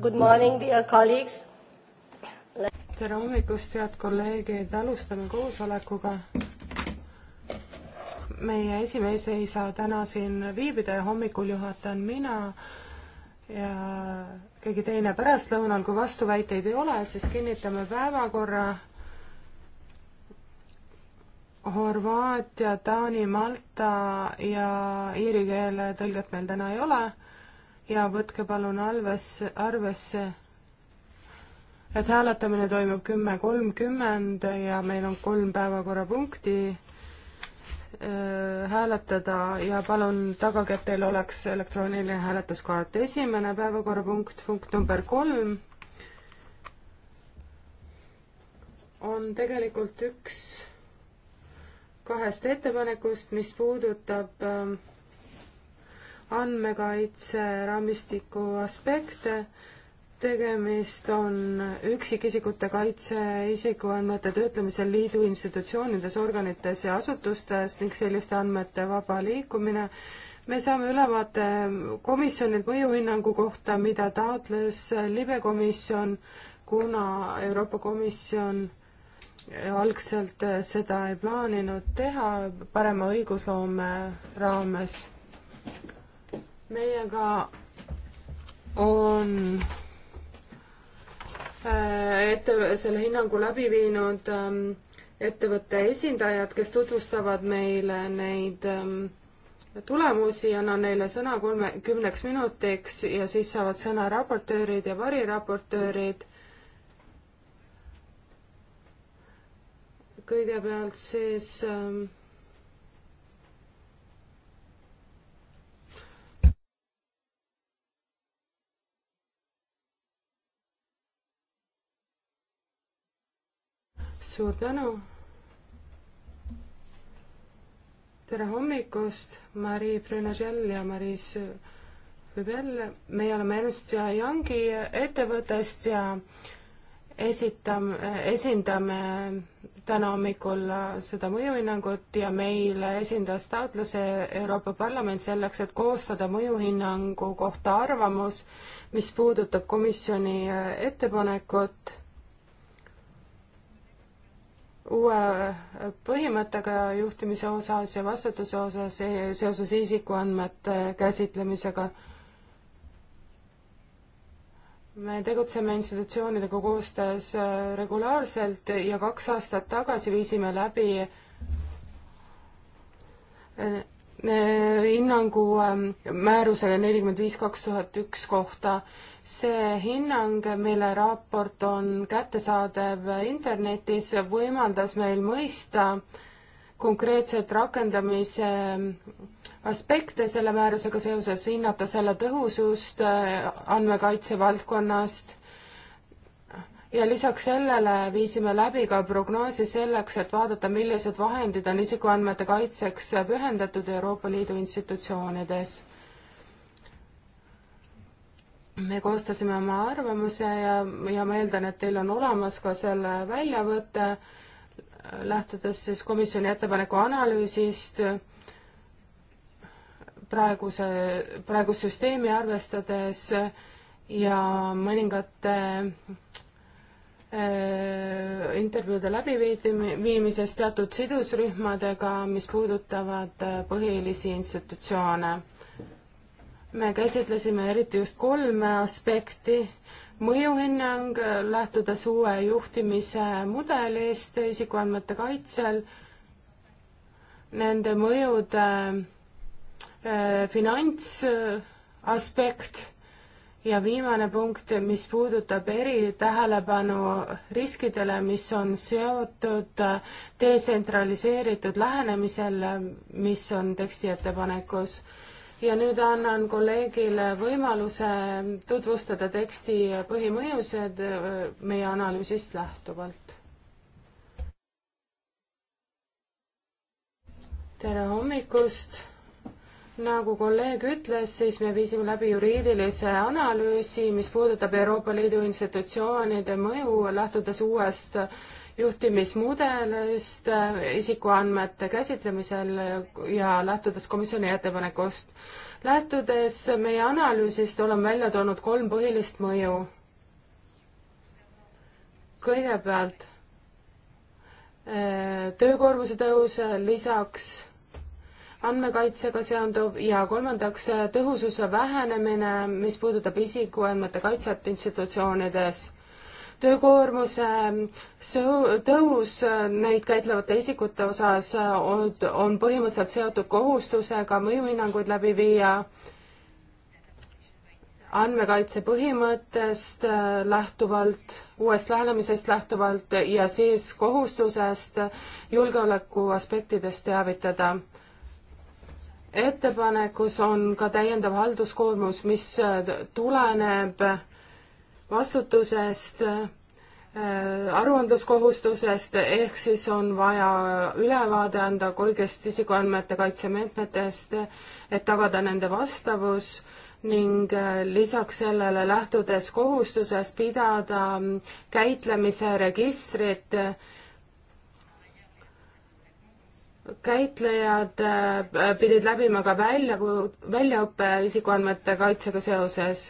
Good morning, dear colleagues. tere hommikust, head kolleegid, alustame koosolekuga. meie esimees ei saa täna siin viibida ja hommikul juhatan mina ja keegi teine pärastlõunal, kui vastuväiteid ei ole, siis kinnitame päevakorra Horvaatia, Taani, Malta ja iiri keele tõlget meil täna ei ole ja võtke palun alves, arvesse, et hääletamine toimub kümme kolmkümmend ja meil on kolm päevakorrapunkti äh, hääletada ja palun tagage, et teil oleks elektrooniline hääletuskaart. esimene päevakorrapunkt, punkt number kolm, on tegelikult üks kahest ettepanekust, mis puudutab äh, andmekaitseraamistiku aspekte, tegemist on üksikisikute kaitse isikuandmete töötlemisel liidu institutsioonides, organites ja asutustes ning selliste andmete vaba liikumine. me saame ülevaate komisjonilt mõjuhinnangu kohta, mida taotles libe komisjon, kuna Euroopa Komisjon algselt seda ei plaaninud teha parema õigusloome raames meiega on äh, ette, selle hinnangu läbi viinud ähm, ettevõtte esindajad, kes tutvustavad meile neid ähm, tulemusi, annan neile sõna kolme, kümneks minutiks ja siis saavad sõna raportöörid ja variraportöörid. kõigepealt siis ähm, suur tänu. tere hommikust, Marii Brünagel ja Maris Vibel. meie oleme Ernst ja Youngi ettevõttest ja esitame, esindame täna hommikul seda mõjuhinnangut ja meile esindas taotluse Euroopa Parlament selleks, et koostada mõjuhinnangu kohta arvamus, mis puudutab komisjoni ettepanekut uue põhimõttega juhtimise osas ja vastutuse osas e-, seoses isikuandmete käsitlemisega. me tegutseme institutsioonidega koostöös äh, regulaarselt ja kaks aastat tagasi viisime läbi äh, Äh, hinnangu ähm, määrusele nelikümmend viis kaks tuhat üks kohta. see hinnang, mille raport on kättesaadav internetis, võimaldas meil mõista konkreetset rakendamise ähm, aspekte selle määrusega seoses, hinnata selle tõhusust äh, andmekaitse valdkonnast ja lisaks sellele viisime läbi ka prognoosi selleks, et vaadata, millised vahendid on isikuandmete kaitseks pühendatud Euroopa Liidu institutsioonides. me koostasime oma arvamuse ja, ja ma eeldan, et teil on olemas ka selle väljavõte, lähtudes siis komisjoni ettepaneku analüüsist, praeguse, praegust süsteemi arvestades ja mõningate Äh, intervjuude läbiviimises teatud sidusrühmadega, mis puudutavad äh, põhilisi institutsioone. me käsitlesime eriti just kolme aspekti, mõjuhinnang, äh, lähtudes uue juhtimise mudelist isikuandmete kaitsel, nende mõjude finantsaspekt ja viimane punkt, mis puudutab eritähelepanu riskidele, mis on seotud detsentraliseeritud lähenemisel, mis on teksti ettepanekus. ja nüüd annan kolleegile võimaluse tutvustada teksti põhimõjusid meie analüüsist lähtuvalt. tere hommikust nagu kolleeg ütles, siis me viisime läbi juriidilise analüüsi, mis puudutab Euroopa Liidu institutsioonide mõju, lähtudes uuest juhtimismudelist äh, isikuandmete käsitlemisel ja lähtudes komisjoni ettepanekust. lähtudes meie analüüsist oleme välja toonud kolm põhilist mõju. kõigepealt äh, töökoormuse tõus, lisaks andmekaitsega seonduv ja kolmandaks tõhususe vähenemine, mis puudutab isikuandmete kaitset institutsioonides. töökoormuse ähm, tõus äh, neid käitlevate isikute osas äh, on, on põhimõtteliselt seotud kohustusega mõjuhinnanguid läbi viia andmekaitse põhimõttest äh, lähtuvalt, uuest lähenemisest lähtuvalt ja siis kohustusest julgeoleku aspektidest teavitada ettepanekus on ka täiendav halduskoormus, mis äh, tuleneb vastutusest, äh, aruandluskohustusest, ehk siis on vaja ülevaade anda kõigist isikuandmete kaitse meetmetest, et tagada nende vastavus ning äh, lisaks sellele lähtudes kohustusest pidada mm, käitlemise registrit, käitlejad äh, pidid läbima ka välja, väljaõppe isikuandmete kaitsega seoses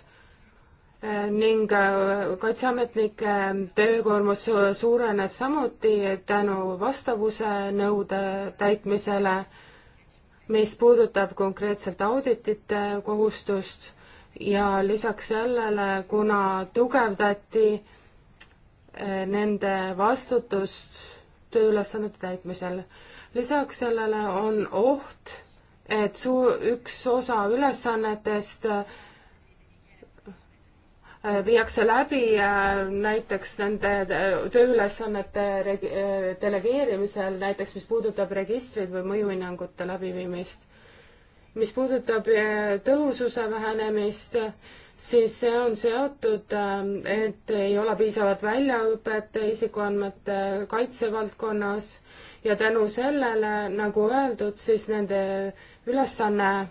äh, ning äh, kaitseametnike töökoormus suurenes samuti tänu vastavuse nõude täitmisele, mis puudutab konkreetselt auditite kohustust ja lisaks sellele, kuna tugevdati nende vastutust tööülesannete täitmisel lisaks sellele on oht, et suu-, üks osa ülesannetest äh, viiakse läbi äh, näiteks nende äh, tööülesannete reg-, delegeerimisel, näiteks mis puudutab registreid või mõjuhinnangute läbiviimist. mis puudutab tõhususe vähenemist, siis see on seotud, et ei ole piisavat väljaõpet isikuandmete kaitse valdkonnas ja tänu sellele, nagu öeldud, siis nende ülesanne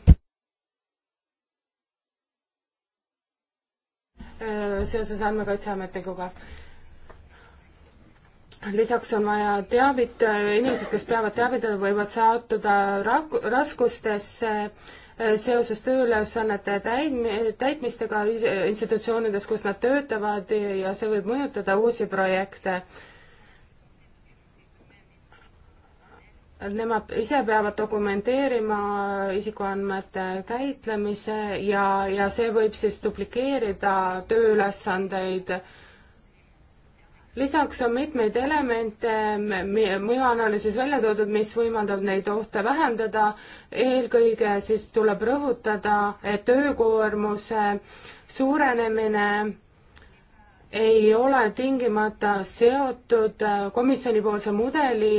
äh, seoses Andmekaitseametnikuga. lisaks on vaja teavit-, inimesed, kes peavad teavitada, võivad sattuda rak-, raskustesse äh, seoses tööülesannete täidmi-, täitmistega institutsioonides, kus nad töötavad ja see võib mõjutada uusi projekte Nemad ise peavad dokumenteerima isikuandmete käitlemise ja, ja see võib siis duplikeerida tööülesandeid. lisaks on mitmeid elemente mõjuanalüüsis välja toodud, mis võimaldab neid ohte vähendada. eelkõige siis tuleb rõhutada, et töökoormuse suurenemine ei ole tingimata seotud komisjonipoolse mudeli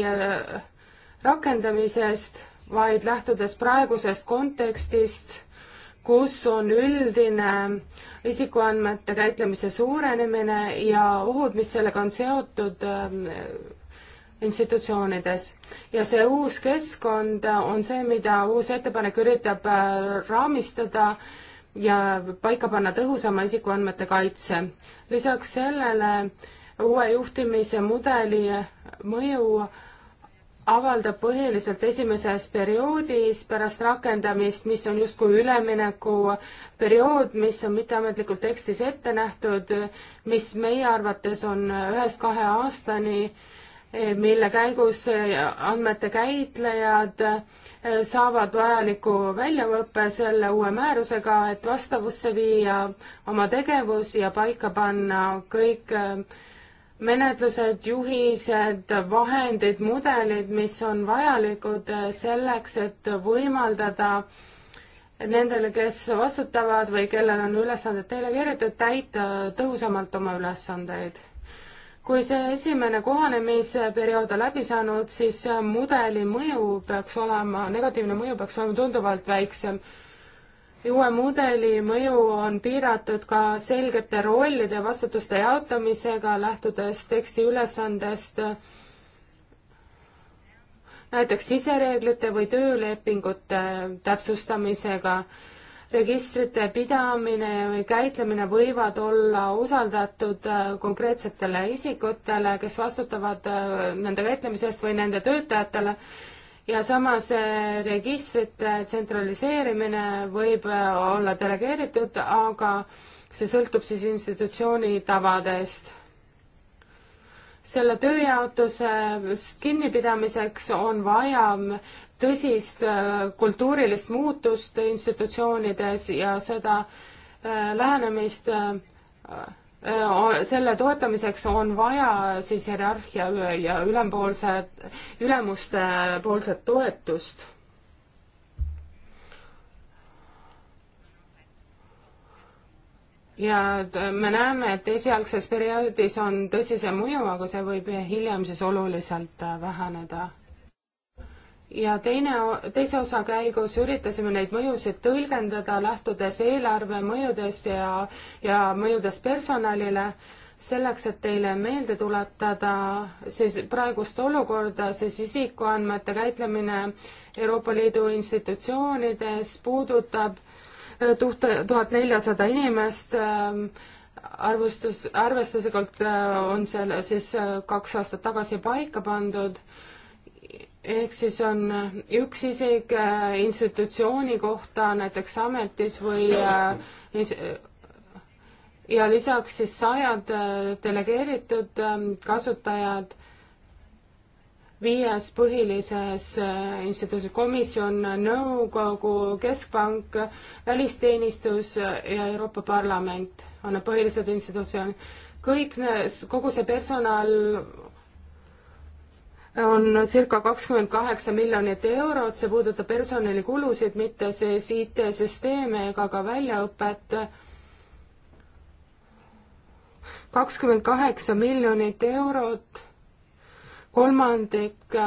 rakendamisest, vaid lähtudes praegusest kontekstist, kus on üldine isikuandmete käitlemise suurenemine ja ohud, mis sellega on seotud ähm, institutsioonides. ja see uus keskkond on see, mida uus ettepanek üritab äh, raamistada ja paika panna tõhusama isikuandmete kaitse. lisaks sellele uue juhtimise mudeli mõju avaldab põhiliselt esimeses perioodis pärast rakendamist, mis on justkui üleminekuperiood, mis on mitteametlikult tekstis ette nähtud, mis meie arvates on ühest kahe aastani, mille käigus andmete käitlejad saavad vajaliku väljaõppe selle uue määrusega, et vastavusse viia oma tegevus ja paika panna kõik äh, menetlused, juhised, vahendid, mudelid, mis on vajalikud selleks, et võimaldada nendele, kes vastutavad või kellel on ülesanded delegeeritud, täita tõhusamalt oma ülesandeid. kui see esimene kohanemisperiood on läbi saanud, siis mudeli mõju peaks olema, negatiivne mõju peaks olema tunduvalt väiksem uue mudeli mõju on piiratud ka selgete rollide ja vastutuste jaotamisega, lähtudes teksti ülesandest näiteks sisereeglite või töölepingute täpsustamisega. registrite pidamine või käitlemine võivad olla usaldatud äh, konkreetsetele isikutele, kes vastutavad äh, nende käitlemise eest või nende töötajatele ja samas äh, registrite tsentraliseerimine võib äh, olla delegeeritud, aga see sõltub siis institutsiooni tavadest. selle tööjaotusest äh, kinnipidamiseks on vaja mm, tõsist kultuurilist muutust institutsioonides ja seda lähenemist selle toetamiseks on vaja siis hierarhia ja ülempoolse, ülemuste poolset toetust. ja me näeme, et esialgses perioodis on tõsise mõju, aga see võib hiljem siis oluliselt väheneda ja teine, teise osa käigus üritasime neid mõjusid tõlgendada, lähtudes eelarve mõjudest ja, ja mõjudest personalile, selleks, et teile meelde tuletada siis praegust olukorda, siis isikuandmete käitlemine Euroopa Liidu institutsioonides puudutab äh, tuhat, tuhat neljasada inimest, äh, arvestus, arvestuslikult äh, on seal siis kaks aastat tagasi paika pandud ehk siis on äh, üks isik äh, institutsiooni kohta näiteks ametis või äh, ja lisaks siis sajad delegeeritud ähm, kasutajad viies põhilises instituutsioonis, komisjon, nõukogu, keskpank, välisteenistus ja Euroopa Parlament on need põhilised institutsioonid. kõik, kogu see personal on circa kakskümmend kaheksa miljonit eurot, see puudutab personalikulusid, mitte siis IT-süsteeme ega ka väljaõpet. kakskümmend kaheksa miljonit eurot, kolmandik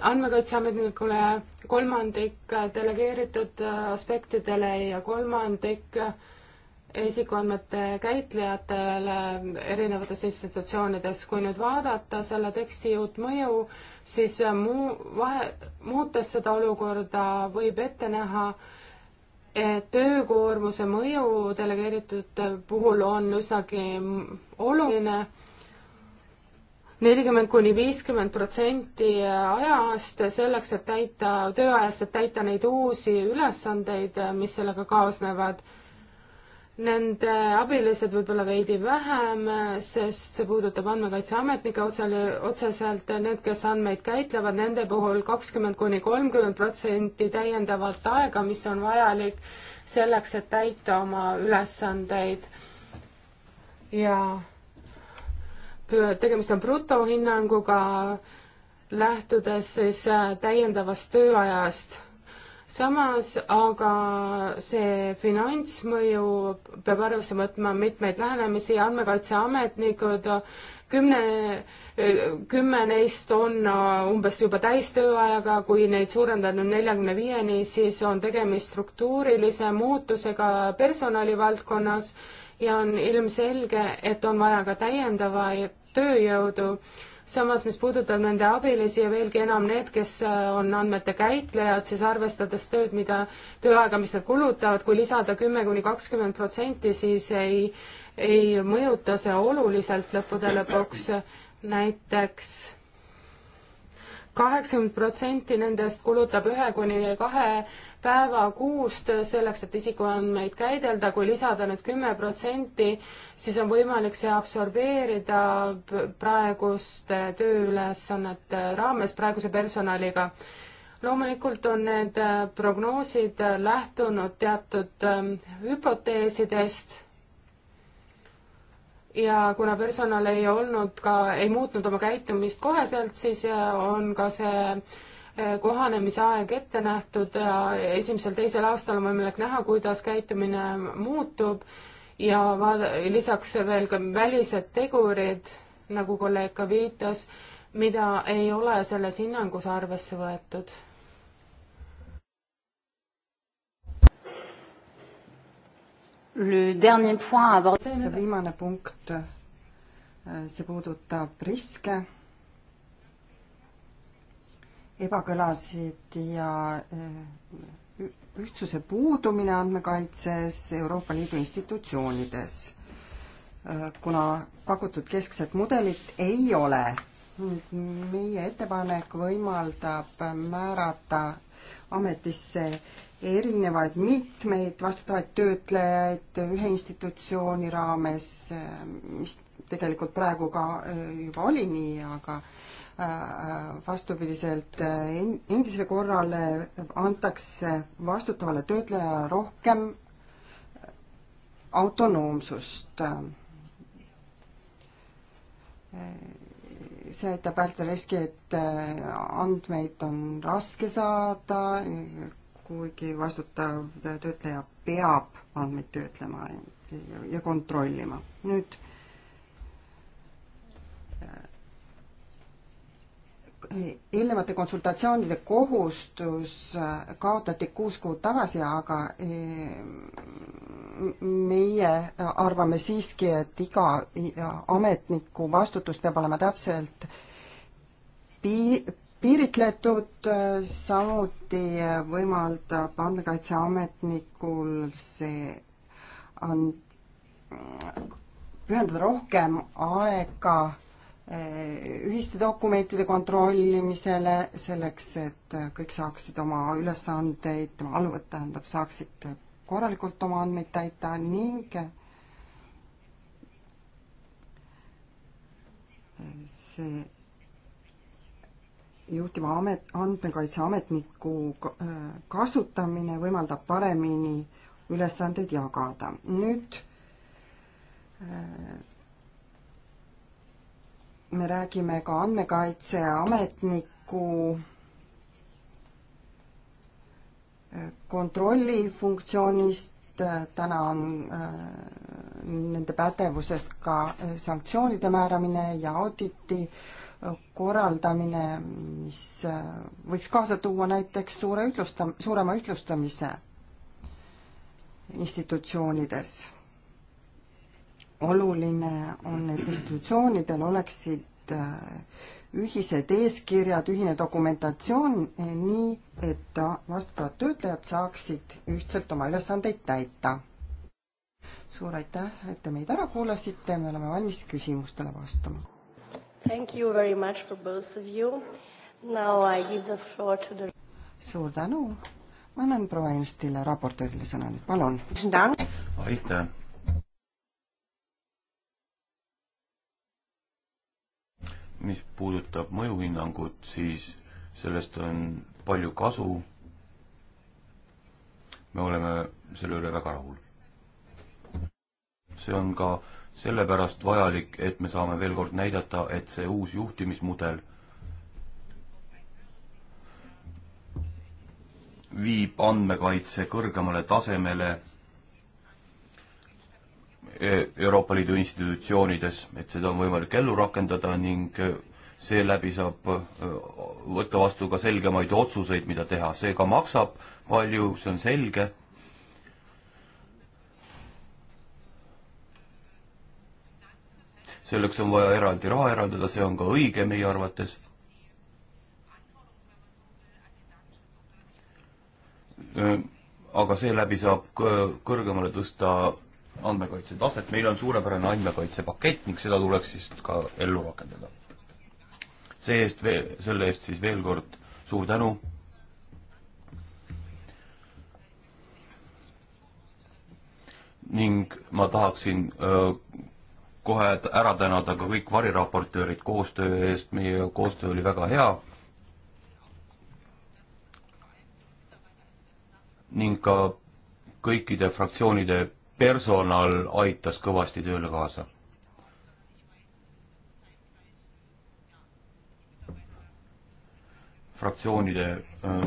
andmekaitseametnikule, kolmandik delegeeritud aspektidele ja kolmandik äh, isikuandmete käitlejatele erinevates institutsioonides. kui nüüd vaadata selle teksti uut mõju, siis muu, vahe, muutes seda olukorda, võib ette näha, et töökoormuse mõju delegeeritud puhul on üsnagi oluline. nelikümmend kuni viiskümmend protsenti ajast selleks, et täita, tööajast, et täita neid uusi ülesandeid, mis sellega kaasnevad nende abilised võib-olla veidi vähem, sest see puudutab andmekaitseametnikke otse, otseselt, need, kes andmeid käitlevad, nende puhul kakskümmend kuni kolmkümmend protsenti täiendavalt aega, mis on vajalik selleks, et täita oma ülesandeid. ja tegemist on brutohinnanguga, lähtudes siis äh, täiendavast tööajast samas aga see finantsmõju peab arvesse võtma mitmeid lähenemisi, andmekaitseametnikud, kümne, kümme neist on äh, umbes juba täistööajaga, kui neid suurendada neljakümne viieni, siis on tegemist struktuurilise muutusega personalivaldkonnas ja on ilmselge, et on vaja ka täiendavaid tööjõudu samas, mis puudutab nende abilisi ja veelgi enam need, kes äh, on andmete käitlejad, siis arvestades tööd, mida, tööaega, mis nad kulutavad, kui lisada kümme kuni kakskümmend protsenti, siis ei, ei mõjuta see oluliselt lõppude lõpuks näiteks kaheksakümmend protsenti nendest kulutab ühe kuni kahe päeva kuust selleks, et isikuandmeid käidelda, kui lisada nüüd kümme protsenti, siis on võimalik see absorbeerida praeguste tööülesannete raames praeguse personaliga. loomulikult on need prognoosid lähtunud teatud ähm, hüpoteesidest ja kuna personal ei olnud ka, ei muutnud oma käitumist koheselt, siis äh, on ka see äh, kohanemise aeg ette nähtud ja esimesel-teisel aastal on võimalik näha, kuidas käitumine muutub ja vaad-, lisaks veel ka välised tegurid, nagu kolleeg ka viitas, mida ei ole selles hinnangus arvesse võetud viimane punkt, äh, see puudutab riske, ebakõlasid ja äh, ühtsuse puudumine andmekaitses Euroopa Liidu institutsioonides, äh, kuna pakutud keskset mudelit ei ole nüüd meie ettepanek võimaldab määrata ametisse erinevaid mitmeid vastutavaid töötlejaid ühe institutsiooni raames, mis tegelikult praegu ka äh, juba oli nii, aga äh, äh, vastupidiselt endisele korrale antakse vastutavale töötlejale rohkem autonoomsust. see aitab vältida riski, et andmeid on raske saada, kuigi vastutav töötleja peab andmeid töötlema ja kontrollima. nüüd äh, eelnevate konsultatsioonide kohustus äh, kaotati kuus kuud tagasi, aga äh, meie arvame siiski, et iga ametniku vastutus peab olema täpselt pi-, piiritletud, samuti võimaldab andmekaitseametnikul see and-, pühendada rohkem aega eh, ühiste dokumentide kontrollimisele, selleks et kõik saaksid oma ülesandeid, tema alluvõtt tähendab, saaksid korralikult oma andmeid täita ning see juhtiva amet, andmekaitseametniku äh, kasutamine võimaldab paremini ülesandeid jagada. nüüd äh, me räägime ka andmekaitseametniku äh, kontrollifunktsioonist, täna on nende pädevuses ka sanktsioonide määramine ja auditi äh, korraldamine, mis äh, võiks kaasa tuua näiteks suure ühtlusta-, suurema ühtlustamise institutsioonides. oluline on, et institutsioonidel oleksid äh, ühised eeskirjad, ühine dokumentatsioon, eh, nii et vastavad töötlejad saaksid ühtselt oma ülesandeid täita. suur aitäh, et te meid ära kuulasite, me oleme valmis küsimustele vastama Thank you very much for both of you. Now I give the floor to the suur tänu, ma annan proua Enstile raportöörile sõna nüüd, palun. aitäh. mis puudutab mõjuhinnangut, siis sellest on palju kasu. me oleme selle üle väga rahul. see on ka sellepärast vajalik, et me saame veel kord näidata, et see uus juhtimismudel viib andmekaitse kõrgemale tasemele e-, Euroopa Liidu institutsioonides, et seda on võimalik ellu rakendada ning seeläbi saab e, võtta vastu ka selgemaid otsuseid, mida teha. see ka maksab palju, see on selge selleks on vaja eraldi raha eraldada, see on ka õige meie arvates. aga seeläbi saab kõrgemale tõsta andmekaitse taset, meil on suurepärane andmekaitsepakett ning seda tuleks siis ka ellu rakendada. see-eest veel, selle eest siis veel kord suur tänu. ning ma tahaksin öö, kohe ära tänada ka kõik variraportöörid koostöö eest, meie koostöö oli väga hea. ning ka kõikide fraktsioonide personal aitas kõvasti tööle kaasa. fraktsioonide äh,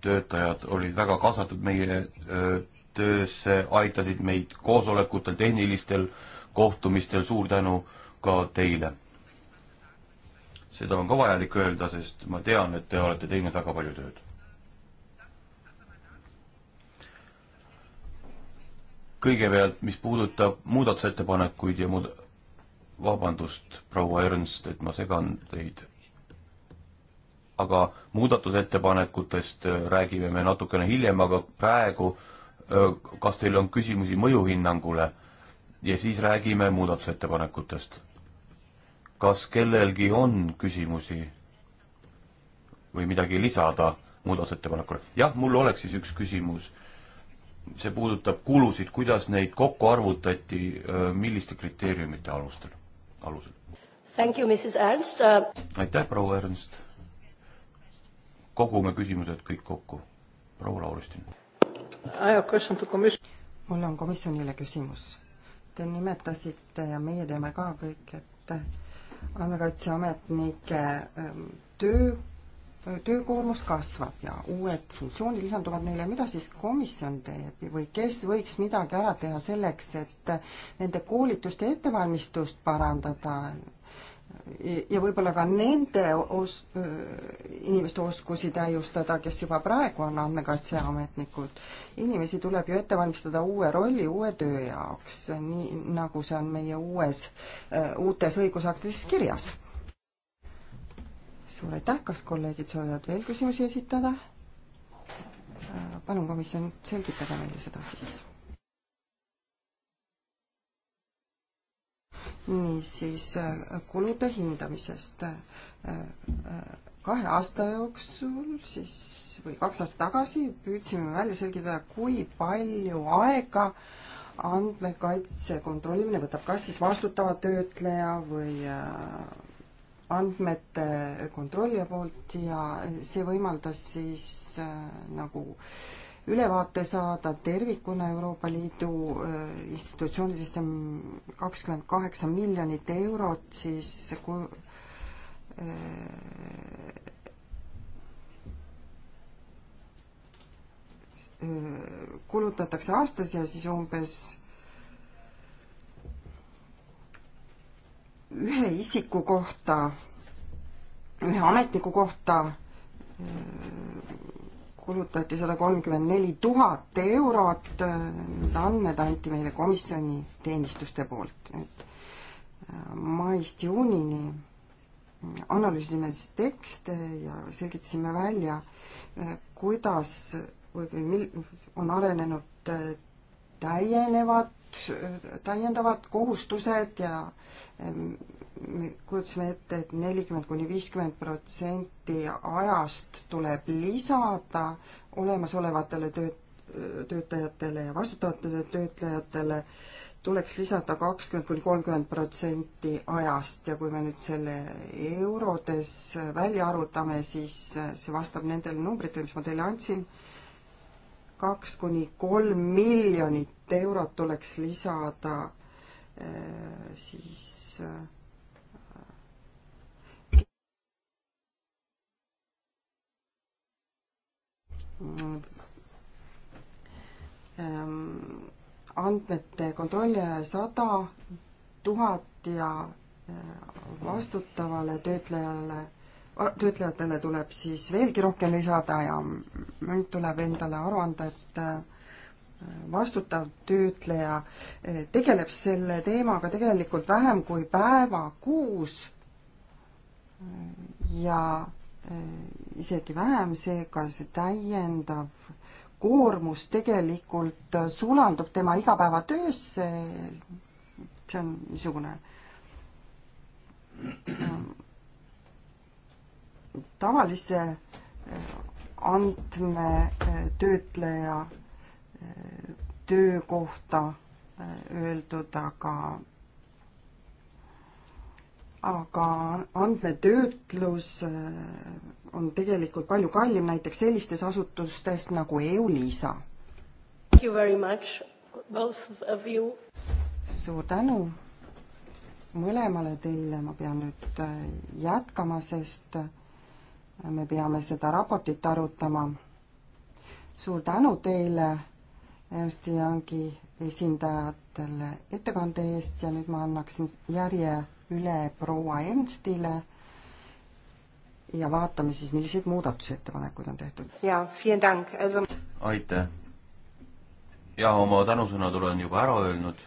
töötajad olid väga kaasatud meie äh, töösse, aitasid meid koosolekutel, tehnilistel äh, kohtumistel, suur tänu ka teile. seda on ka vajalik öelda, sest ma tean, et te olete teinud väga palju tööd. kõigepealt, mis puudutab muudatusettepanekuid ja muud, vabandust, proua Ernst, et ma segan teid aga muudatusettepanekutest äh, räägime me natukene hiljem, aga praegu äh, kas teil on küsimusi mõjuhinnangule? ja siis räägime muudatusettepanekutest. kas kellelgi on küsimusi või midagi lisada muudatusettepanekule? jah, mul oleks siis üks küsimus. see puudutab kulusid, kuidas neid kokku arvutati, äh, milliste kriteeriumite alustel, alusel? Thank you, Mrs Ernst uh.... aitäh, proua Ernst. kogume küsimused kõik kokku. proua Lauristin. mul on komisjonile küsimus te nimetasite ja meie teame ka kõik, et andmekaitseametnike ähm, töö, töökoormus kasvab ja uued funktsioonid lisanduvad neile, mida siis komisjon teeb või kes võiks midagi ära teha selleks, et nende koolitust ja ettevalmistust parandada, ja võib-olla ka nende os-, inimeste oskusi täiustada, kes juba praegu on andmekaitseametnikud. inimesi tuleb ju ette valmistada uue rolli, uue töö jaoks, nii nagu see on meie uues, uutes õigusaktides kirjas. suur aitäh, kas kolleegid soovivad veel küsimusi esitada? palun, komisjon, selgitage meile seda siis niisiis äh, kulude hindamisest äh, äh, kahe aasta jooksul siis või kaks aastat tagasi püüdsime välja selgitada, kui palju aega andmekaitse kontrollimine võtab, kas siis vastutava töötleja või andmete kontrollija poolt ja see võimaldas siis nagu äh, ülevaate saada tervikuna Euroopa Liidu äh, institutsioonidest on kakskümmend kaheksa miljonit eurot, siis kui äh, kulutatakse aastas ja siis umbes ühe isiku kohta, ühe ametniku kohta äh, kulutati sada kolmkümmend neli tuhat eurot, äh, need andmed anti meile komisjoni teenistuste poolt, et äh, maist juunini analüüsisime siis tekste ja selgitasime välja, äh, kuidas või, või mil-, on arenenud täienevad täiendavad kohustused ja me kujutasime ette, et nelikümmend kuni viiskümmend protsenti ajast tuleb lisada olemasolevatele töötajatele töötajatele ja vastutavatele töötlejatele tuleks lisada kakskümmend kuni kolmkümmend protsenti ajast ja kui me nüüd selle eurodes välja arvutame, siis see vastab nendele numbritele, mis ma teile andsin, kaks kuni kolm miljonit eurot tuleks lisada äh, siis äh, mm, ähm, andmete kontrollijale sada tuhat ja äh, vastutavale töötlejale, töötlejatele tuleb siis veelgi rohkem lisada ja nüüd tuleb endale aru anda, et vastutav töötleja eh, tegeleb selle teemaga tegelikult vähem kui päeva kuus eh, ja eh, isegi vähem, seega see täiendav koormus tegelikult sulandub tema igapäevatöösse. see on niisugune tavalise andmetöötleja töö kohta äh, öeldud, aga aga andmetöötlus äh, on tegelikult palju kallim näiteks sellistes asutustes nagu EULISA. suur tänu mõlemale teile, ma pean nüüd äh, jätkama, sest me peame seda raportit arutama. suur tänu teile Ernsti Youngi esindajatele ettekande eest ja nüüd ma annaksin järje üle proua Ernstile ja vaatame siis, milliseid muudatusettepanekuid on tehtud. jaa, aitäh! jah, oma tänusõnad olen juba ära öelnud,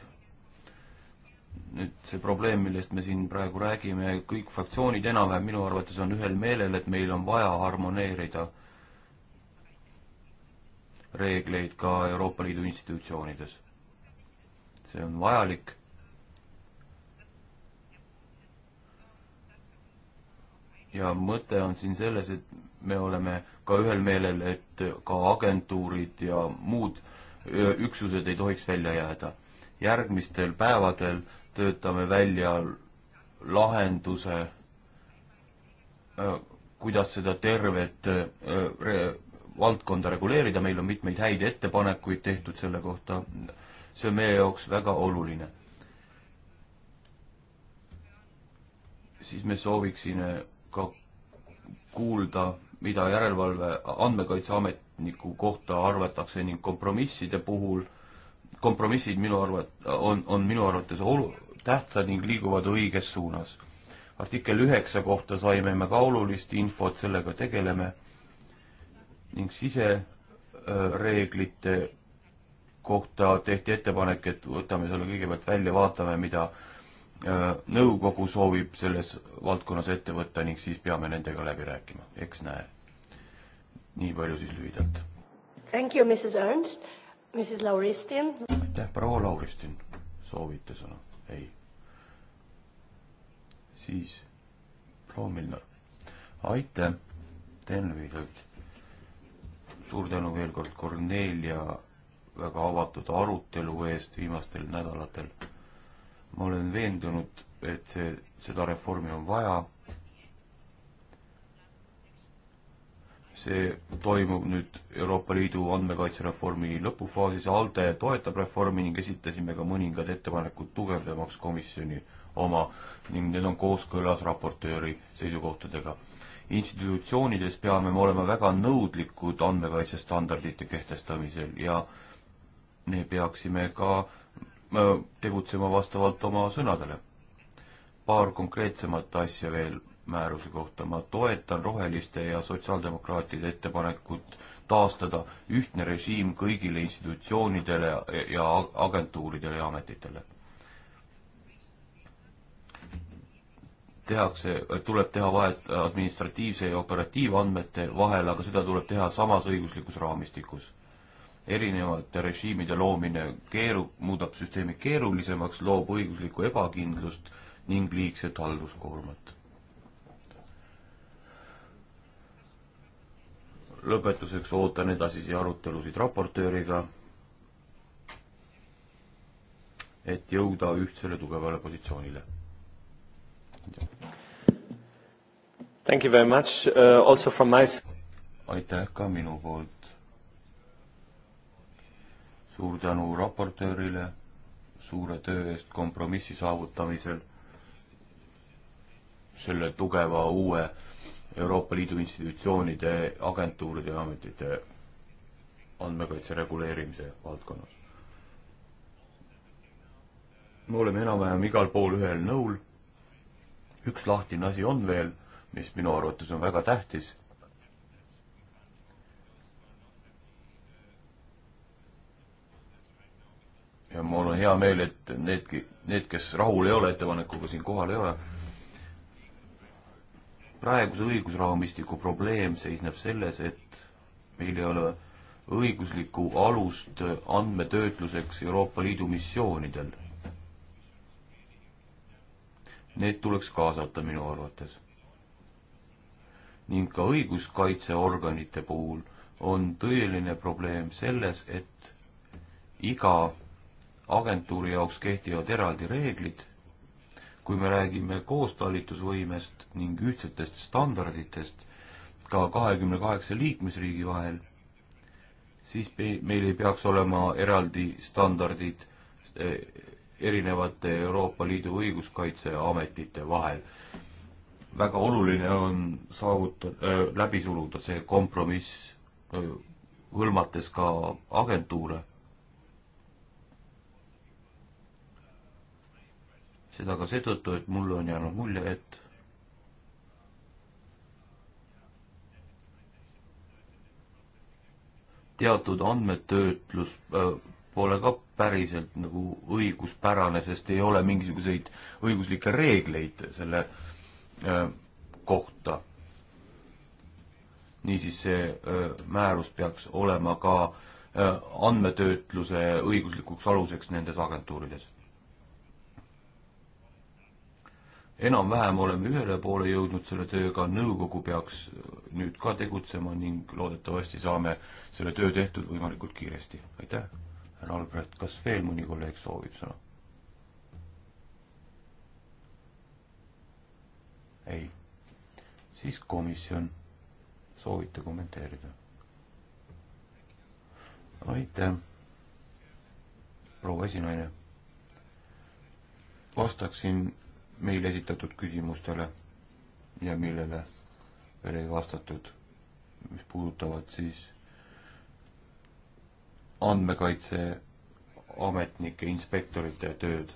nüüd see probleem, millest me siin praegu räägime, kõik fraktsioonid enam-vähem minu arvates on ühel meelel, et meil on vaja harmoneerida reegleid ka Euroopa Liidu institutsioonides. see on vajalik. ja mõte on siin selles, et me oleme ka ühel meelel, et ka agentuurid ja muud üksused ei tohiks välja jääda. järgmistel päevadel töötame välja lahenduse, kuidas seda tervet valdkonda reguleerida, meil on mitmeid häid ettepanekuid tehtud selle kohta, see on meie jaoks väga oluline. siis me sooviksime ka kuulda, mida järelevalve andmekaitseametniku kohta arvatakse ning kompromisside puhul, kompromissid minu arvat-, on, on minu arvates olu-, tähtsad ning liiguvad õiges suunas artikkel üheksa kohta saime me ka olulist infot, sellega tegeleme ning sisereeglite kohta tehti ettepanek, et võtame selle kõigepealt välja, vaatame, mida äh, nõukogu soovib selles valdkonnas ette võtta ning siis peame nendega läbi rääkima, eks näe. nii palju siis lühidalt. Thank you, Mrs Ernst. Mrs Lauristin. aitäh, proua Lauristin, soovite sõna? ei. siis proua Milner. aitäh, teen lühidalt suur tänu veel kord Kornelia väga avatud arutelu eest viimastel nädalatel. ma olen veendunud, et see, seda reformi on vaja. see toimub nüüd Euroopa Liidu andmekaitsereformi lõpufaasis, ALDE toetab reformi ning esitasime ka mõningad ettepanekud tugevdamaks komisjoni oma ning need on kooskõlas raportööri seisukohtadega institutsioonides peame me olema väga nõudlikud andmekaitsestandardite kehtestamisel ja me peaksime ka äh, tegutsema vastavalt oma sõnadele. paar konkreetsemat asja veel määruse kohta. ma toetan roheliste ja sotsiaaldemokraatide ettepanekut taastada ühtne režiim kõigile institutsioonidele ja agentuuridele ja ametitele. tehakse, tuleb teha vahet administratiivse ja operatiivandmete vahel, aga seda tuleb teha samas õiguslikus raamistikus. erinevate režiimide loomine keeru-, muudab süsteemi keerulisemaks, loob õiguslikku ebakindlust ning liigset halduskoormat. lõpetuseks ootan edasisi arutelusid raportööriga, et jõuda ühtsele tugevale positsioonile Thank you very much uh, also from my aitäh ka minu poolt. suur tänu raportöörile suure töö eest kompromissi saavutamisel selle tugeva uue Euroopa Liidu institutsioonide, agentuuride ja ametite andmekaitse reguleerimise valdkonnas. me oleme enam-vähem igal pool ühel nõul üks lahtine asi on veel, mis minu arvates on väga tähtis. ja mul on hea meel, et needki, need, kes rahul ei ole ettepanekuga, siin kohal ei ole. praeguse õigusraamistiku probleem seisneb selles, et meil ei ole õiguslikku alust andmetöötluseks Euroopa Liidu missioonidel Need tuleks kaasata minu arvates. ning ka õiguskaitseorganite puhul on tõeline probleem selles, et iga agentuuri jaoks kehtivad eraldi reeglid, kui me räägime koostalitusvõimest ning ühtsetest standarditest ka kahekümne kaheksa liikmesriigi vahel, siis meil ei peaks olema eraldi standardid eh, erinevate Euroopa Liidu õiguskaitseametite vahel. väga oluline on saavutada, äh, läbi suruda see kompromiss, äh, hõlmates ka agentuure. seda ka seetõttu, et mulle on jäänud mulje, et teatud andmetöötlus äh, pole ka päriselt nagu õiguspärane, sest ei ole mingisuguseid õiguslikke reegleid selle öö, kohta. niisiis see öö, määrus peaks olema ka öö, andmetöötluse õiguslikuks aluseks nendes agentuurides. enam-vähem oleme ühele poole jõudnud selle tööga, nõukogu peaks nüüd ka tegutsema ning loodetavasti saame selle töö tehtud võimalikult kiiresti. aitäh! härra Albrecht, kas veel mõni kolleeg soovib sõna? ei. siis komisjon, soovite kommenteerida? aitäh, proua esinaine. vastaksin meile esitatud küsimustele ja millele veel ei vastatud, mis puudutavad siis andmekaitseametnike, inspektorite tööd.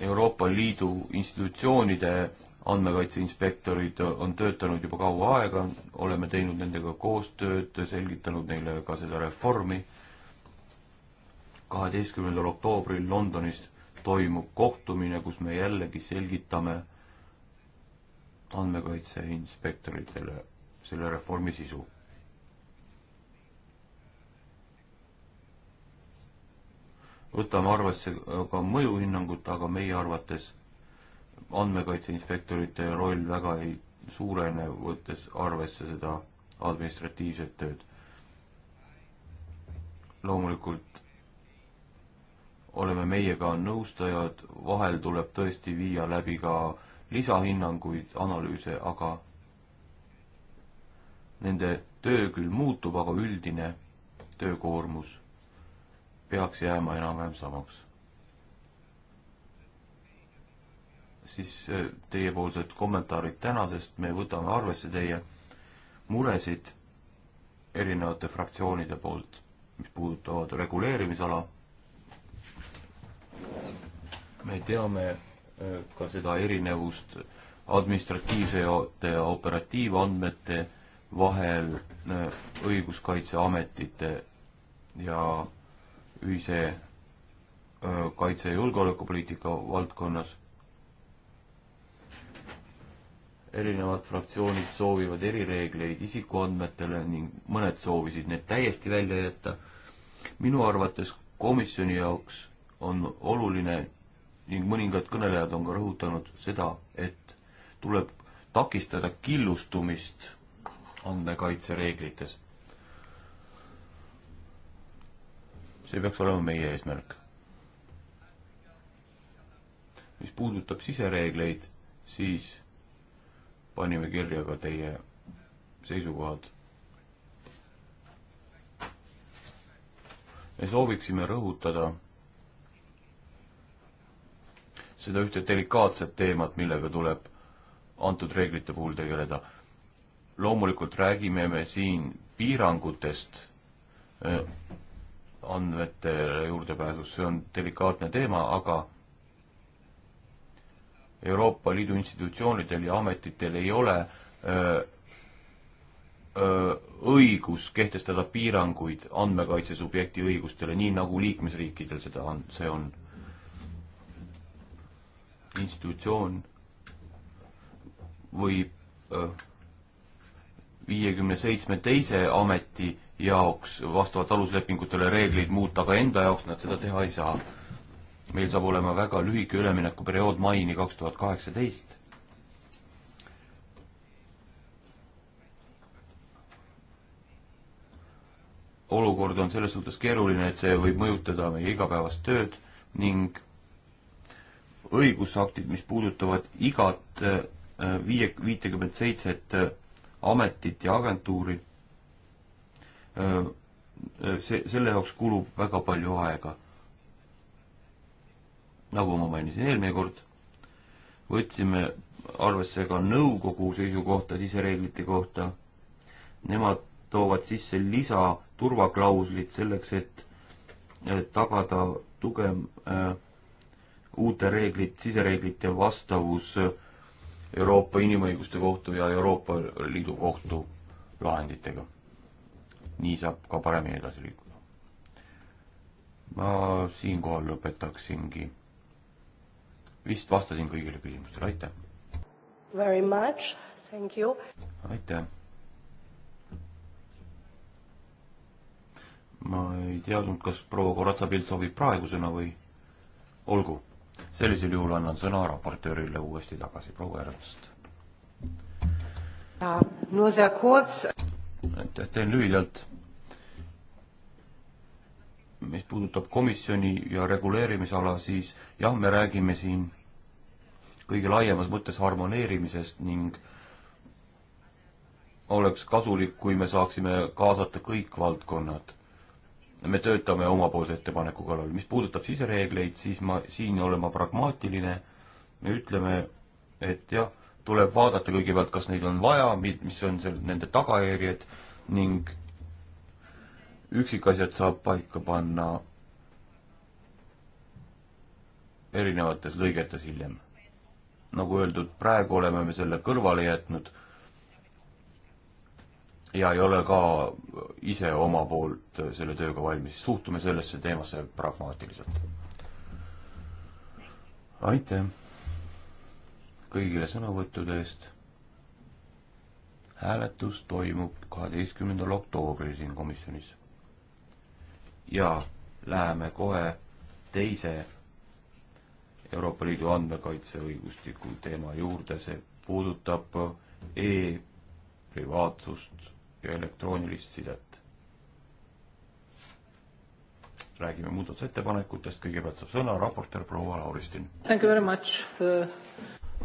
Euroopa Liidu institutsioonide andmekaitseinspektorid on töötanud juba kaua aega, oleme teinud nendega koostööd, selgitanud neile ka seda reformi. kaheteistkümnendal oktoobril Londonis toimub kohtumine, kus me jällegi selgitame andmekaitseinspektoritele selle reformi sisu. võtame arvesse ka mõjuhinnangut, aga meie arvates andmekaitse inspektorite roll väga ei suurene, võttes arvesse seda administratiivset tööd. loomulikult oleme meie ka nõustajad, vahel tuleb tõesti viia läbi ka lisahinnanguid, analüüse, aga Nende töö küll muutub, aga üldine töökoormus peaks jääma enam-vähem samaks. siis äh, teiepoolsed kommentaarid tänasest, me võtame arvesse teie muresid erinevate fraktsioonide poolt, mis puudutavad reguleerimisala. me teame äh, ka seda erinevust administratiivse ja operatiivandmete vahel äh, õiguskaitseametite ja ühise äh, kaitse- ja julgeolekupoliitika valdkonnas. erinevad fraktsioonid soovivad erireegleid isikuandmetele ning mõned soovisid need täiesti välja jätta. minu arvates komisjoni jaoks on oluline ning mõningad kõnelejad on ka rõhutanud seda, et tuleb takistada killustumist andmekaitsereeglites. see peaks olema meie eesmärk. mis puudutab sisereegleid, siis panime kirja ka teie seisukohad. me sooviksime rõhutada seda ühte delikaatset teemat, millega tuleb antud reeglite puhul tegeleda loomulikult räägime me siin piirangutest eh, andmetele juurdepääsus, see on delikaatne teema, aga Euroopa Liidu institutsioonidel ja ametitel ei ole öö, eh, öö, eh, õigus kehtestada piiranguid andmekaitsesubjekti õigustele, nii nagu liikmesriikidel seda on, see on. institutsioon võib öö, viiekümne seitsme teise ameti jaoks vastavalt aluslepingutele reeglid muuta, aga enda jaoks nad seda teha ei saa. meil saab olema väga lühike üleminekuperiood maini kaks tuhat kaheksateist. olukord on selles suhtes keeruline, et see võib mõjutada meie igapäevast tööd ning õigusaktid, mis puudutavad igat äh, viie, viitekümmet seitset äh, ametit ja agentuuri. see, selle jaoks kulub väga palju aega. nagu ma mainisin eelmine kord, võtsime arvesse ka nõukogu seisukohta sisereeglite kohta. Nemad toovad sisse lisa turvaklauslid selleks, et tagada tugev äh, uute reeglid, sisereeglite vastavus äh, Euroopa Inimõiguste Kohtu ja Euroopa Liidu Kohtu lahenditega. nii saab ka paremini edasi liikuda. ma siinkohal lõpetaksingi. vist vastasin kõigile küsimustele, aitäh! Very much, thank you! aitäh! ma ei teadnud, kas proua Koratsa pilt sobib praegusena või olgu sellisel juhul annan sõna raportöörile uuesti tagasi, proua Ernst. aitäh, teen lühidalt. mis puudutab komisjoni ja reguleerimisala, siis jah, me räägime siin kõige laiemas mõttes harmoneerimisest ning oleks kasulik, kui me saaksime kaasata kõik valdkonnad me töötame omapoolse ettepaneku kallal. mis puudutab sisereegleid, siis ma, siin olen ma pragmaatiline, me ütleme, et jah, tuleb vaadata kõigepealt, kas neid on vaja, mis on seal nende tagajärjed ning üksikasjad saab paika panna erinevates lõigetes hiljem. nagu öeldud, praegu oleme me selle kõrvale jätnud ja ei ole ka ise oma poolt selle tööga valmis, suhtume sellesse teemasse pragmaatiliselt. aitäh kõigile sõnavõttude eest. hääletus toimub kaheteistkümnendal oktoobril siin komisjonis. ja läheme kohe teise Euroopa Liidu andmekaitseõigustiku teema juurde, see puudutab e-privaatsust ja elektroonilist sidet. räägime muudatusettepanekutest, kõigepealt saab sõna raportöör proua Lauristin. Thank you very much uh....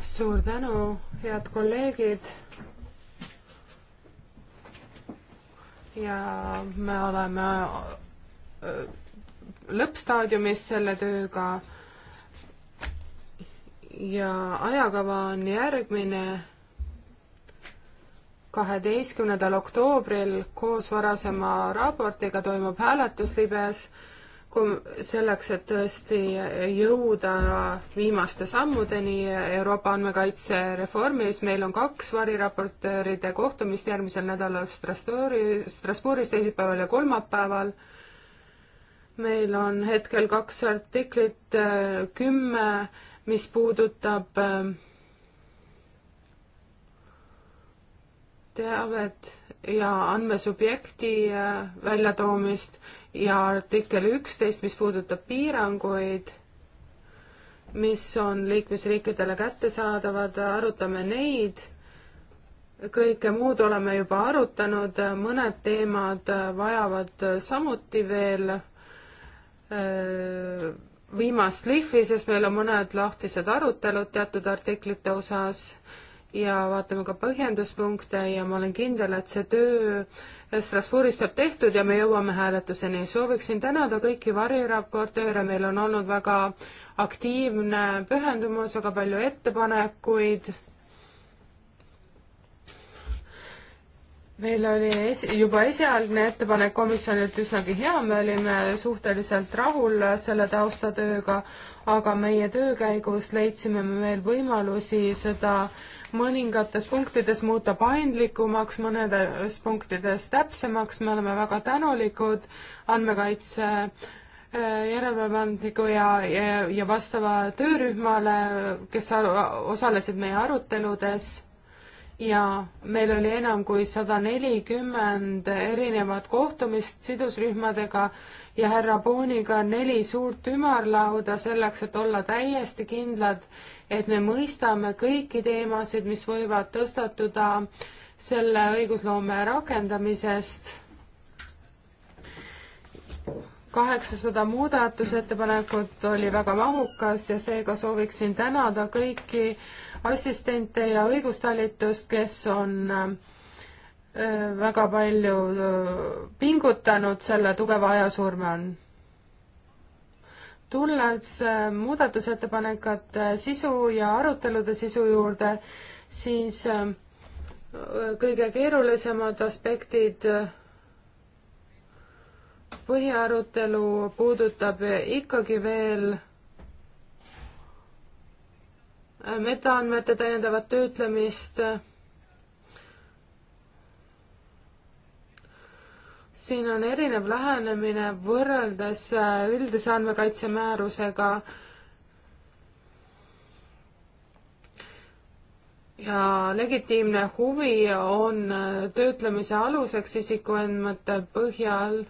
suur tänu, head kolleegid. ja me oleme uh, lõppstaadiumis selle tööga ja ajakava on järgmine kaheteistkümnendal oktoobril koos varasema raportiga toimub hääletus libes, kui selleks, et tõesti jõuda viimaste sammudeni Euroopa andmekaitsereformis, meil on kaks variraportööride kohtumist järgmisel nädalal Strasbourgis, Strasbourgis teisipäeval ja kolmapäeval meil on hetkel kaks artiklit, kümme, mis puudutab ähm, teavet ja andmesubjekti äh, väljatoomist ja artikkel üksteist, mis puudutab piiranguid, mis on liikmesriikidele kättesaadavad, arutame neid kõike muud oleme juba arutanud, mõned teemad vajavad samuti veel äh, viimast lihvi, sest meil on mõned lahtised arutelud teatud artiklite osas ja vaatame ka põhjenduspunkte ja ma olen kindel, et see töö Strasbourgis saab tehtud ja me jõuame hääletuseni. sooviksin tänada kõiki variraportööre, meil on olnud väga aktiivne pühendumus, väga palju ettepanekuid. meil oli esi, juba esialgne ettepanek komisjonilt üsnagi hea, me olime suhteliselt rahul selle taustatööga, aga meie töö käigus leidsime me veel võimalusi seda äh, mõningates punktides muuta paindlikumaks, mõnedes punktides täpsemaks, me oleme väga tänulikud andmekaitse äh, järelevalveandmiku ja, ja, ja vastava töörühmale, kes osalesid meie aruteludes ja meil oli enam kui sada nelikümmend erinevat kohtumist sidusrühmadega ja härra Booniga neli suurt ümarlauda selleks, et olla täiesti kindlad, et me mõistame kõiki teemasid, mis võivad tõstatuda selle õigusloome rakendamisest. kaheksasada muudatusettepanekut oli väga mahukas ja seega sooviksin tänada kõiki äh, assistente ja õigustalitust, kes on äh, väga palju äh, pingutanud selle tugeva ajasurme all. tulles äh, muudatusettepanekute sisu ja arutelude sisu juurde, siis kõige keerulisemad aspektid põhiarutelu puudutab ikkagi veel metaandmete täiendavat töötlemist. siin on erinev lähenemine võrreldes äh, üldise andmekaitsemäärusega ja legitiimne huvi on äh, töötlemise aluseks isikuandmete põhjal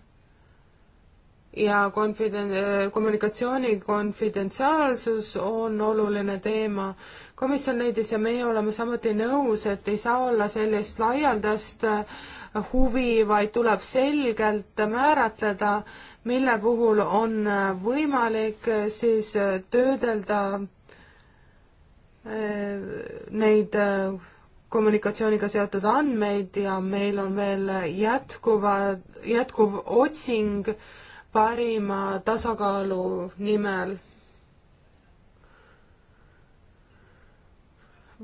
ja konfiden-, kommunikatsiooni konfidentsiaalsus on oluline teema. komisjon leidis ja meie oleme samuti nõus, et ei saa olla sellist laialdast äh, huvi, vaid tuleb selgelt määratleda, mille puhul on äh, võimalik äh, siis töödelda neid kommunikatsiooniga seotud andmeid ja meil on veel jätkuva, jätkuv otsing äh, parima tasakaalu nimel.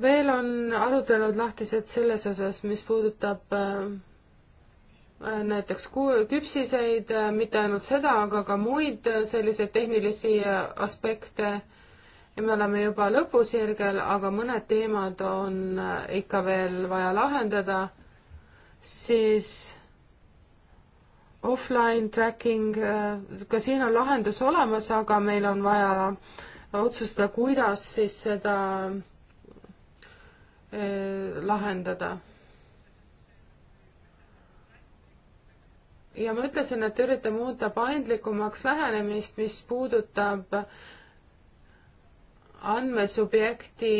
veel on arutelud lahtised selles osas, mis puudutab äh, näiteks küpsiseid, äh, mitte ainult seda, aga ka muid äh, selliseid tehnilisi aspekte. ja me oleme juba lõpusirgel, aga mõned teemad on ikka veel vaja lahendada, siis offline tracking, äh, ka siin on lahendus olemas, aga meil on vaja otsustada, kuidas siis seda äh, lahendada. ja ma ütlesin, et üritan muuta paindlikumaks lähenemist, mis puudutab andmesubjekti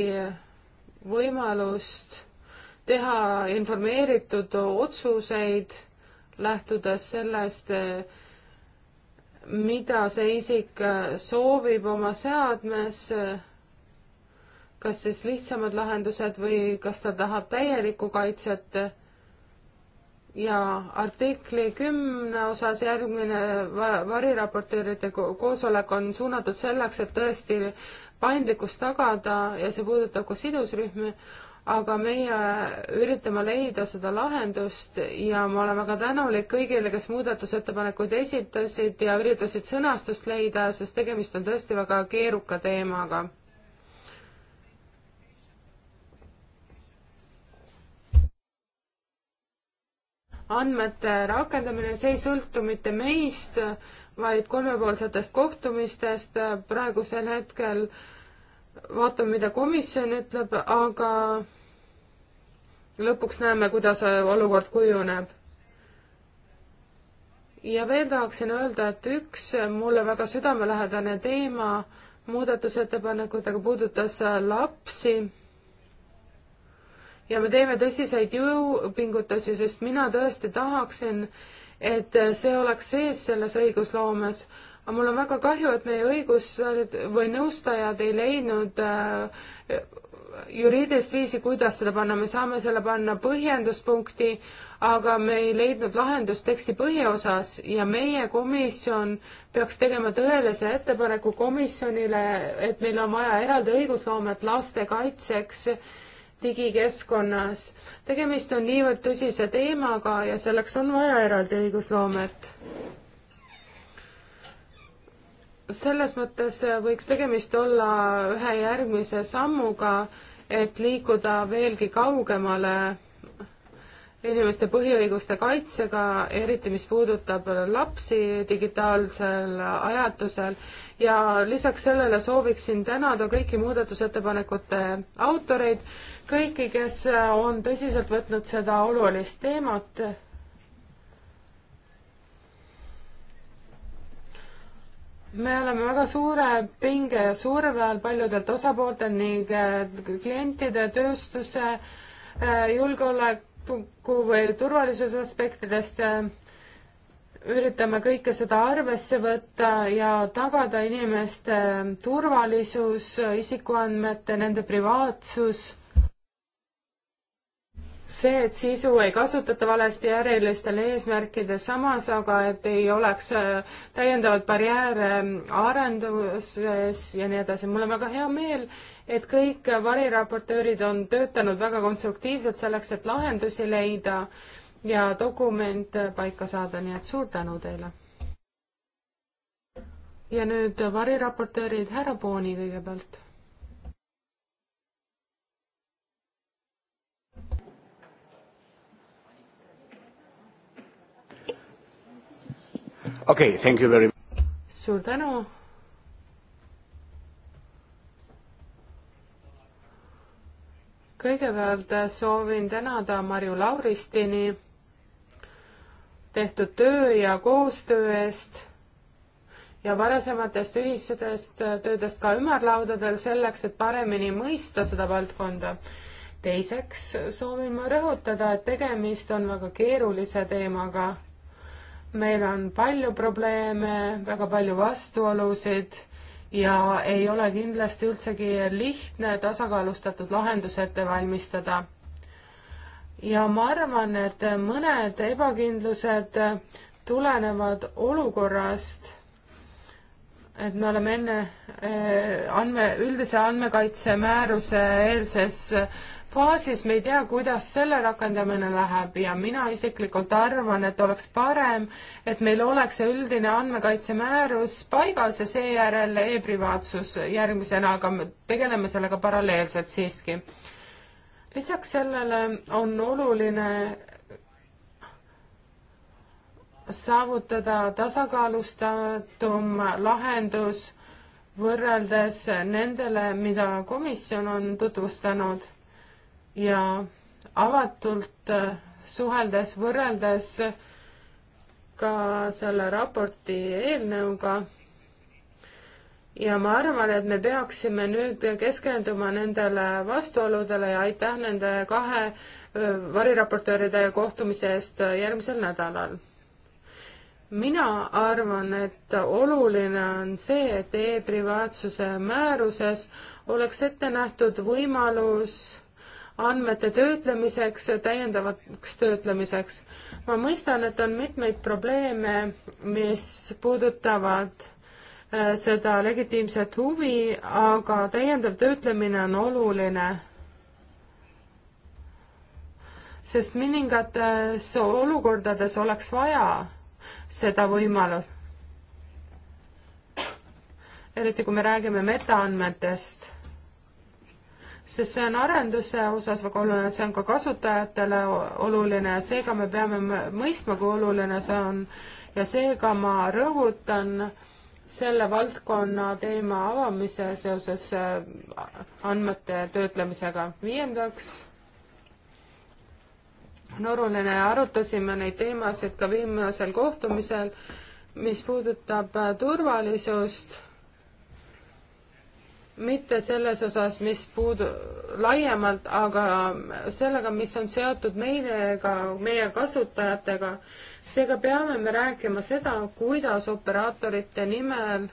võimalust teha informeeritud otsuseid lähtudes sellest, mida see isik soovib oma seadmes, kas siis lihtsamad lahendused või kas ta tahab täielikku kaitset. ja artikli kümne osas järgmine variraportööride koosolek on suunatud selleks, et tõesti paindlikkust tagada ja see puudutab ka sidusrühmi aga meie üritame leida seda lahendust ja ma olen väga tänulik kõigile, kes muudatusettepanekuid esitasid ja üritasid sõnastust leida, sest tegemist on tõesti väga keeruka teemaga. andmete rakendamine, see ei sõltu mitte meist, vaid kolmepoolsetest kohtumistest praegusel hetkel äh, vaatame, mida komisjon ütleb, aga lõpuks näeme, kuidas olukord kujuneb. ja veel tahaksin öelda, et üks mulle väga südamelähedane teema muudatusettepanekutega puudutas lapsi ja me teeme tõsiseid jõupingutusi, sest mina tõesti tahaksin, et see oleks sees selles õigusloomes, aga mul on väga kahju, et meie õigus või nõustajad ei leidnud äh, juriidilist viisi, kuidas seda panna, me saame selle panna põhjenduspunkti, aga me ei leidnud lahendust teksti põhiosas ja meie komisjon peaks tegema tõelise ettepaneku komisjonile, et meil on vaja eraldi õigusloomet laste kaitseks digikeskkonnas. tegemist on niivõrd tõsise teemaga ja selleks on vaja eraldi õigusloomet selles mõttes äh, võiks tegemist olla ühe järgmise sammuga, et liikuda veelgi kaugemale inimeste põhiõiguste kaitsega, eriti mis puudutab lapsi digitaalsel ajatusel ja lisaks sellele sooviksin tänada kõiki muudatusettepanekute autoreid, kõiki, kes on tõsiselt võtnud seda olulist teemat me oleme väga suure pinge ja surve all paljudelt osapooltelt, nii äh, klientide, tööstuse, äh, julgeoleku või turvalisuse aspektidest. Äh, üritame kõike seda arvesse võtta ja tagada inimeste turvalisus, isikuandmete, nende privaatsus see, et sisu ei kasutata valesti ärilistel eesmärkidel, samas aga, et ei oleks äh, täiendavaid barjääre arenduses ja nii edasi. mul on väga hea meel, et kõik variraportöörid on töötanud väga konstruktiivselt selleks, et lahendusi leida ja dokument paika saada, nii et suur tänu teile. ja nüüd variraportöörid, härra Pooni kõigepealt okei okay,, thank you very much. suur tänu. kõigepealt soovin tänada Marju Lauristini tehtud töö ja koostöö eest ja varasematest ühisedest töödest ka ümarlaudadel selleks, et paremini mõista seda valdkonda. teiseks soovin ma rõhutada, et tegemist on väga keerulise teemaga meil on palju probleeme, väga palju vastuolusid ja ei ole kindlasti üldsegi lihtne tasakaalustatud lahendus ette valmistada. ja ma arvan, et mõned ebakindlused tulenevad olukorrast, et me oleme enne eh, andme, üldise andmekaitsemääruse eelses äh, faasis me ei tea, kuidas selle rakendamine läheb ja mina isiklikult arvan, et oleks parem, et meil oleks see üldine andmekaitsemäärus paigas ja seejärel e-privaatsus järgmisena, aga me tegeleme sellega paralleelselt siiski. lisaks sellele on oluline saavutada tasakaalustatum lahendus võrreldes nendele, mida komisjon on tutvustanud ja avatult äh, suheldes, võrreldes ka selle raporti eelnõuga. ja ma arvan, et me peaksime nüüd keskenduma nendele vastuoludele ja aitäh nende kahe äh, variraportööride kohtumise eest äh, järgmisel nädalal. mina arvan, et oluline on see, et e-privaatsuse määruses oleks ette nähtud võimalus andmete töötlemiseks, täiendavaks töötlemiseks. ma mõistan, et on mitmeid probleeme, mis puudutavad äh, seda legitiimset huvi, aga täiendav töötlemine on oluline. sest mõningates olukordades oleks vaja seda võimalust. eriti kui me räägime metaandmetest sest see on arenduse osas väga oluline, see on ka kasutajatele oluline, seega me peame mõistma, kui oluline see on ja seega ma rõhutan selle valdkonna teema avamise seoses äh, andmete töötlemisega. viiendaks on oluline, arutasime neid teemasid ka viimasel kohtumisel, mis puudutab äh, turvalisust mitte selles osas, mis puudu-, laiemalt, aga sellega, mis on seotud meiega, meie kasutajatega. seega peame me rääkima seda, kuidas operaatorite nimel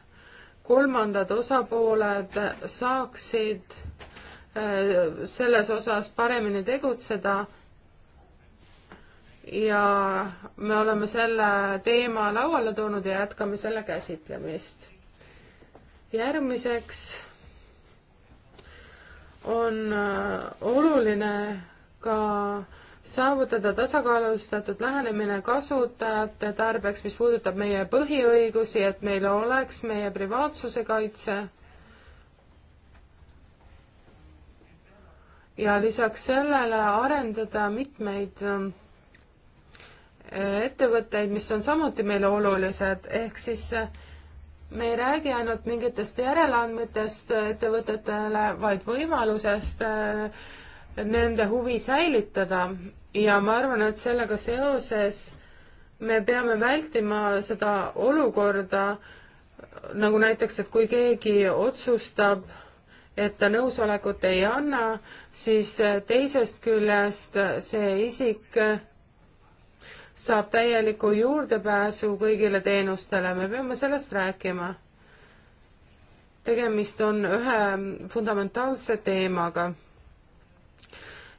kolmandad osapooled saaksid äh, selles osas paremini tegutseda. ja me oleme selle teema lauale toonud ja jätkame selle käsitlemist. järgmiseks on äh, oluline ka saavutada tasakaalustatud lähenemine kasutajate tarbeks, mis puudutab meie põhiõigusi, et meil oleks meie privaatsuse kaitse. ja lisaks sellele arendada mitmeid ähm, ettevõtteid, mis on samuti meile olulised, ehk siis äh, me ei räägi ainult mingitest järeleandmetest ettevõtetele, vaid võimalusest äh, nende huvi säilitada ja ma arvan, et sellega seoses me peame vältima seda olukorda, nagu näiteks, et kui keegi otsustab, et ta nõusolekut ei anna, siis teisest küljest see isik saab täieliku juurdepääsu kõigile teenustele, me peame sellest rääkima. tegemist on ühe fundamentaalse teemaga.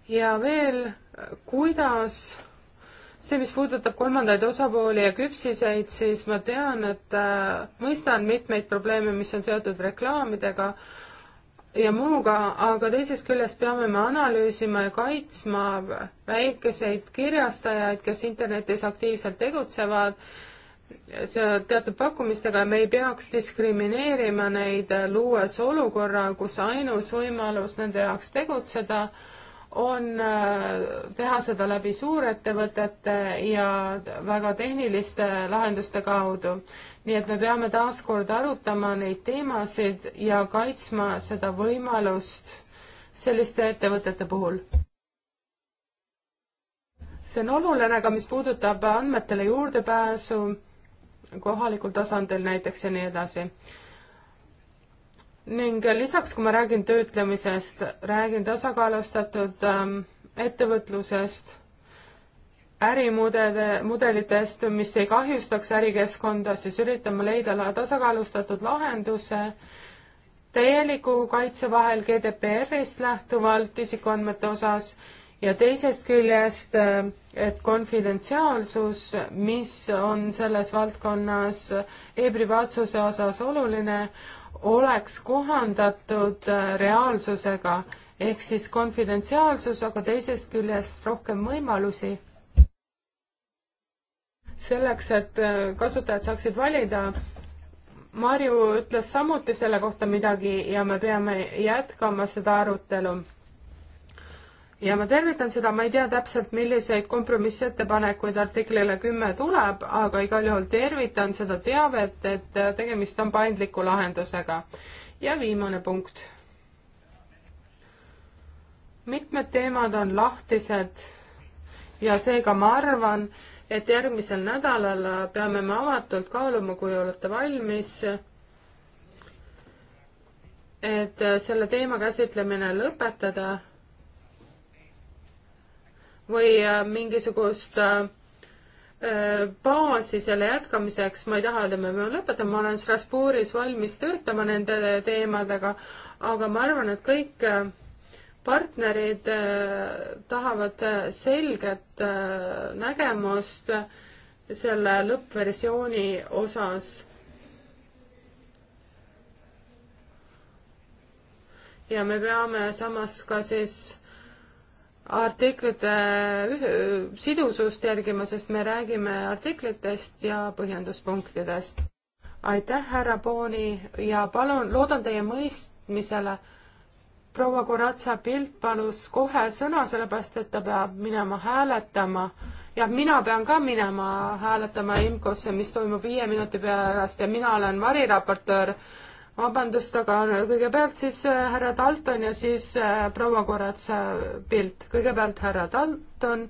ja veel, kuidas see, mis puudutab kolmandaid osapooli ja küpsiseid, siis ma tean, et äh, mõistan mitmeid probleeme, mis on seotud reklaamidega äh,, ja muuga, aga teisest küljest peame me analüüsima ja kaitsma väikeseid kirjastajaid, kes internetis aktiivselt tegutsevad, see teatud pakkumistega, me ei peaks diskrimineerima neid, luues olukorra, kus ainus võimalus nende jaoks tegutseda on äh, teha seda läbi suurettevõtete ja väga tehniliste lahenduste kaudu nii et me peame taaskord arutama neid teemasid ja kaitsma seda võimalust selliste ettevõtete puhul. see on oluline ka, mis puudutab andmetele juurdepääsu kohalikul tasandil näiteks ja nii edasi. ning lisaks, kui ma räägin töötlemisest, räägin tasakaalustatud ähm, ettevõtlusest ärimudede, mudelitest, mis ei kahjustaks ärikeskkonda, siis üritame leida tasakaalustatud lahenduse täieliku kaitse vahel GDPR-ist lähtuvalt isikuandmete osas ja teisest küljest, et konfidentsiaalsus, mis on selles valdkonnas e-privaatsuse osas oluline, oleks kohandatud reaalsusega, ehk siis konfidentsiaalsus, aga teisest küljest rohkem võimalusi selleks, et äh, kasutajad saaksid valida. Marju ütles samuti selle kohta midagi ja me peame jätkama seda arutelu. ja ma tervitan seda, ma ei tea täpselt, milliseid kompromissettepanekuid artiklile kümme tuleb, aga igal juhul tervitan seda teavet, et äh, tegemist on paindliku lahendusega. ja viimane punkt. mitmed teemad on lahtised ja seega ma arvan, et järgmisel nädalal peame me avatult kaaluma, kui olete valmis, et selle teema käsitlemine lõpetada või mingisugust äh, baasi selle jätkamiseks, ma ei taha öelda, me peame lõpetama, ma olen Strasbourgis valmis töötama nende teemadega, aga ma arvan, et kõik äh, partnerid äh, tahavad äh, selget äh, nägemust selle lõppversiooni osas ja me peame samas ka siis artiklite sidusust järgima, sest me räägime artiklitest ja põhjenduspunktidest. aitäh, härra Booni ja palun, loodan teie mõistmisele, proua Koratsa pilt palus kohe sõna, sellepärast et ta peab minema hääletama. ja mina pean ka minema hääletama IMCO-sse, mis toimub viie minuti pärast ja mina olen variraportöör. vabandust, aga kõigepealt siis äh, härra Dalton ja siis äh, proua Koratsa pilt. kõigepealt härra Dalton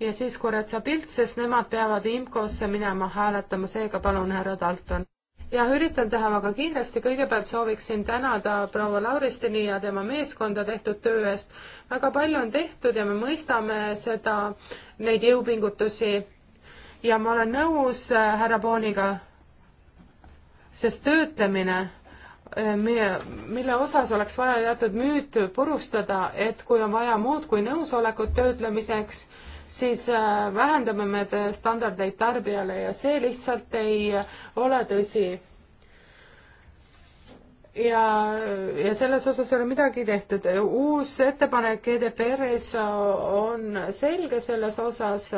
ja siis Koratsa pilt, sest nemad peavad IMCO-sse minema hääletama, seega palun, härra Dalton jah, üritan teha väga kiiresti, kõigepealt sooviksin tänada proua Lauristini ja tema meeskonda tehtud töö eest. väga palju on tehtud ja me mõistame seda, neid jõupingutusi. ja ma olen nõus äh, härra Pooniga, sest töötlemine, äh, mille osas oleks vaja teatud müüt purustada, et kui on vaja muud kui nõusolekut töötlemiseks, siis äh, vähendame me standardeid tarbijale ja see lihtsalt ei ole tõsi. ja, ja selles osas ei ole midagi tehtud. uus ettepanek GDPR-is on selge selles osas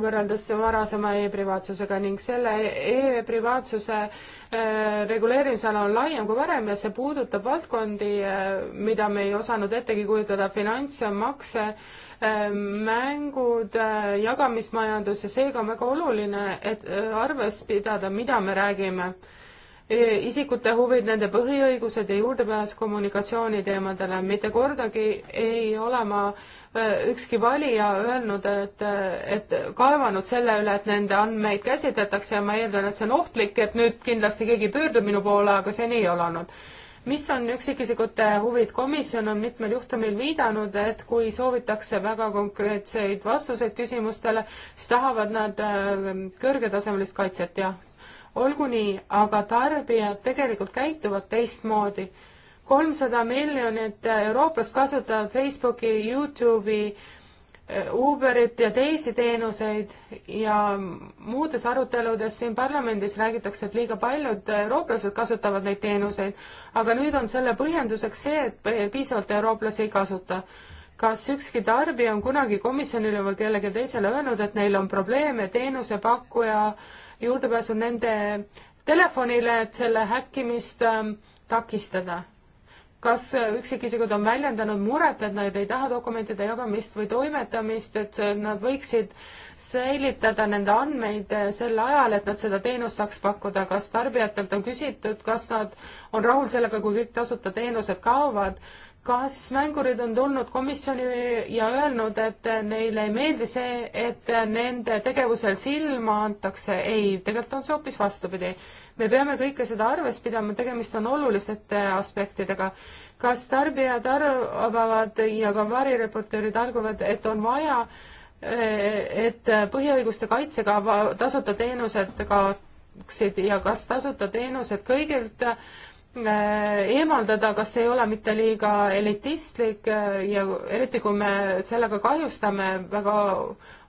võrreldes varasema e-privaatsusega ning selle e-privaatsuse äh, reguleerimisala on laiem kui varem ja see puudutab valdkondi, äh, mida me ei osanud ettegi kujutada, finants, makse, äh, mängud, jagamismajandus ja seega on väga oluline, et arves pidada, mida me räägime E, isikute huvid, nende põhiõigused ja juurdepääs kommunikatsiooni teemadele. mitte kordagi ei ole ma e, ükski valija öelnud, et, et kaevanud selle üle, et nende andmeid käsitletakse ja ma eeldan, et see on ohtlik, et nüüd kindlasti keegi pöördub minu poole, aga see nii ei ole olnud mis on üksikisikute huvid, komisjon on mitmel juhtumil viidanud, et kui soovitakse väga konkreetseid vastuseid küsimustele, siis tahavad nad e, kõrgetasemelist kaitset, jah olgu nii, aga tarbijad tegelikult käituvad teistmoodi. kolmsada miljonit eurooplast kasutavad Facebooki, Youtube'i, Uberit ja teisi teenuseid ja muudes aruteludes siin parlamendis räägitakse, et liiga paljud eurooplased kasutavad neid teenuseid, aga nüüd on selle põhjenduseks see, et piisavalt eurooplasi ei kasuta. kas ükski tarbija on kunagi komisjonile või kellelegi teisele öelnud, et neil on probleeme teenusepakkuja äh, juurdepääsu nende telefonile, et selle häkkimist ähm, takistada. kas äh, üksikisikud on väljendanud muret, et nad ei taha dokumentide jagamist või toimetamist, et äh, nad võiksid säilitada nende andmeid äh, sel ajal, et nad seda teenust saaks pakkuda, kas tarbijatelt on küsitud, kas nad on rahul sellega, kui kõik tasuta teenused kaovad kas mängurid on tulnud komisjoni ja öelnud, et neile ei meeldi see, et nende tegevusel silma antakse? ei, tegelikult on see hoopis vastupidi. me peame kõike seda arves pidama, tegemist on olulisete aspektidega. kas tarbijad arvavad ja ka varireporterid arvavad, et on vaja, et põhiõiguste kaitsega tasuta teenused kaotaksid ja kas tasuta teenused kõigilt äh, Äh, eemaldada, kas ei ole mitte liiga elitistlik äh, ja eriti, kui me sellega kahjustame väga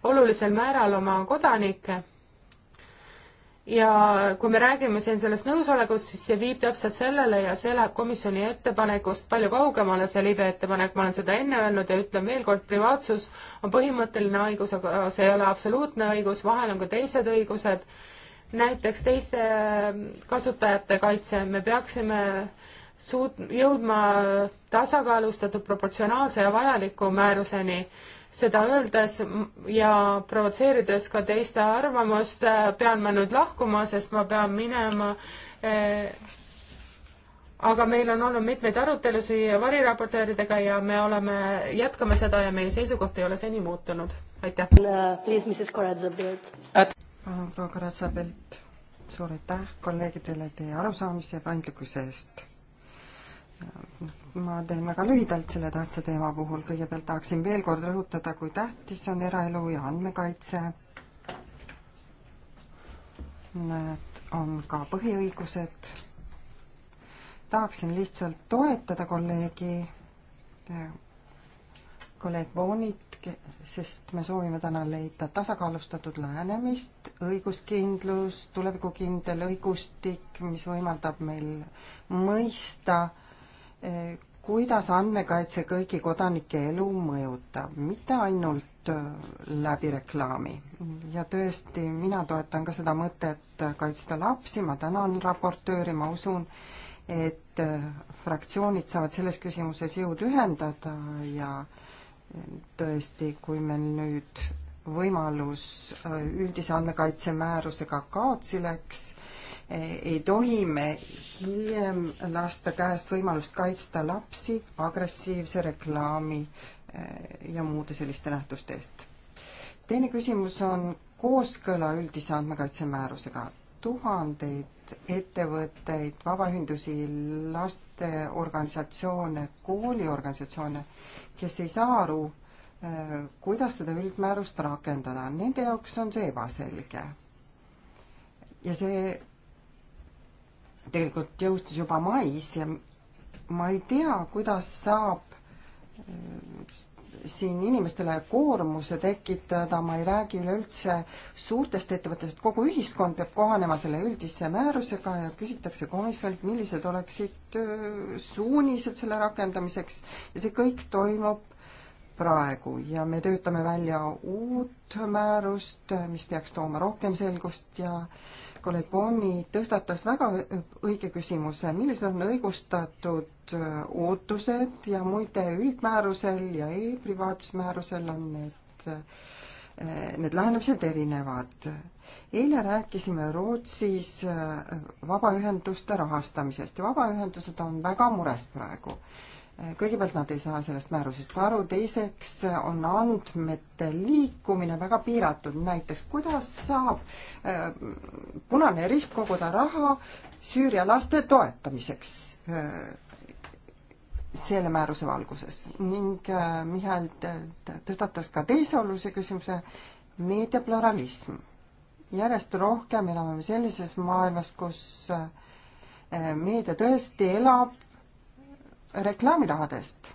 olulisel määral oma kodanikke. ja kui me räägime siin sellest nõusolekust, siis see viib täpselt sellele ja see läheb komisjoni ettepanekust palju kaugemale, see libe ettepanek, ma olen seda enne öelnud ja ütlen veel kord, privaatsus on põhimõtteline õigus, aga see ei ole absoluutne õigus, vahel on ka teised õigused näiteks teiste ähm, kasutajate kaitse, me peaksime suut-, jõudma tasakaalustatud, proportsionaalse ja vajaliku määruseni. seda öeldes ja provotseerides ka teiste arvamust, äh, pean ma nüüd lahkuma, sest ma pean minema äh, aga meil on olnud mitmeid arutelusid variraportööridega ja me oleme, jätkame seda ja meie seisukoht ei ole seni muutunud. aitäh palun, proua Karatsapilt, suur aitäh kolleegidele teie arusaamise ja paindlikkuse eest. ma teen väga lühidalt selle tähtsa teema puhul, kõigepealt tahaksin veel kord rõhutada, kui tähtis on eraelu ja andmekaitse. Need on ka põhiõigused. tahaksin lihtsalt toetada kolleegi, kolleeg Voonit, sest me soovime täna leida tasakaalustatud lähenemist, õiguskindlus, tulevikukindel õigustik, mis võimaldab meil mõista, eh, kuidas andmekaitse kõigi kodanike elu mõjutab, mitte ainult eh, läbi reklaami. ja tõesti, mina toetan ka seda mõtet eh, kaitsta lapsi, ma tänan raportööri, ma usun, et fraktsioonid saavad selles küsimuses jõud ühendada ja äh, tõesti, kui meil nüüd võimalus äh, üldise andmekaitsemäärusega kaotsi läks, e, ei tohi me hiljem lasta käest võimalust kaitsta lapsi agressiivse reklaami e, ja muude selliste nähtuste eest. teine küsimus on kooskõla üldise andmekaitsemäärusega. tuhandeid ettevõtteid, vabaühendusi, lasteorganisatsioone, kooliorganisatsioone, kes ei saa aru, äh, kuidas seda üldmäärust rakendada, nende jaoks on see ebaselge. ja see tegelikult jõustus juba mais ja ma ei tea, kuidas saab äh, siin inimestele koormuse tekitada, ma ei räägi üleüldse suurtest ettevõttest, kogu ühiskond peab kohanema selle üldise määrusega ja küsitakse komisjonilt, millised oleksid suunised selle rakendamiseks ja see kõik toimub praegu ja me töötame välja uut määrust, mis peaks tooma rohkem selgust ja Kolleeg Bonni tõstatas väga õige küsimuse, millised on õigustatud äh, ootused ja muide üldmäärusel ja e-privaatsusmäärusel on need, äh, need lähenemised erinevad. eile rääkisime Rootsis äh, vabaühenduste rahastamisest ja vabaühendused on väga mures praegu kõigepealt nad ei saa sellest määrusest ka aru, teiseks on andmete liikumine väga piiratud, näiteks kuidas saab äh, Punane Rist koguda raha Süüria laste toetamiseks äh, selle määruse valguses ning äh, Mihhail tõstatas ka teise olulise küsimuse, meediapluralism. järjest rohkem elame sellises maailmas, kus äh, meedia tõesti elab reklaamirahadest.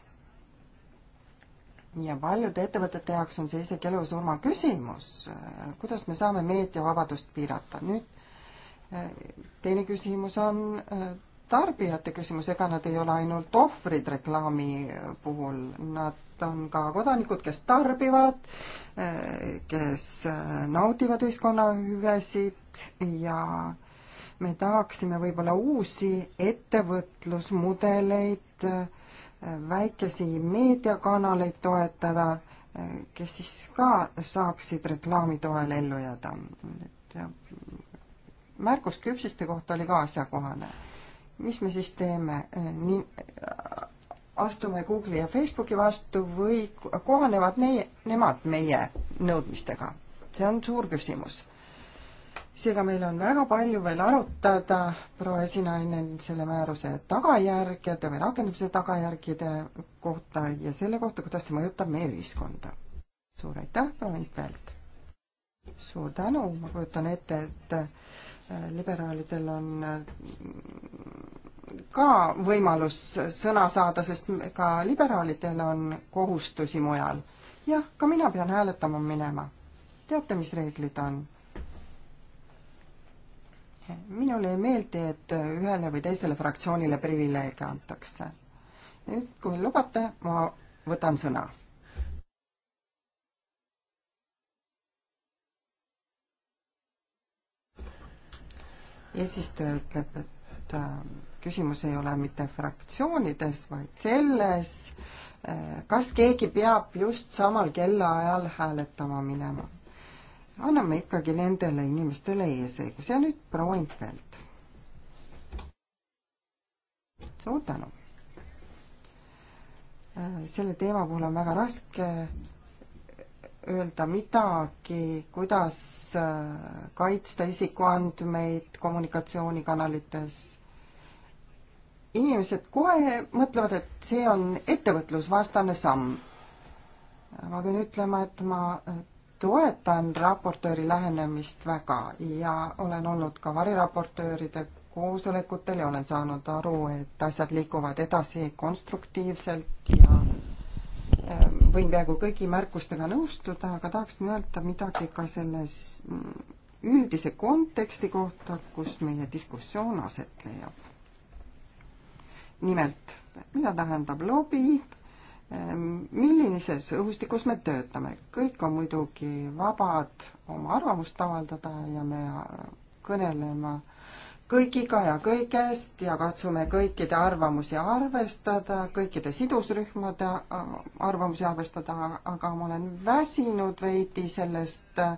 ja paljude ettevõtete jaoks on see isegi elu surma küsimus, äh, kuidas me saame meediavabadust piirata. nüüd äh, teine küsimus on äh, tarbijate küsimus, ega nad ei ole ainult ohvrid reklaami puhul, nad on ka kodanikud, kes tarbivad, kes naudivad ühiskonna hüvesid ja me tahaksime võib-olla uusi ettevõtlusmudeleid, väikesi meediakanaleid toetada, kes siis ka saaksid reklaami toel ellu jääda. märkus küpsiste kohta oli ka asjakohane. mis me siis teeme? nii, astume Google'i ja Facebooki vastu või kohanevad meie, nemad meie nõudmistega? see on suur küsimus seega meil on väga palju veel arutada proua esinaine selle määruse tagajärgede või rakendamise tagajärgede kohta ja selle kohta, kuidas see mõjutab meie ühiskonda. suur aitäh, proua Intvelt! suur tänu, ma kujutan ette, et äh, liberaalidel on äh, ka võimalus sõna saada, sest ka liberaalidel on kohustusi mujal. jah, ka mina pean hääletama minema. teate, mis reeglid on? minule ei meeldi, et ühele või teisele fraktsioonile privileege antakse. nüüd, kui lubate, ma võtan sõna. eesistuja ütleb, et äh, küsimus ei ole mitte fraktsioonides, vaid selles, äh, kas keegi peab just samal kellaajal hääletama minema anname ikkagi nendele inimestele eesõiguse ja nüüd proua Infeld. suur tänu. Äh, selle teema puhul on väga raske öelda midagi, kuidas äh, kaitsta isikuandmeid kommunikatsioonikanalites. inimesed kohe mõtlevad, et see on ettevõtlusvastane samm. ma pean ütlema, et ma toetan raportööri lähenemist väga ja olen olnud ka variraportööride koosolekutel ja olen saanud aru, et asjad liiguvad edasi konstruktiivselt ja ähm, võin peaaegu kõigi märkustega nõustuda, aga tahaksin öelda midagi ka selles mm, üldise konteksti kohta, kus meie diskussioon aset leiab. nimelt, mida tähendab lobi, Ehm, millises õhustikus me töötame. kõik on muidugi vabad oma arvamust avaldada ja me äh, kõnelema kõigiga ja kõigest ja katsume kõikide arvamusi arvestada, kõikide sidusrühmade äh, arvamusi arvestada, aga ma olen väsinud veidi sellest äh,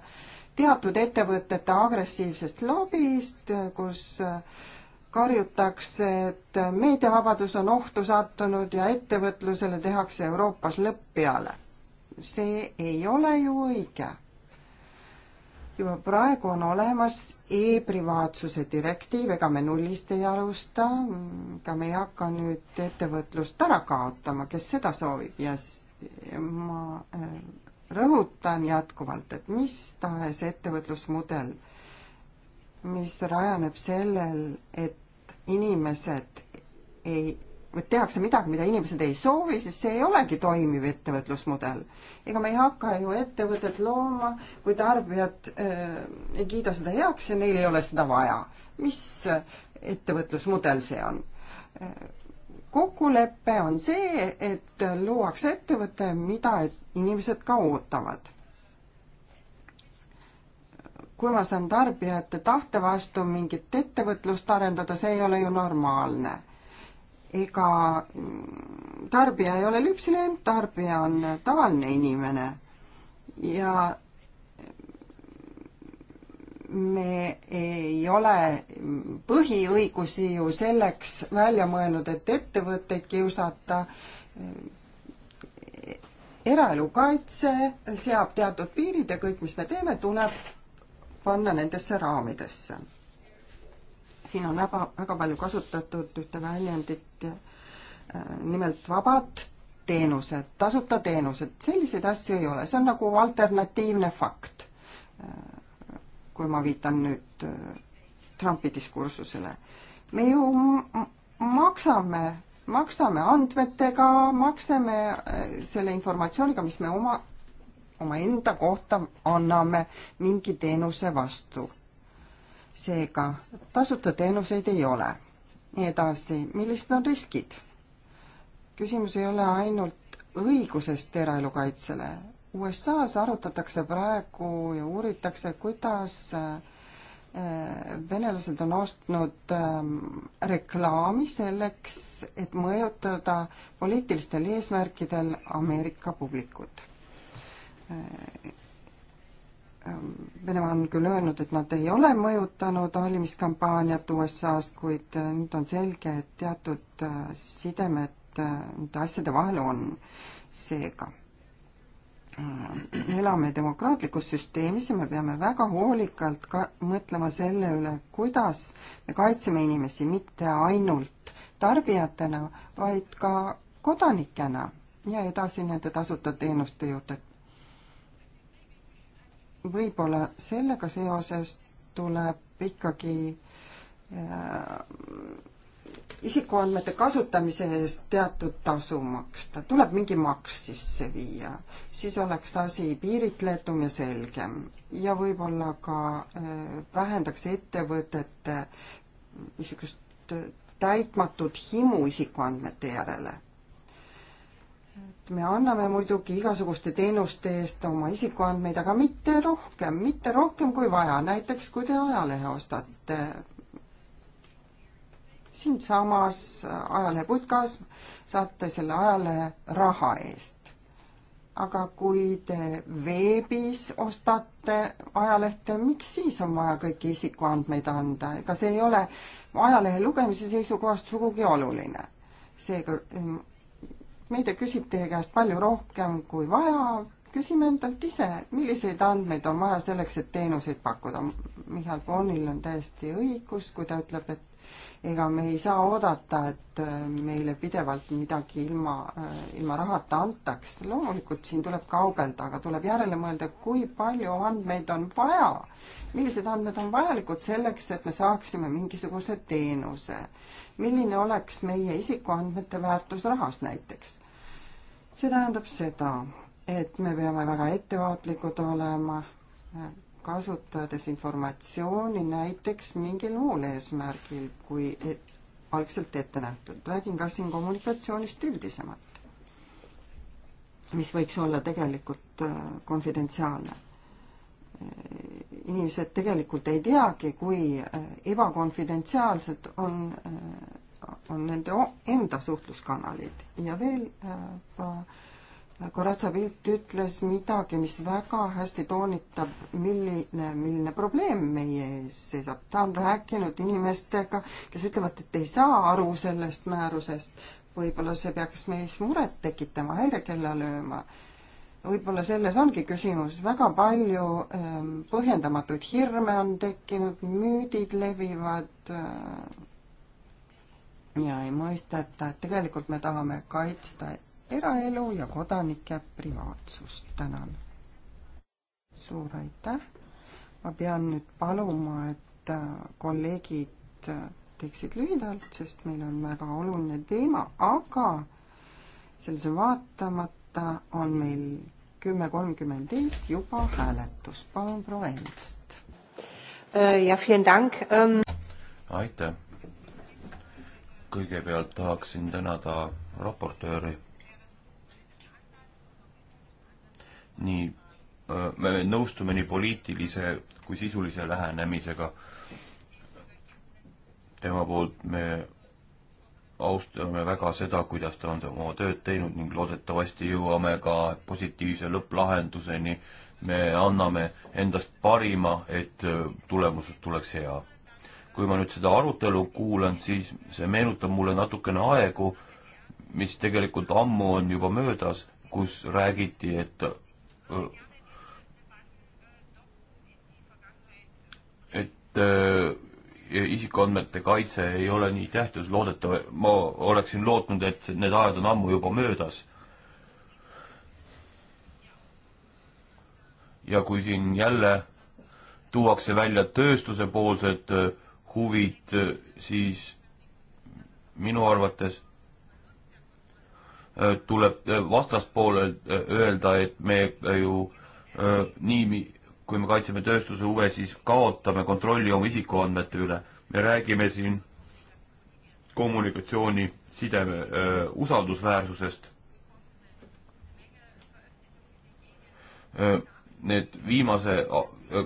teatud ettevõtete agressiivsest lobist, kus äh, karjutakse, et meediavabadus on ohtu sattunud ja ettevõtlusele tehakse Euroopas lõpp peale. see ei ole ju õige. juba praegu on olemas e-privaatsuse direktiiv, ega me nullist ei alusta, ega me ei hakka nüüd ettevõtlust ära kaotama, kes seda soovib ja ma äh, rõhutan jätkuvalt, et mis tahes ettevõtlusmudel mis rajaneb sellel, et inimesed ei, või tehakse midagi, mida inimesed ei soovi, siis see ei olegi toimiv ettevõtlusmudel. ega me ei hakka ju ettevõtet looma, kui tarbijad äh, ei kiida seda heaks ja neil ei ole seda vaja. mis äh, ettevõtlusmudel see on? Äh, kokkulepe on see, et luuakse ettevõte, mida inimesed ka ootavad kui ma saan tarbijate tahte vastu mingit ettevõtlust arendada, see ei ole ju normaalne. ega mm, tarbija ei ole lüpsilehm, tarbija on tavaline inimene ja me ei ole põhiõigusi ju selleks välja mõelnud, et ettevõtteid kiusata. eraelu kaitse seab teatud piirid ja kõik, mis me teeme, tuleb panna nendesse raamidesse. siin on väga, väga palju kasutatud ühte väljendit, äh, nimelt vabad teenused, tasuta teenused, selliseid asju ei ole, see on nagu alternatiivne fakt. Äh, kui ma viitan nüüd äh, Trumpi diskursusele. me ju maksame maksame andmetega, maksame selle informatsiooniga, mis me oma, omaenda kohta anname mingi teenuse vastu. seega tasuta teenuseid ei ole. nii edasi, millised on riskid? küsimus ei ole ainult õigusest eraelu kaitsele. USA-s arutatakse praegu ja uuritakse, kuidas äh, venelased on ostnud ähm, reklaami selleks, et mõjutada poliitilistel eesmärkidel Ameerika publikut Venemaa on küll öelnud, et nad ei ole mõjutanud valimiskampaaniat USA-s, kuid nüüd on selge, et teatud äh, sidemed äh, nende asjade vahel on. seega äh, elame demokraatlikus süsteemis ja me peame väga hoolikalt ka mõtlema selle üle, kuidas me kaitseme inimesi mitte ainult tarbijatena, vaid ka kodanikena ja edasi nende tasuta teenuste juurde võib-olla sellega seoses tuleb ikkagi äh, isikuandmete kasutamise eest teatud tasu maksta, tuleb mingi maks sisse viia, siis oleks asi piiritletum ja selgem ja võib-olla ka äh, vähendaks ettevõtete niisugust äh, täitmatut himu isikuandmete järele me anname muidugi igasuguste teenuste eest oma isikuandmeid, aga mitte rohkem, mitte rohkem kui vaja, näiteks kui te ajalehe ostate. siinsamas ajaleheputkas saate selle ajalehe raha eest. aga kui te veebis ostate ajalehte, miks siis on vaja kõiki isikuandmeid anda, ega see ei ole ajalehe lugemise seisukohast sugugi oluline. seega meedia küsib teie käest palju rohkem kui vaja, küsime endalt ise, milliseid andmeid on vaja selleks, et teenuseid pakkuda. Mihhail Bonil on täiesti õigus, kui ta ütleb, et ega me ei saa oodata, et äh, meile pidevalt midagi ilma, äh, ilma rahata antaks. loomulikult siin tuleb kaubelda, aga tuleb järele mõelda, kui palju andmeid on vaja. millised andmed on vajalikud selleks, et me saaksime mingisuguse teenuse milline oleks meie isikuandmete väärtus rahas näiteks. see tähendab seda, et me peame väga ettevaatlikud olema, äh, kasutades informatsiooni näiteks mingil muul eesmärgil, kui et, algselt ette nähtud. räägin ka siin kommunikatsioonist üldisemalt, mis võiks olla tegelikult äh, konfidentsiaalne inimesed tegelikult ei teagi, kui äh, ebakonfidentsiaalsed on, äh, on nende enda suhtluskanalid ja veel Koratsa äh, pilt ütles midagi, mis väga hästi toonitab, milline, milline probleem meie ees seisab. ta on rääkinud inimestega, kes ütlevad, et ei saa aru sellest määrusest. võib-olla see peaks meis muret tekitama, häirekella lööma võib-olla selles ongi küsimus, väga palju ähm, põhjendamatuid hirme on tekkinud, müüdid levivad äh, ja ei mõisteta, et tegelikult me tahame kaitsta eraelu ja kodanike privaatsust. tänan. suur aitäh. ma pean nüüd paluma, et äh, kolleegid äh, teeksid lühidalt, sest meil on väga oluline teema, aga sellise vaatamata kohta on meil kümme kolmkümmend viis juba hääletus. palun, proua Ernst. Äh, ja, vielen dank um.... aitäh. kõigepealt tahaksin tänada raportööri. nii, äh, me nõustume nii poliitilise kui sisulise lähenemisega. tema poolt me austame väga seda, kuidas ta on oma tööd teinud ning loodetavasti jõuame ka positiivse lõpplahenduseni. me anname endast parima, et tulemus tuleks hea. kui ma nüüd seda arutelu kuulan, siis see meenutab mulle natukene aegu, mis tegelikult ammu on juba möödas, kus räägiti, et et isikuandmete kaitse ei ole nii tähtis, loodetav, ma oleksin lootnud, et need ajad on ammu juba möödas. ja kui siin jälle tuuakse välja tööstusepoolsed äh, huvid, äh, siis minu arvates äh, tuleb vastaspoole öelda, et me ju äh, nii kui me kaitseme tööstuse huve, siis kaotame kontrolli oma isikuandmete üle. me räägime siin kommunikatsiooni sideme öö, usaldusväärsusest. Need viimase,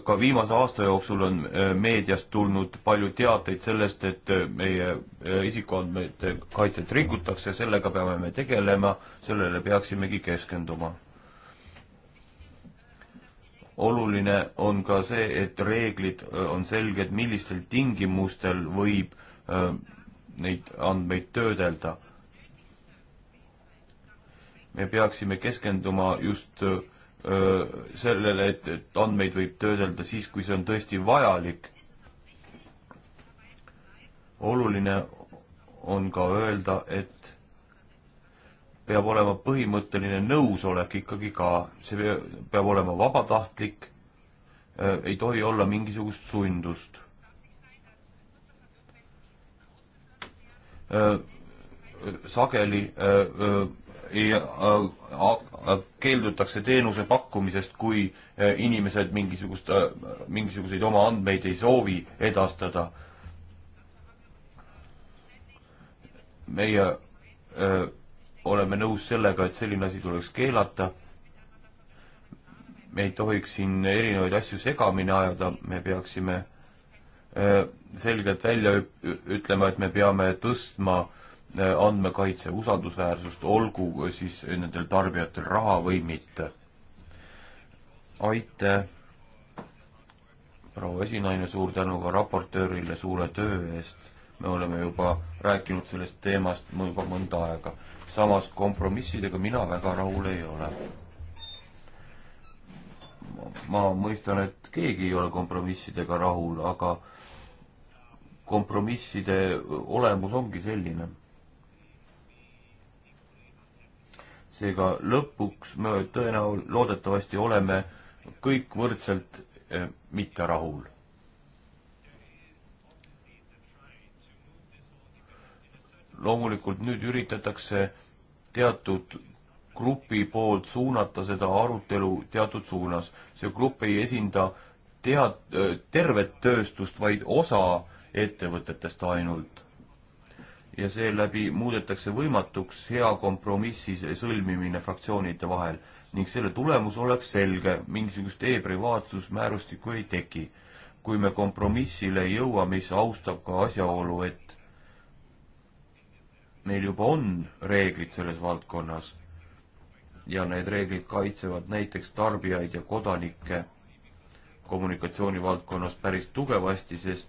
ka viimase aasta jooksul on meediast tulnud palju teateid sellest, et meie isikuandmete kaitset rikutakse, sellega peame me tegelema, sellele peaksimegi keskenduma oluline on ka see, et reeglid äh, on selged, millistel tingimustel võib äh, neid andmeid töödelda. me peaksime keskenduma just äh, sellele, et, et andmeid võib töödelda siis, kui see on tõesti vajalik. oluline on ka öelda, et peab olema põhimõtteline nõusolek ikkagi ka, see peab olema vabatahtlik, äh, ei tohi olla mingisugust sundust. Äh, sageli äh, ei, keeldutakse teenuse pakkumisest, kui inimesed mingisugust, mingisuguseid oma andmeid ei soovi edastada. meie öö, oleme nõus sellega, et selline asi tuleks keelata. me ei tohiks siin erinevaid asju segamini ajada, me peaksime äh, selgelt välja ütlema, et me peame tõstma äh, andmekaitse usaldusväärsust, olgu siis nendel tarbijatel raha või mitte. aitäh, proua esinaine, suur tänu ka raportöörile suure töö eest. me oleme juba rääkinud sellest teemast juba mõnda aega samas kompromissidega mina väga rahul ei ole. ma mõistan, et keegi ei ole kompromissidega rahul, aga kompromisside olemus ongi selline. seega lõpuks me tõenäol-, loodetavasti oleme kõik võrdselt eh, mitte rahul loomulikult nüüd üritatakse teatud grupi poolt suunata seda arutelu teatud suunas. see grupp ei esinda tead-, tervet tööstust, vaid osa ettevõtetest ainult. ja seeläbi muudetakse võimatuks hea kompromissi sõlmimine fraktsioonide vahel ning selle tulemus oleks selge, mingisugust e-privaatsusmäärustikku ei teki. kui me kompromissile ei jõua, mis austab ka asjaolu, et neil juba on reeglid selles valdkonnas ja need reeglid kaitsevad näiteks tarbijaid ja kodanikke kommunikatsiooni valdkonnas päris tugevasti, sest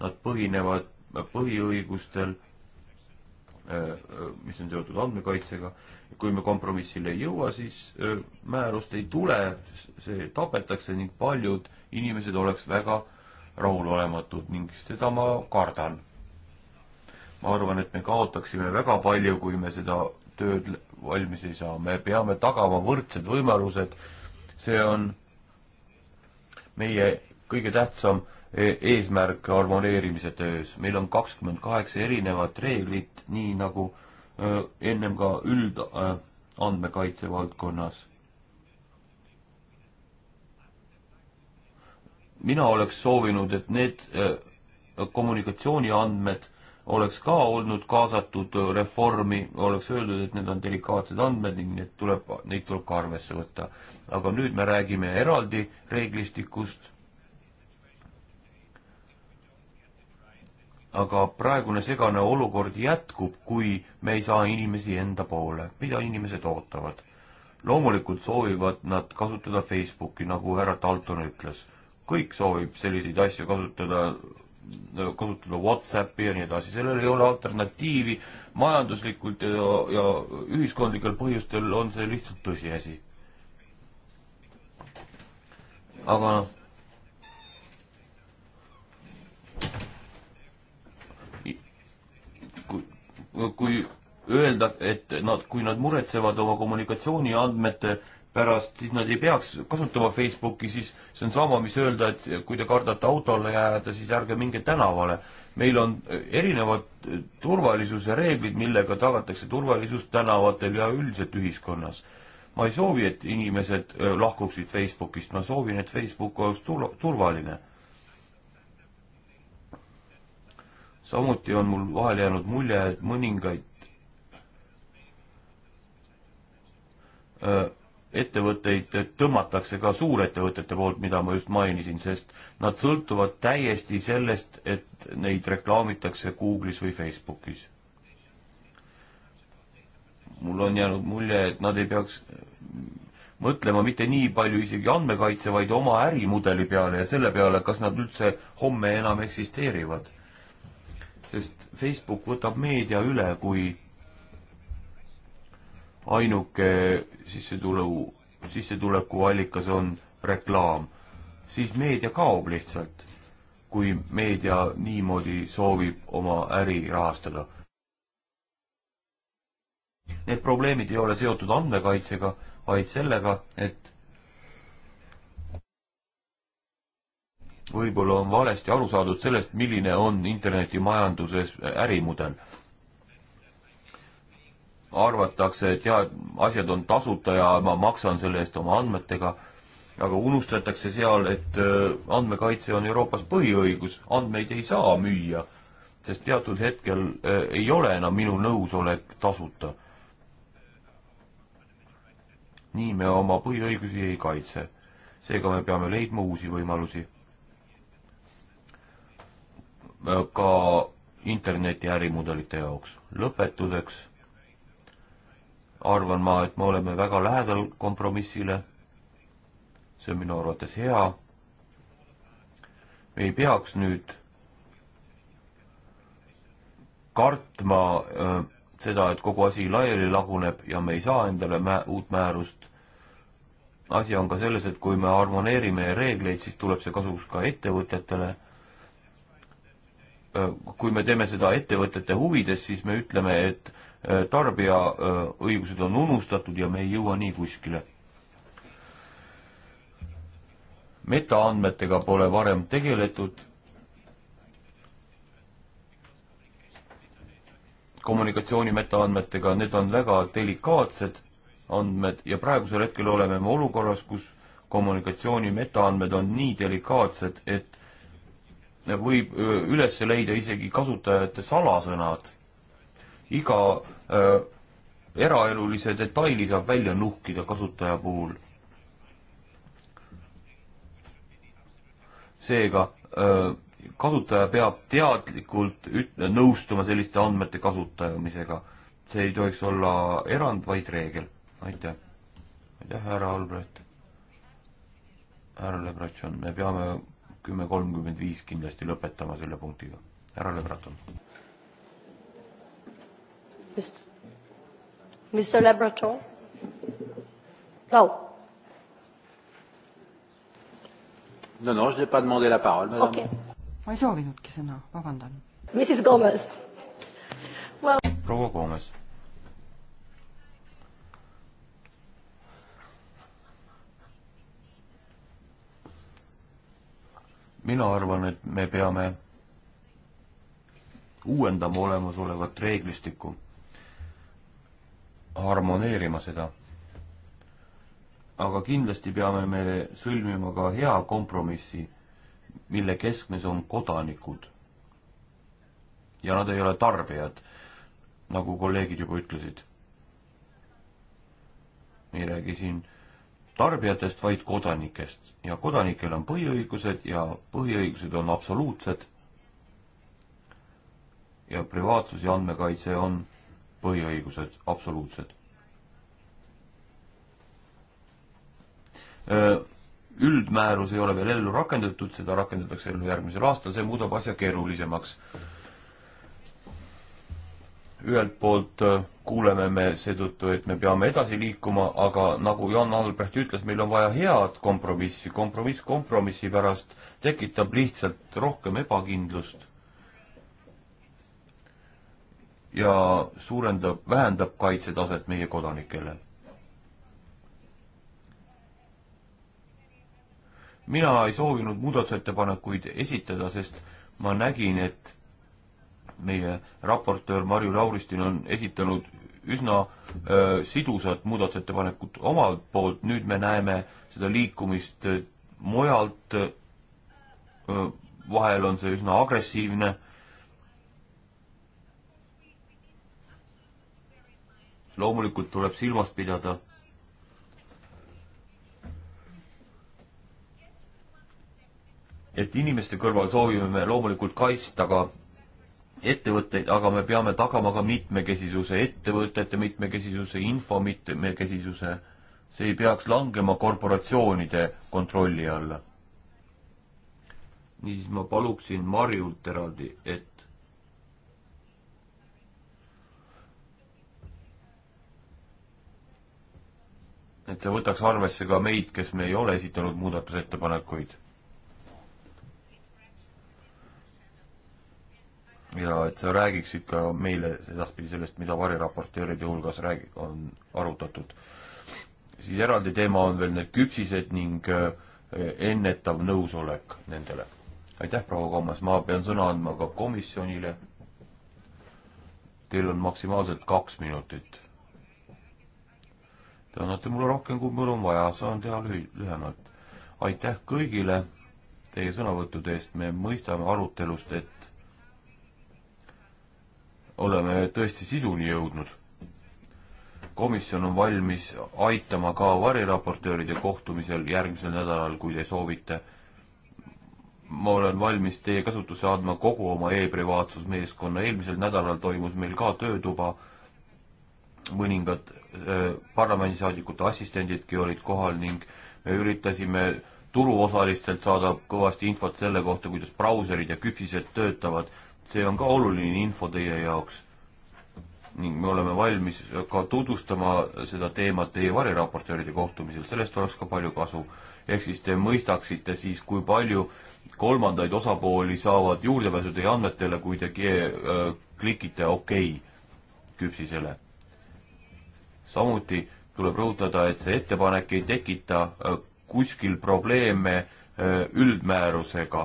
nad põhinevad põhiõigustel, äh, mis on seotud andmekaitsega. kui me kompromissile ei jõua, siis äh, määrust ei tule, see tapetakse ning paljud inimesed oleks väga rahulolematud ning seda ma kardan ma arvan, et me kaotaksime väga palju, kui me seda tööd valmis ei saa, me peame tagama võrdsed võimalused, see on meie kõige tähtsam e-, eesmärk harmoneerimise töös, meil on kakskümmend kaheksa erinevat reeglit, nii nagu ennem ka üldandmekaitse valdkonnas. mina oleks soovinud, et need kommunikatsiooniandmed oleks ka olnud kaasatud reformi, oleks öeldud, et need on delikaatsed andmed ning need tuleb, neid tuleb ka arvesse võtta. aga nüüd me räägime eraldi reeglistikust. aga praegune segane olukord jätkub, kui me ei saa inimesi enda poole, mida inimesed ootavad. loomulikult soovivad nad kasutada Facebooki, nagu härra Dalton ütles kõik soovib selliseid asju kasutada kasutada Whatsappi ja nii edasi, sellel ei ole alternatiivi, majanduslikult ja, ja ühiskondlikel põhjustel on see lihtsalt tõsiasi. aga noh, kui, kui öelda, et nad, kui nad muretsevad oma kommunikatsiooniandmete pärast, siis nad ei peaks kasutama Facebooki, siis see on sama, mis öelda, et kui te kardate autole jääda, siis ärge minge tänavale. meil on äh, erinevad äh, turvalisuse reeglid, millega tagatakse turvalisus tänavatel ja üldiselt ühiskonnas. ma ei soovi, et inimesed äh, lahkuksid Facebookist, ma soovin, et Facebook oleks turvaline. samuti on mul vahel jäänud mulje, et mõningaid öö, ettevõtteid tõmmatakse ka suurettevõtete poolt, mida ma just mainisin, sest nad sõltuvad täiesti sellest, et neid reklaamitakse Google'is või Facebookis. mul on jäänud mulje, et nad ei peaks mõtlema mitte nii palju isegi andmekaitse, vaid oma ärimudeli peale ja selle peale, kas nad üldse homme enam eksisteerivad. sest Facebook võtab meedia üle, kui ainuke sissetulu, sissetulekuallikas on reklaam, siis meedia kaob lihtsalt, kui meedia niimoodi soovib oma äri rahastada. Need probleemid ei ole seotud andmekaitsega, vaid sellega, et võib-olla on valesti aru saadud sellest, milline on internetimajanduses ärimudel arvatakse, et jaa, asjad on tasuta ja ma maksan selle eest oma andmetega, aga unustatakse seal, et äh, andmekaitse on Euroopas põhiõigus, andmeid ei saa müüa, sest teatud hetkel äh, ei ole enam minu nõusolek tasuta. nii me oma põhiõigusi ei kaitse. seega me peame leidma uusi võimalusi. Äh, ka interneti ärimudelite jaoks. lõpetuseks arvan ma, et me oleme väga lähedal kompromissile. see on minu arvates hea. me ei peaks nüüd kartma öö, äh, seda, et kogu asi laiali laguneb ja me ei saa endale mä uut määrust. asi on ka selles, et kui me harmoneerime reegleid, siis tuleb see kasuks ka ettevõtetele. Äh, kui me teeme seda ettevõtete huvides, siis me ütleme, et Äh, tarbija äh, õigused on unustatud ja me ei jõua nii kuskile. metaandmetega pole varem tegeletud. kommunikatsiooni metaandmetega, need on väga delikaatsed andmed ja praegusel hetkel oleme me olukorras, kus kommunikatsiooni metaandmed on nii delikaatsed, et võib äh, üles leida isegi kasutajate salasõnad iga äh, eraelulise detaili saab välja nuhkida kasutaja puhul. seega äh, kasutaja peab teadlikult üt-, nõustuma selliste andmete kasutamisega. see ei tohiks olla erand, vaid reegel. aitäh. aitäh, härra Albrecht. härra Lebratšon, me peame kümme kolmkümmend viis kindlasti lõpetama selle punktiga. härra Lebratšon Mr. Lebreton? No. Non, non, je n'ai pas demandé la parole, madame. Okay. ma ei soovinudki sõna, vabandan. Mrs Gomez well.... proua Gomez. mina arvan, et me peame uuendama olemasolevat reeglistikku harmoneerima seda. aga kindlasti peame me sõlmima ka hea kompromissi, mille keskmes on kodanikud. ja nad ei ole tarbijad, nagu kolleegid juba ütlesid. me ei räägi siin tarbijatest, vaid kodanikest ja kodanikel on põhiõigused ja põhiõigused on absoluutsed. ja privaatsus ja andmekaitse on põhiõigused absoluutsed. üldmäärus ei ole veel ellu rakendatud, seda rakendatakse ellu järgmisel aastal, see muudab asja keerulisemaks. ühelt poolt kuuleme me seetõttu, et me peame edasi liikuma, aga nagu Jan Albrecht ütles, meil on vaja head kompromissi, kompromiss kompromissi pärast tekitab lihtsalt rohkem ebakindlust ja suurendab, vähendab kaitsetaset meie kodanikele. mina ei soovinud muudatusettepanekuid esitada, sest ma nägin, et meie raportöör Marju Lauristin on esitanud üsna öö, sidusat muudatusettepanekut omalt poolt, nüüd me näeme seda liikumist mujalt, vahel on see üsna agressiivne loomulikult tuleb silmas pidada et inimeste kõrval soovime me loomulikult kaitsta ka ettevõtteid, aga me peame tagama ka mitmekesisuse, ettevõtete mitmekesisuse, info mitmekesisuse. see ei peaks langema korporatsioonide kontrolli alla. niisiis ma paluksin Marjult eraldi, et et see võtaks arvesse ka meid, kes me ei ole esitanud muudatusettepanekuid. ja et sa räägiksid ka meile edaspidi sellest, mida variraportööride hulgas räägi-, on arutatud. siis eraldi teema on veel need küpsised ning eh, ennetav nõusolek nendele. aitäh, proua Kommas, ma pean sõna andma ka komisjonile. Teil on maksimaalselt kaks minutit Te annate mulle rohkem, kui mul on vaja, saan teha lühi-, lühemalt. aitäh kõigile teie sõnavõttude eest, me mõistame arutelust, et oleme tõesti sisuni jõudnud. komisjon on valmis aitama ka variraportööride kohtumisel järgmisel nädalal, kui te soovite. ma olen valmis teie kasutusse andma kogu oma e-privaatsusmeeskonna, eelmisel nädalal toimus meil ka töötuba, mõningad Äh, parlamendisaadikute assistendidki olid kohal ning me üritasime turuosalistelt saada kõvasti infot selle kohta, kuidas brauserid ja küpsised töötavad. see on ka oluline info teie jaoks. ning me oleme valmis ka tutvustama seda teemat teie variraportööride kohtumisel, sellest oleks ka palju kasu. ehk siis te mõistaksite siis, kui palju kolmandaid osapooli saavad juurdepääsu teie andmetele, kui te äh, klikite okei okay küpsisele samuti tuleb rõhutada, et see ettepanek ei tekita äh, kuskil probleeme äh, üldmäärusega.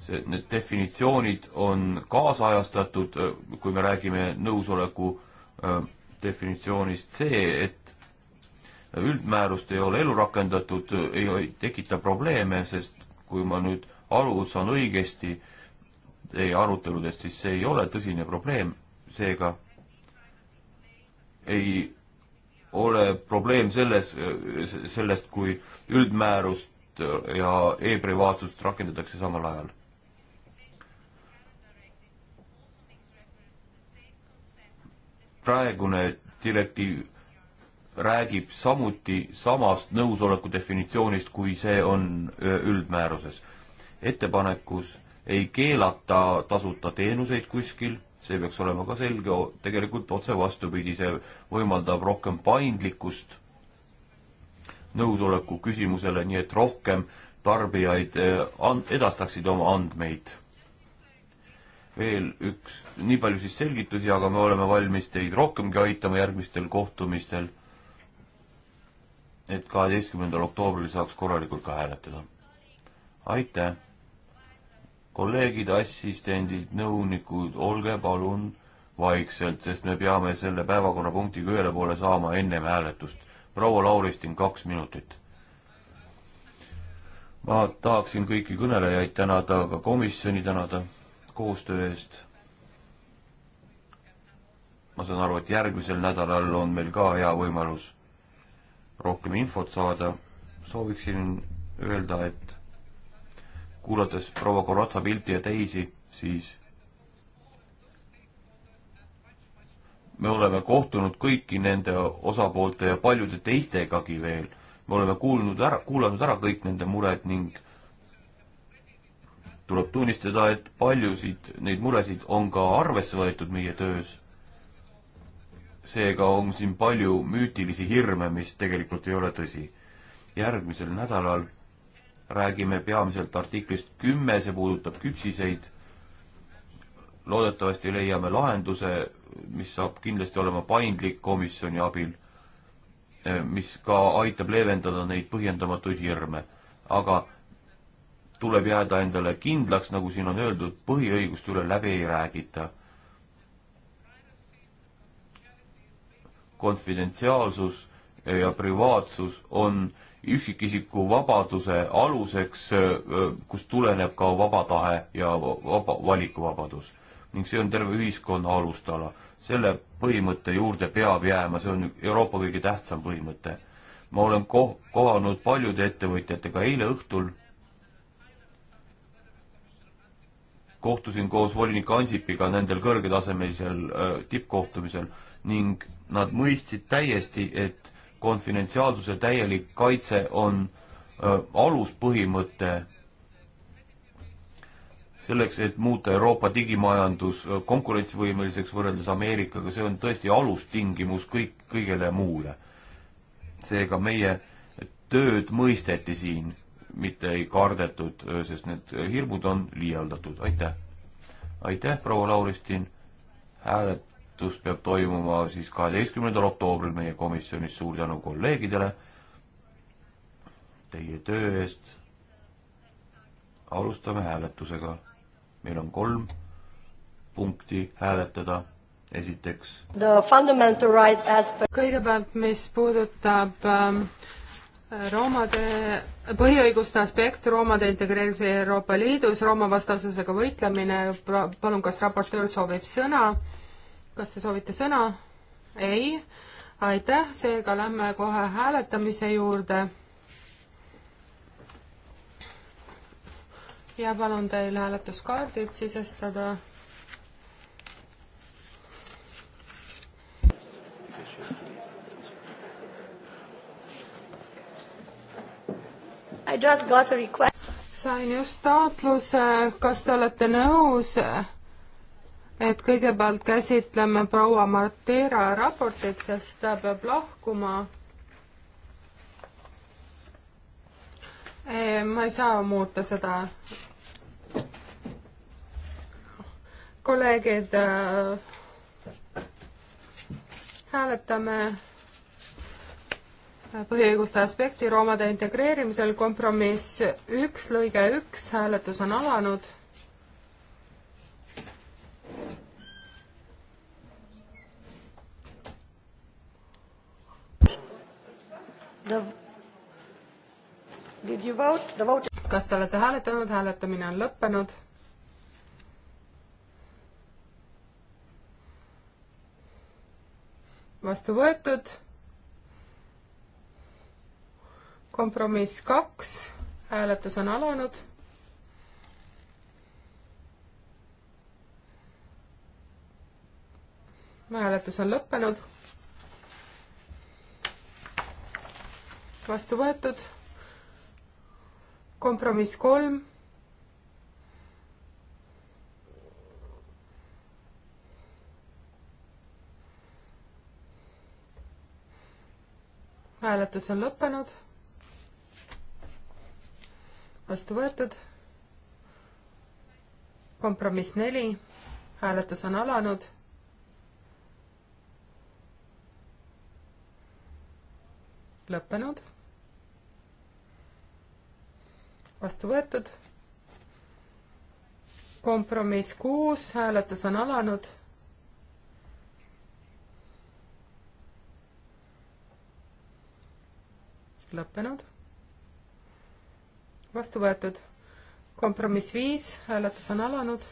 see, need definitsioonid on kaasajastatud, äh, kui me räägime nõusoleku definitsioonist, see, et üldmäärust ei ole ellu rakendatud, ei tekita probleeme, sest kui ma nüüd aru saan õigesti teie aruteludest, siis see ei ole tõsine probleem, seega ei ole probleem selles, sellest, kui üldmäärust ja e-privaatsust rakendatakse samal ajal. praegune direktiiv räägib samuti samast nõusoleku definitsioonist, kui see on üldmääruses. ettepanekus ei keelata tasuta teenuseid kuskil see peaks olema ka selge, tegelikult otse vastupidi, see võimaldab rohkem paindlikkust nõusoleku küsimusele, nii et rohkem tarbijaid eh, edastaksid oma andmeid. veel üks, nii palju siis selgitusi, aga me oleme valmis teid rohkemgi aitama järgmistel kohtumistel, et kaheteistkümnendal oktoobril saaks korralikult ka hääletada. aitäh! kolleegid, assistendid, nõunikud, olge palun vaikselt, sest me peame selle päevakorrapunktiga ühele poole saama ennem hääletust. proua Lauristin, kaks minutit. ma tahaksin kõiki kõnelejaid tänada, ka komisjoni tänada koostöö eest. ma saan aru, et järgmisel nädalal on meil ka hea võimalus rohkem infot saada. sooviksin öelda, et kuulates proua Koratsa pilti ja teisi, siis me oleme kohtunud kõiki nende osapoolte ja paljude teistegagi veel. me oleme kuulnud ära, kuulanud ära kõik nende mured ning tuleb tunnistada, et paljusid neid muresid on ka arvesse võetud meie töös. seega on siin palju müütilisi hirme, mis tegelikult ei ole tõsi. järgmisel nädalal räägime peamiselt artiklist kümme, see puudutab küpsiseid. loodetavasti leiame lahenduse, mis saab kindlasti olema paindlik komisjoni abil, eh, mis ka aitab leevendada neid põhjendamatuid hirme. aga tuleb jääda endale kindlaks, nagu siin on öeldud, põhiõiguste üle läbi ei räägita. konfidentsiaalsus ja privaatsus on äh, üksikisiku vabaduse aluseks, kust tuleneb ka vaba tahe ja vaba, valikuvabadus. ning see on terve ühiskonna alustala. selle põhimõtte juurde peab jääma, see on Euroopa kõige tähtsam põhimõte. ma olen ko-, kohanud paljude ettevõtjatega eile õhtul, kohtusin koos volinik Ansipiga nendel kõrgetasemelisel tippkohtumisel ning nad mõistsid täiesti, et konfidentsiaalsuse täielik kaitse on äh, aluspõhimõte selleks, et muuta Euroopa digimajandus konkurentsivõimeliseks võrreldes Ameerikaga, see on tõesti alustingimus kõik, kõigele muule. seega meie tööd mõisteti siin, mitte ei kardetud, sest need hirmud on liialdatud, aitäh. aitäh, proua Lauristin, hääled hääletus peab toimuma siis kaheteistkümnendal oktoobril meie komisjonis, suur tänu kolleegidele teie töö eest. alustame hääletusega. meil on kolm punkti hääletada. esiteks. kõigepealt, mis puudutab ähm, Roomade, põhiõiguste aspekt, roomade integreerimise Euroopa Liidus, Rooma vastasusega võitlemine, palun, kas raportöör soovib sõna? kas te soovite sõna? ei, aitäh, seega lähme kohe hääletamise juurde. ja palun teil hääletuskaardid sisestada I just got a request. sain just taotluse, kas te olete nõus et kõigepealt käsitleme proua Martera raportit, sest ta peab lahkuma. ma ei saa muuta seda. kolleegid äh,, hääletame põhiõiguste aspekti roomade integreerimisel, kompromiss üks, lõige üks, hääletus on alanud The... Did you vote? The vote... kas te olete hääletanud, hääletamine on lõppenud. vastu võetud. kompromiss kaks, hääletus on alanud hääletus on lõppenud vastu võetud. kompromiss kolm. hääletus on lõppenud. vastu võetud. kompromiss neli, hääletus on alanud lõppenud vastu võetud. kompromiss kuus, hääletus on alanud. lõppenud. vastu võetud. kompromiss viis, hääletus on alanud.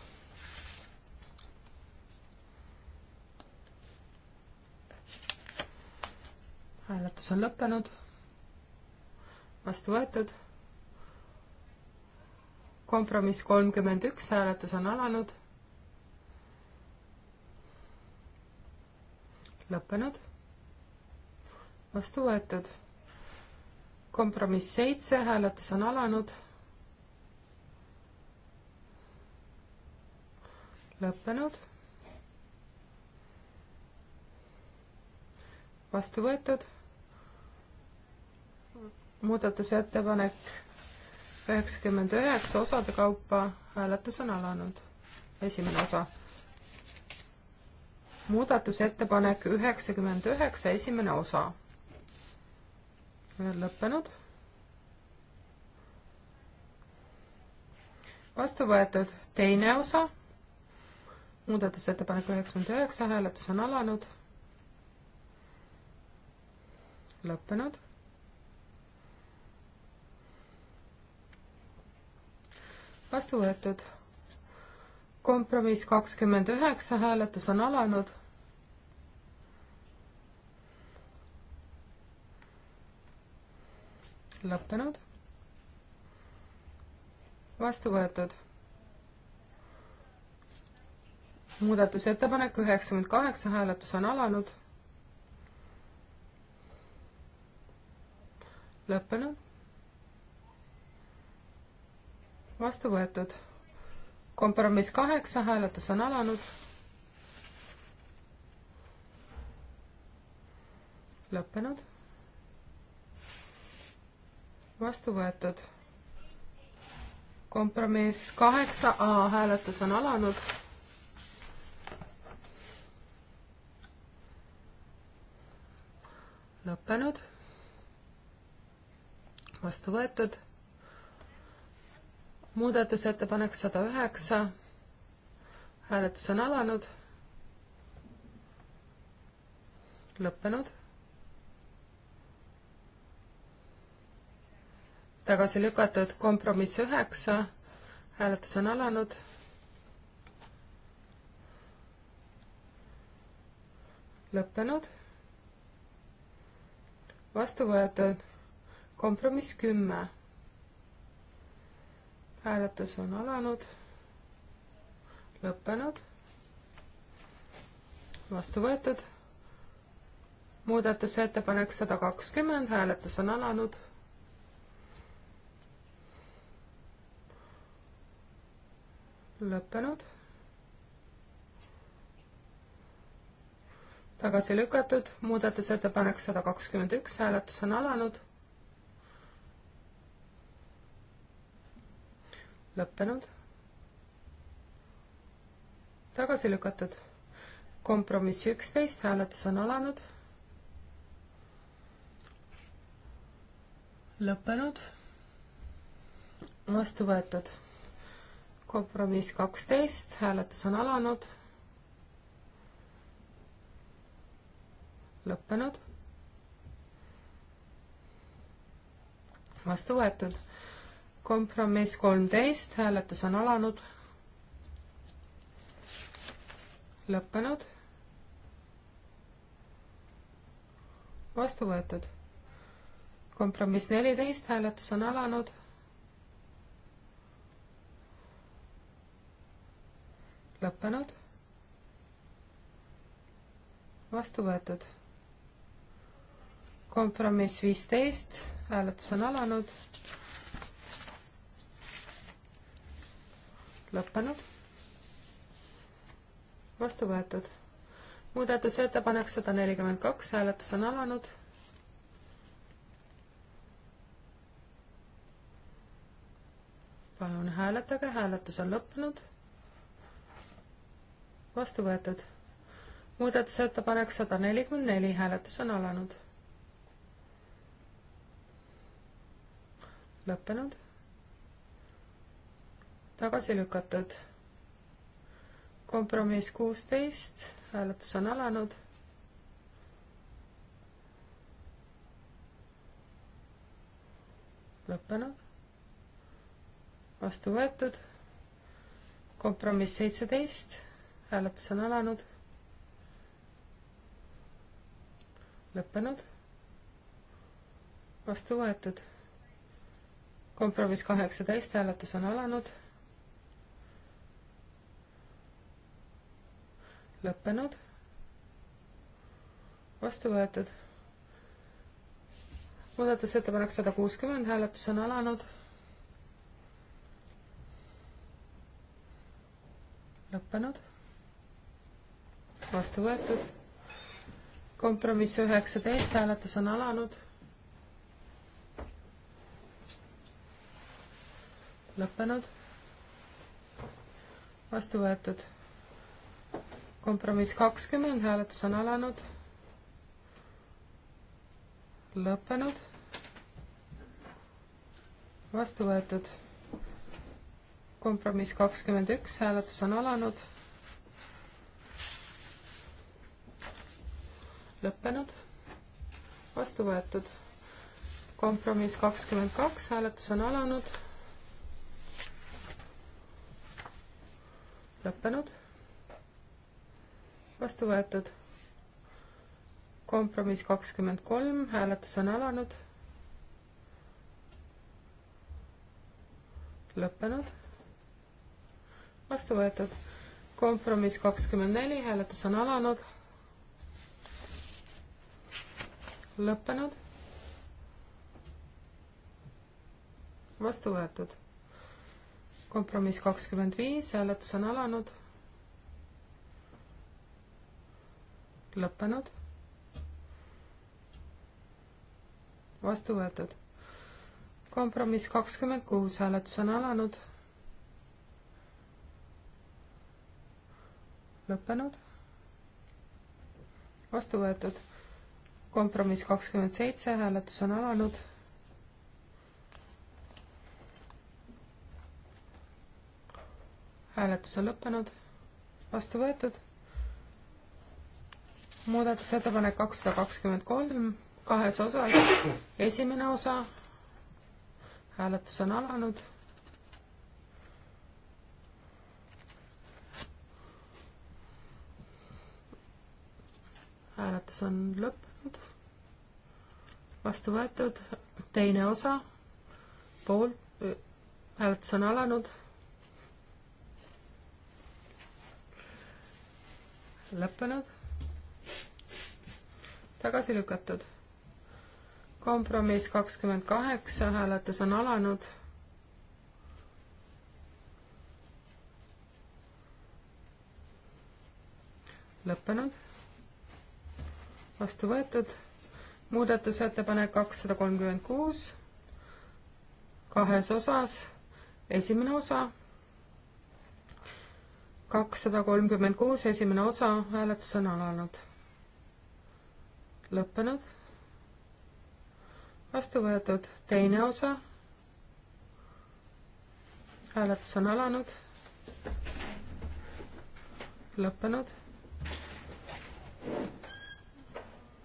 hääletus on lõppenud. vastu võetud kompromiss kolmkümmend üks, hääletus on alanud. lõppenud. vastu võetud. kompromiss seitse, hääletus on alanud. lõppenud. vastu võetud. muudatusettepanek üheksakümmend üheksa osade kaupa hääletus on alanud. esimene osa. muudatusettepanek üheksakümmend üheksa, esimene osa. lõppenud. vastu võetud teine osa. muudatusettepanek üheksakümmend üheksa, hääletus on alanud. lõppenud vastu võetud. kompromiss kakskümmend üheksa, hääletus on alanud. lõppenud. vastu võetud. muudatusettepanek üheksakümmend kaheksa, hääletus on alanud. lõppenud vastu võetud. kompromiss kaheksa, hääletus on alanud. lõppenud. vastu võetud. kompromiss kaheksa A hääletus on alanud. lõppenud. vastu võetud muudatusettepanek sada üheksa, hääletus on alanud, lõppenud, tagasi lükatud kompromiss üheksa, hääletus on alanud, lõppenud, vastu võetud kompromiss kümme hääletus on alanud, lõppenud, vastu võetud. muudatusettepanek sada kakskümmend, hääletus on alanud. lõppenud. tagasi lükatud, muudatusettepanek sada kakskümmend üks, hääletus on alanud lõppenud. tagasi lükatud. kompromiss üksteist, hääletus on alanud. lõppenud. vastu võetud. kompromiss kaksteist, hääletus on alanud. lõppenud. vastu võetud kompromiss kolmteist, hääletus on alanud, lõppenud, vastu võetud. kompromiss neliteist, hääletus on alanud, lõppenud, vastu võetud. kompromiss viisteist, hääletus on alanud lõppenud, vastu võetud. muudatusettepanek sada nelikümmend kaks, hääletus on alanud. palun hääletage, hääletus on lõppenud, vastu võetud. muudatusettepanek sada nelikümmend neli, hääletus on alanud lõppenud tagasi lükatud. kompromiss kuusteist, hääletus on alanud. lõppenud. vastu võetud. kompromiss seitseteist, hääletus on alanud. lõppenud. vastu võetud. kompromiss kaheksateist, hääletus on alanud lõppenud, vastu võetud. muudatusettepanek sada kuuskümmend, hääletus on alanud. lõppenud, vastu võetud. kompromiss üheksateist, hääletus on alanud lõppenud, vastu võetud kompromiss kakskümmend, hääletus on alanud, lõppenud, vastu võetud. kompromiss kakskümmend üks, hääletus on alanud, lõppenud, vastu võetud. kompromiss kakskümmend kaks, hääletus on alanud, lõppenud vastu võetud. kompromiss kakskümmend kolm, hääletus on alanud. lõppenud. vastu võetud. kompromiss kakskümmend neli, hääletus on alanud. lõppenud. vastu võetud. kompromiss kakskümmend viis, hääletus on alanud lõppenud. vastu võetud. kompromiss kakskümmend kuus, hääletus on alanud. lõppenud. vastu võetud. kompromiss kakskümmend seitse, hääletus on alanud. hääletus on lõppenud. vastu võetud muudatusettepanek kakssada kakskümmend kolm kahes osas. esimene osa, hääletus on alanud. hääletus on lõppenud, vastu võetud, teine osa, poolt, äh, hääletus on alanud lõppenud tagasi lükatud. kompromiss kakskümmend kaheksa, hääletus on alanud. lõppenud. vastu võetud. muudatusettepanek kakssada kolmkümmend kuus, kahes osas, esimene osa kakssada kolmkümmend kuus, esimene osa, hääletus on alanud lõppenud, vastu võetud teine osa, hääletus on alanud, lõppenud,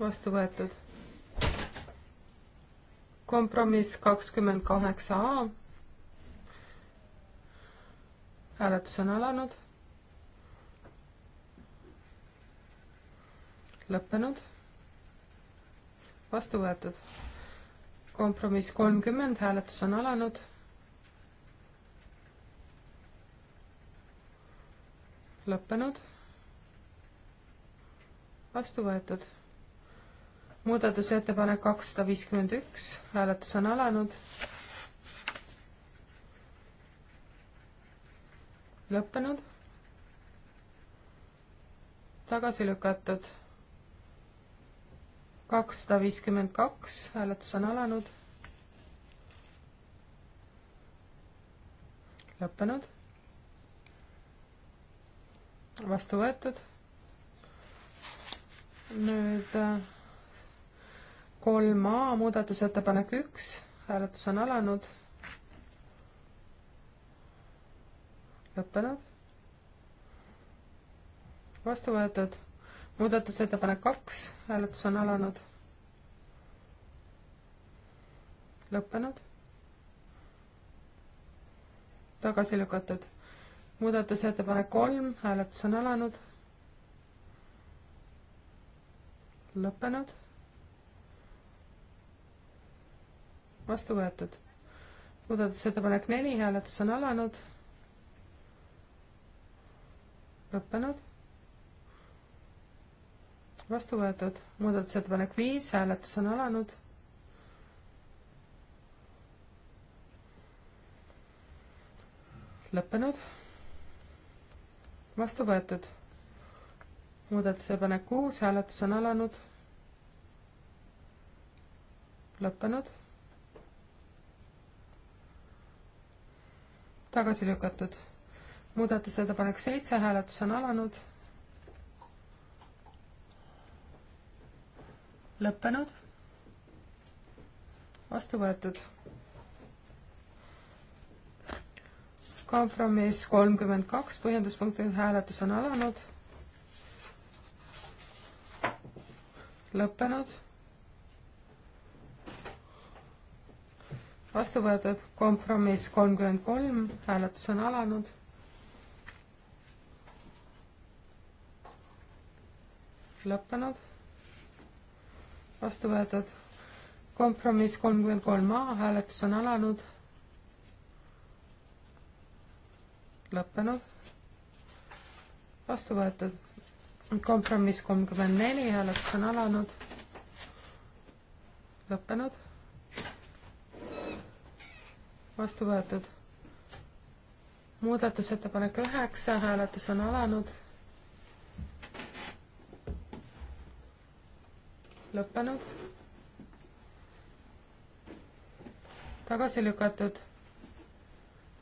vastu võetud kompromiss kakskümmend kaheksa A. hääletus on alanud. lõppenud vastu võetud. kompromiss kolmkümmend, hääletus on alanud. lõppenud. vastu võetud. muudatusettepanek kakssada viiskümmend üks, hääletus on alanud. lõppenud. tagasi lükatud kakssada viiskümmend kaks, hääletus on alanud. lõppenud. vastu võetud. nüüd äh, kolm A muudatusettepanek üks, hääletus on alanud. lõppenud. vastu võetud muudatusettepanek kaks, hääletus on alanud. lõppenud. tagasi lükatud. muudatusettepanek kolm, hääletus on alanud. lõppenud. vastu võetud. muudatusettepanek neli, hääletus on alanud. lõppenud vastu võetud, muudatusettepanek viis, hääletus on alanud. lõppenud, vastu võetud, muudatusettepanek kuus, hääletus on alanud. lõppenud, tagasi lükatud, muudatusettepanek seitse, hääletus on alanud lõppenud, vastu võetud. kompromiss kolmkümmend kaks, põhjenduspunkti hääletus on alanud, lõppenud, vastu võetud, kompromiss kolmkümmend kolm, hääletus on alanud lõppenud vastu võetud. kompromiss kolmkümmend kolm A, hääletus on alanud. lõppenud. vastu võetud. kompromiss kolmkümmend neli, hääletus on alanud. lõppenud. vastu võetud. muudatusettepanek üheksa, hääletus on alanud lõppenud. tagasi lükatud.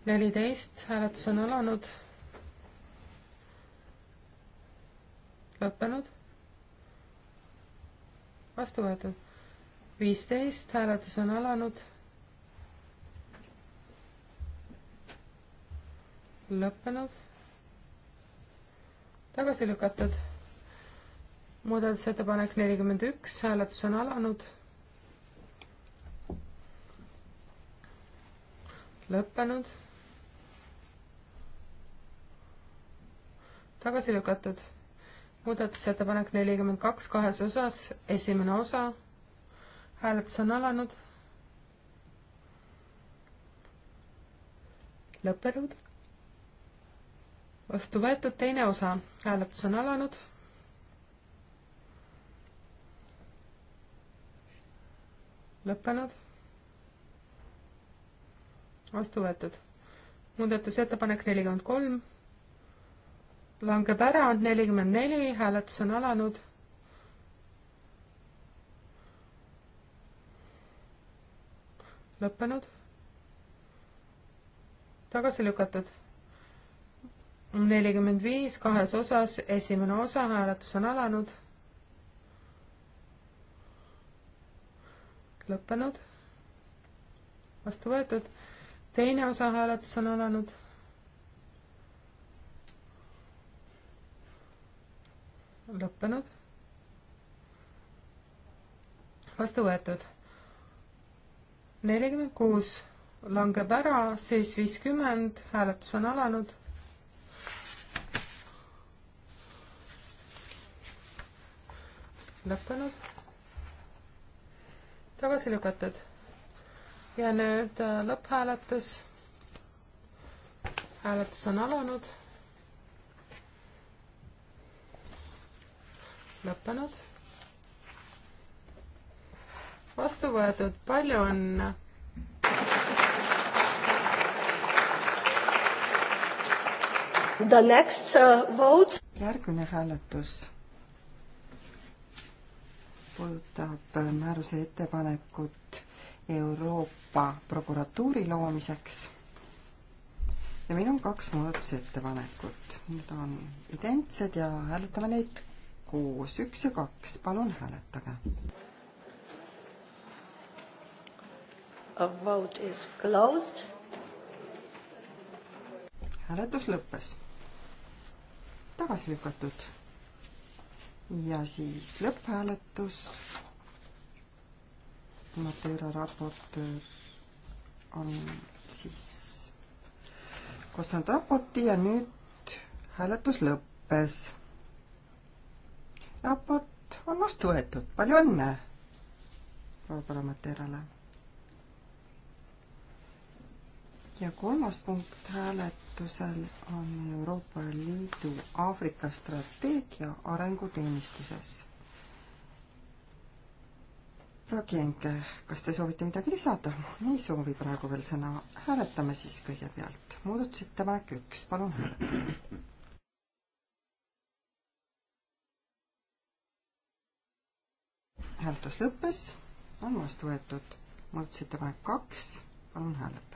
neliteist, hääletus on alanud. lõppenud. vastu võetud. viisteist, hääletus on alanud lõppenud, tagasi lükatud muudatusettepanek nelikümmend üks, hääletus on alanud. lõppenud. tagasi lükatud. muudatusettepanek nelikümmend kaks kahes osas, esimene osa. hääletus on alanud. lõppenud. vastu võetud teine osa, hääletus on alanud lõppenud, vastu võetud. muudatusettepanek nelikümmend kolm langeb ära, nelikümmend neli, hääletus on alanud. lõppenud, tagasi lükatud. nelikümmend viis kahes osas, esimene osa, hääletus on alanud lõppenud, vastu võetud, teine osa hääletus on alanud. lõppenud, vastu võetud. nelikümmend kuus langeb ära, siis viiskümmend, hääletus on alanud lõppenud tagasi lükatud. ja nüüd äh, lõpphääletus. hääletus on alanud. lõppenud. vastu võetud, palju õnne The next uh, vote. järgmine hääletus puudutab määruse ettepanekut Euroopa prokuratuuri loomiseks. ja meil on kaks muudatusettepanekut, need on identsed ja hääletame neid koos, üks ja kaks, palun hääletage. Vote is closed. hääletus lõppes. tagasi lükatud ja siis lõpphääletus. Matera raportöör on siis koostanud raporti ja nüüd hääletus lõppes. raport on vastu võetud, palju õnne Barbara Materale ja kolmas punkt hääletusel on Euroopa Liidu Aafrika strateegia arenguteenistuses. Pragienke, kas te soovite midagi lisada? ei soovi praegu veel sõna. hääletame siis kõigepealt. muudatusettepanek üks, palun hääletage. hääletus lõppes, on vastu võetud. muudatusettepanek kaks, palun hääletage.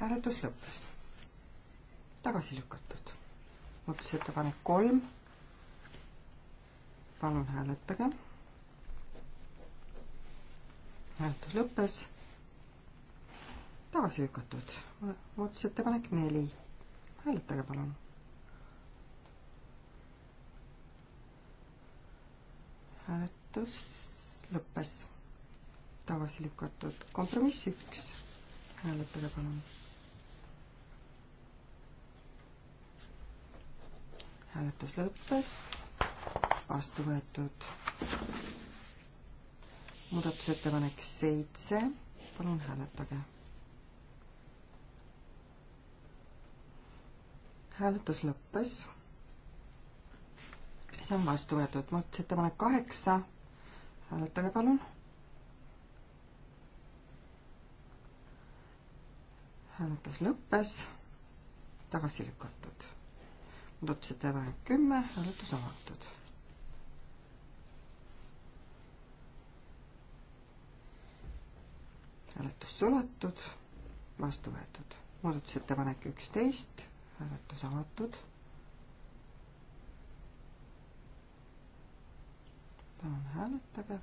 hääletus lõppes. tagasi lükatud. muudatusettepanek kolm. palun hääletage. hääletus lõppes. tagasi lükatud. muudatusettepanek neli. hääletage palun hääletus lõppes. tagasi lükatud kompromiss üks. hääletage palun. hääletus lõppes, vastu võetud. muudatusettepanek seitse, palun hääletage. hääletus lõppes. see on vastu võetud, muudatusettepanek kaheksa, hääletage palun. hääletus lõppes, tagasi lükatud muudatusettepanek kümme, hääletus avatud. hääletus suletud, vastu võetud. muudatusettepanek üksteist, hääletus avatud. palun hääletage.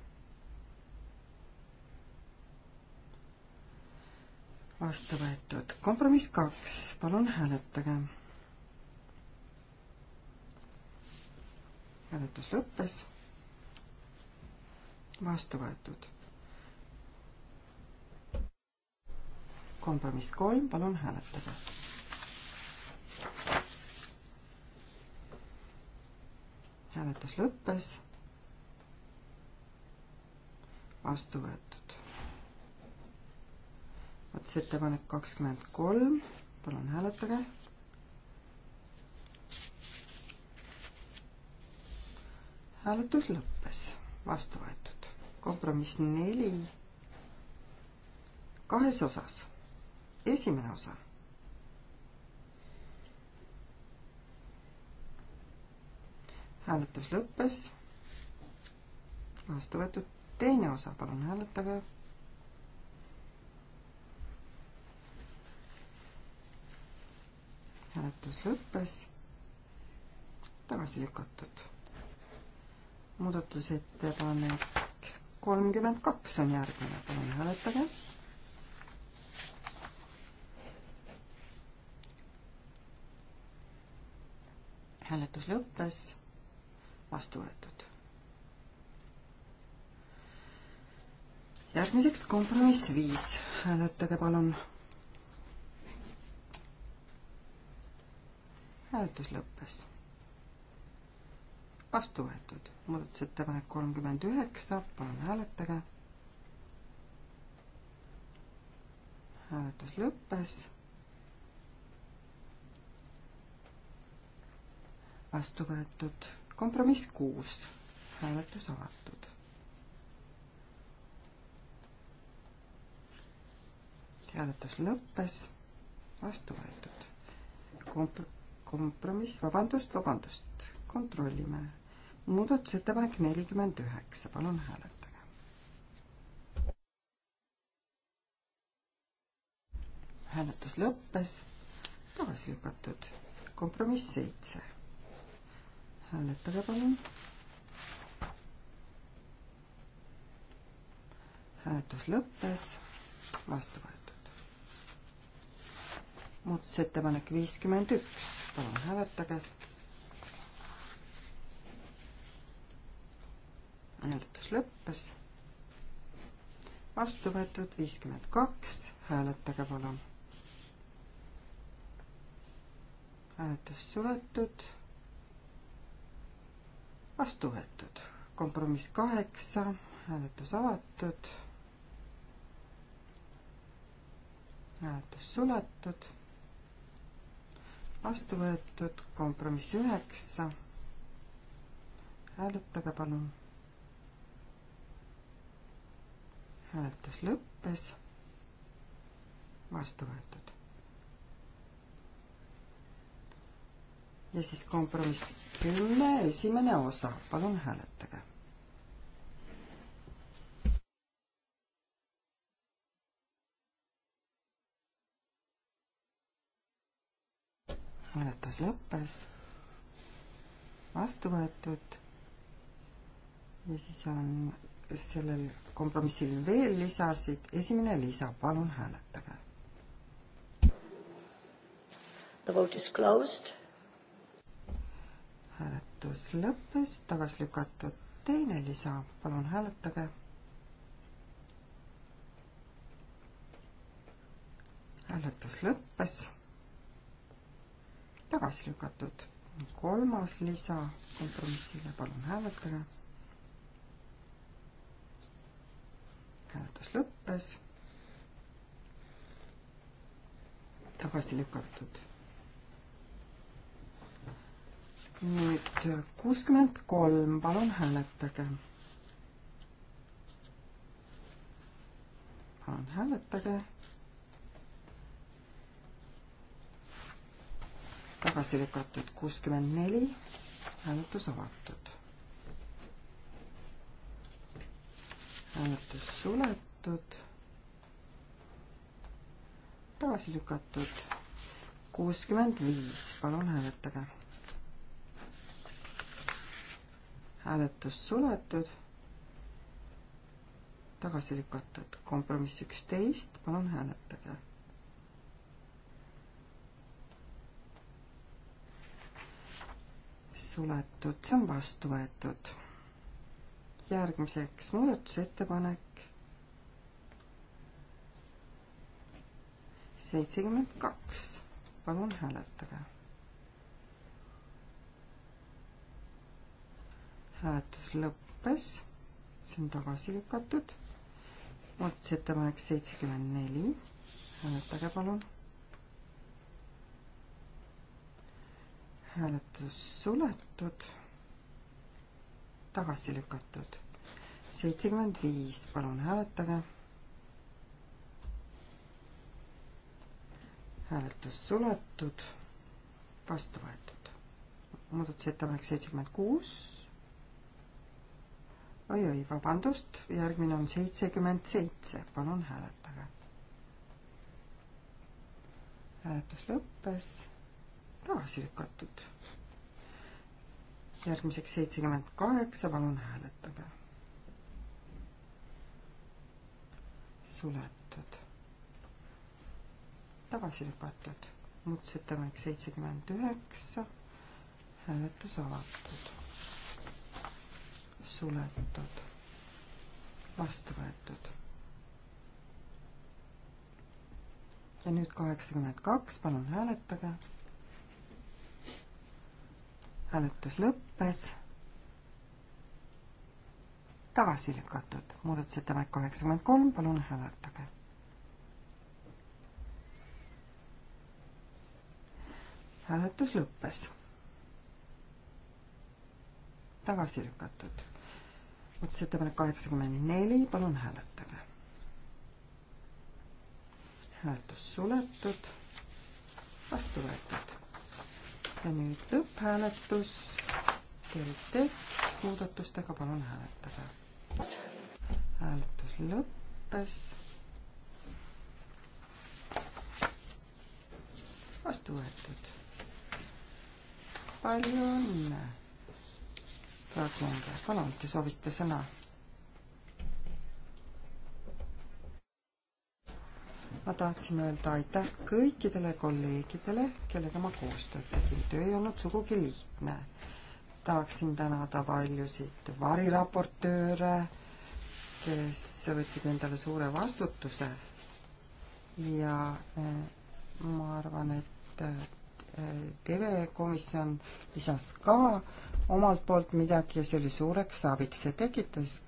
vastu võetud. kompromiss kaks, palun hääletage hääletus lõppes. vastu võetud. kompromiss kolm, palun hääletage. hääletus lõppes. vastu võetud. muudatusettepanek kakskümmend kolm, palun hääletage hääletus lõppes, vastu võetud. kompromiss neli kahes osas. esimene osa. hääletus lõppes, vastu võetud. teine osa, palun hääletage hääletus lõppes, tagasi lükatud muudatusettepanek kolmkümmend kaks on järgmine, palun hääletage. hääletus lõppes, vastu võetud. järgmiseks kompromiss viis, hääletage palun. hääletus lõppes vastu võetud. muudatusettepanek kolmkümmend üheksa, palun hääletage. hääletus lõppes. vastu võetud kompromiss kuus, hääletus avatud. hääletus lõppes, vastu võetud. komp-, kompromiss, vabandust, vabandust, kontrollime muudatusettepanek nelikümmend üheksa, palun hääletage. hääletus lõppes, tagasi lükatud, kompromiss seitse. hääletage palun. hääletus lõppes, vastu võetud. muudatusettepanek viiskümmend üks, palun hääletage hääletus lõppes. vastu võetud viiskümmend kaks, hääletage palun. hääletus suletud. vastu võetud, kompromiss kaheksa, hääletus avatud. hääletus suletud vastu võetud kompromiss üheksa. hääletage palun hääletus lõppes. vastu võetud. ja siis kompromiss kümme, esimene osa, palun hääletage. hääletus lõppes. vastu võetud. ja siis on sellel kompromissil veel lisasid, esimene lisa, palun hääletage. The vote is closed. hääletus lõppes, tagasi lükatud teine lisa, palun hääletage. hääletus lõppes, tagasi lükatud kolmas lisa kompromissile, palun hääletage hääletus lõppes. tagasi lükatud. nüüd kuuskümmend kolm, palun hääletage. palun hääletage. tagasi lükatud kuuskümmend neli, hääletus avatud hääletus suletud, tagasi lükatud, kuuskümmend viis, palun hääletage. hääletus suletud, tagasi lükatud, kompromiss üksteist, palun hääletage suletud, see on vastu võetud järgmiseks muudatusettepanek seitsekümmend kaks, palun hääletage. hääletus lõppes, see on tagasi lükatud. muudatusettepanek seitsekümmend neli, hääletage palun. hääletus suletud tagasi lükatud. seitsekümmend viis, palun hääletage. hääletus suletud, vastu võetud. muudatusettepanek seitsekümmend kuus oi,. oi-oi, vabandust, järgmine on seitsekümmend seitse, palun hääletage. hääletus lõppes, tagasi lükatud järgmiseks seitsekümmend kaheksa, palun hääletage. suletud. tagasi lükatud. muudatusettepanek seitsekümmend üheksa. hääletus avatud. suletud. vastu võetud. ja nüüd kaheksakümmend kaks, palun hääletage hääletus lõppes. tagasi lükatud muudatusettepanek kaheksakümmend kolm, palun hääletage. hääletus lõppes. tagasi lükatud muudatusettepanek kaheksakümmend neli, palun hääletage. hääletus suletud, vastu võetud ja nüüd lõpphääletus, terve tekst muudatustega, palun hääletage. hääletus lõppes. vastu võetud. palju õnne. Raag Munge, palun, te soovisite sõna ma tahtsin öelda aitäh kõikidele kolleegidele, kellega ma koostööd tegin, töö ei olnud sugugi lihtne. tahaksin tänada paljusid variraportööre, kes võtsid endale suure vastutuse ja eh, ma arvan, et eh, TV-komisjon lisas ka omalt poolt midagi ja see oli suureks abiks, see tekitas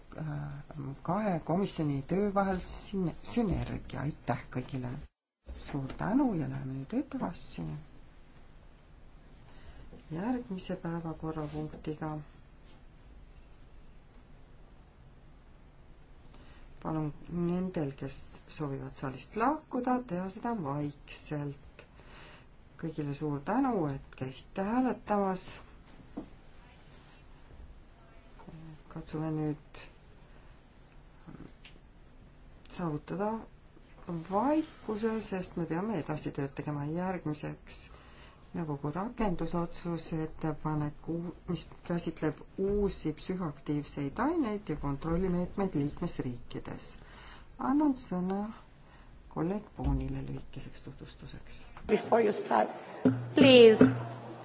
kahe komisjoni töö vahel sünergia, aitäh kõigile! suur tänu ja läheme nüüd edasi järgmise päevakorrapunktiga. palun nendel, kes soovivad saalist lahkuda, teha seda vaikselt. kõigile suur tänu, et käisite hääletamas. katsume nüüd saavutada vaikuse, sest me peame edasi tööd tegema järgmiseks nõukogu rakendusotsuse ettepaneku, mis käsitleb uusi psühhoaktiivseid aineid ja kontrollimeetmeid liikmesriikides. annan sõna kolleeg Poonile lühikeseks tutvustuseks. Before you start, please,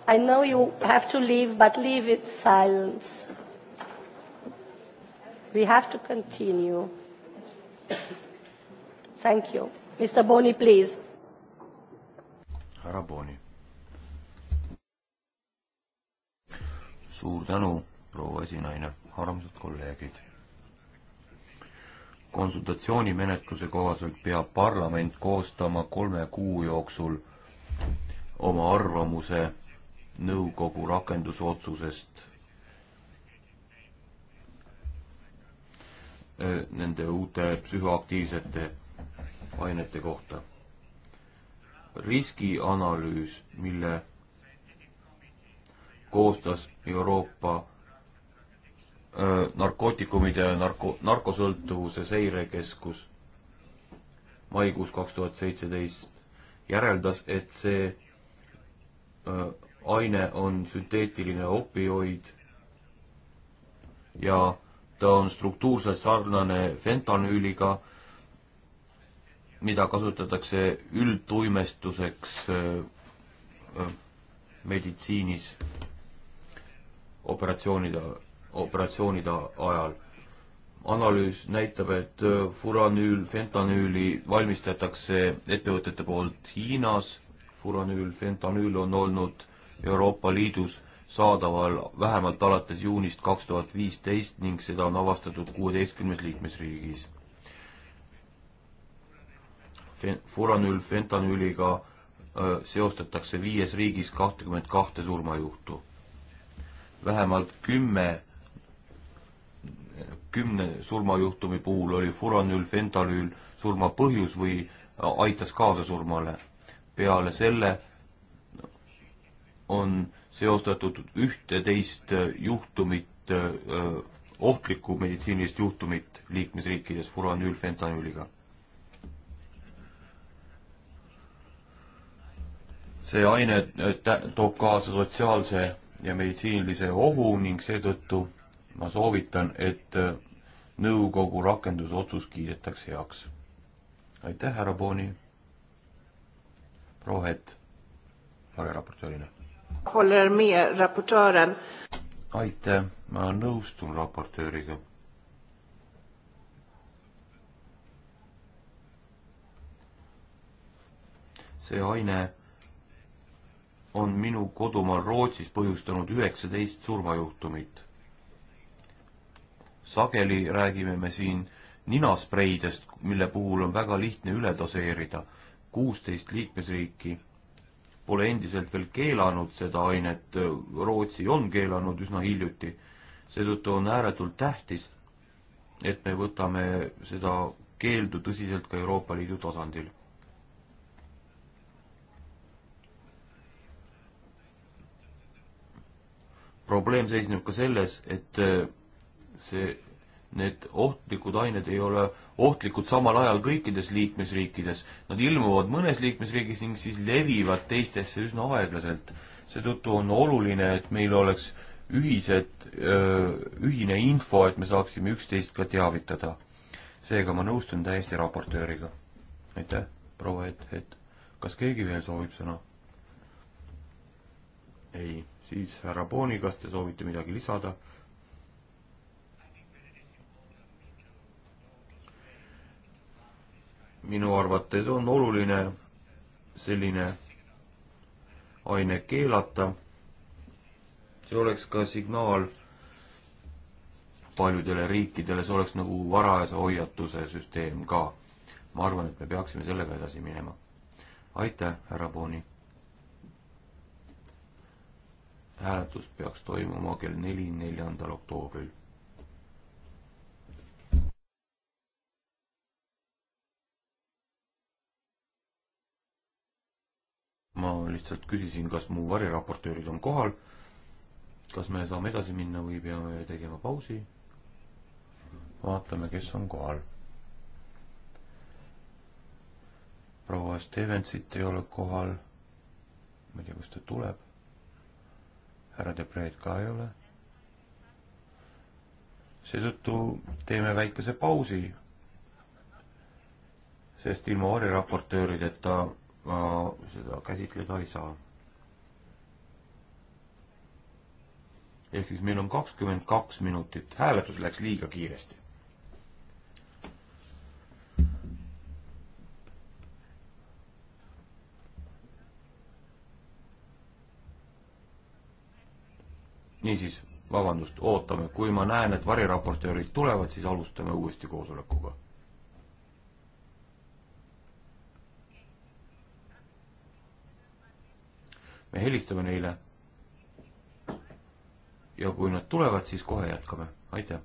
I know you have to leave, but leave it silence. We have to continue Thank you. Mr Boni, please. härra Boni. suur tänu, proua esinaine, armsad kolleegid. konsultatsioonimenetluse kohaselt peab parlament koostama kolme kuu jooksul oma arvamuse nõukogu rakendusotsusest Äh, nende uute psühhoaktiivsete ainete kohta. riskianalüüs, mille koostas Euroopa äh, narkootikumide ja narko, narkosõltuvuse seirekeskus maikuus kaks tuhat seitseteist, järeldas, et see äh, aine on sünteetiline opioid ja ta on struktuurselt sarnane fentanüüliga, mida kasutatakse üldtuimestuseks äh, äh, meditsiinis operatsioonide, operatsioonide ajal. analüüs näitab, et äh, furanüül, fentanüüli valmistatakse ettevõtete poolt Hiinas, furanüül, fentanüül on olnud Euroopa Liidus saadaval vähemalt alates juunist kaks tuhat viisteist ning seda on avastatud kuueteistkümnes liikmesriigis. Furanül fentanüüliga seostatakse viies riigis kahtekümmet kahte surmajuhtu. vähemalt kümme, kümne surmajuhtumi puhul oli furanül fentanüül surma põhjus või aitas kaasa surmale. peale selle on äh, seostatud ühteteist äh, juhtumit, äh, äh, ohtlikku meditsiinilist juhtumit liikmesriikides furanüülfentanüüliga. see aine toob kaasa sotsiaalse ja meditsiinilise ohu ning seetõttu ma soovitan, et nõukogu rakendusotsus kiidetakse heaks. aitäh, härra Booni. proua Hett, vareraportöörina aitäh, ma nõustun raportööriga. see aine on minu kodumaal Rootsis põhjustanud üheksateist surmajuhtumit. sageli räägime me siin ninaspreidest, mille puhul on väga lihtne üle doseerida. kuusteist liikmesriiki pole endiselt veel keelanud seda ainet, Rootsi on keelanud üsna hiljuti, seetõttu on ääretult tähtis, et me võtame seda keeldu tõsiselt ka Euroopa Liidu tasandil. probleem seisneb ka selles, et see need ohtlikud ained ei ole ohtlikud samal ajal kõikides liikmesriikides. Nad ilmuvad mõnes liikmesriigis ning siis levivad teistesse üsna aeglaselt. seetõttu on oluline, et meil oleks ühised, ühine info, et me saaksime üksteist ka teavitada. seega ma nõustun täiesti raportööriga. aitäh, proua Ed, Ed. kas keegi veel soovib sõna? ei, siis härra Pooni, kas te soovite midagi lisada? minu arvates on oluline selline aine keelata. see oleks ka signaal paljudele riikidele, see oleks nagu varajase hoiatuse süsteem ka. ma arvan, et me peaksime sellega edasi minema. aitäh, härra Booni. hääletus peaks toimuma kell neli, neljandal oktoobril ma lihtsalt küsisin, kas mu variraportöörid on kohal, kas me saame edasi minna või peame tegema pausi. vaatame, kes on kohal. proua Stevensit ei ole kohal. ma ei tea, kas ta tuleb. härra Debreed ka ei ole. seetõttu teeme väikese pausi, sest ilma variraportöörideta ma seda käsitleda ei saa. ehk siis meil on kakskümmend kaks minutit, hääletus läks liiga kiiresti. niisiis, vabandust, ootame, kui ma näen, et variraportöörid tulevad, siis alustame uuesti koosolekuga me helistame neile. ja kui nad tulevad, siis kohe jätkame, aitäh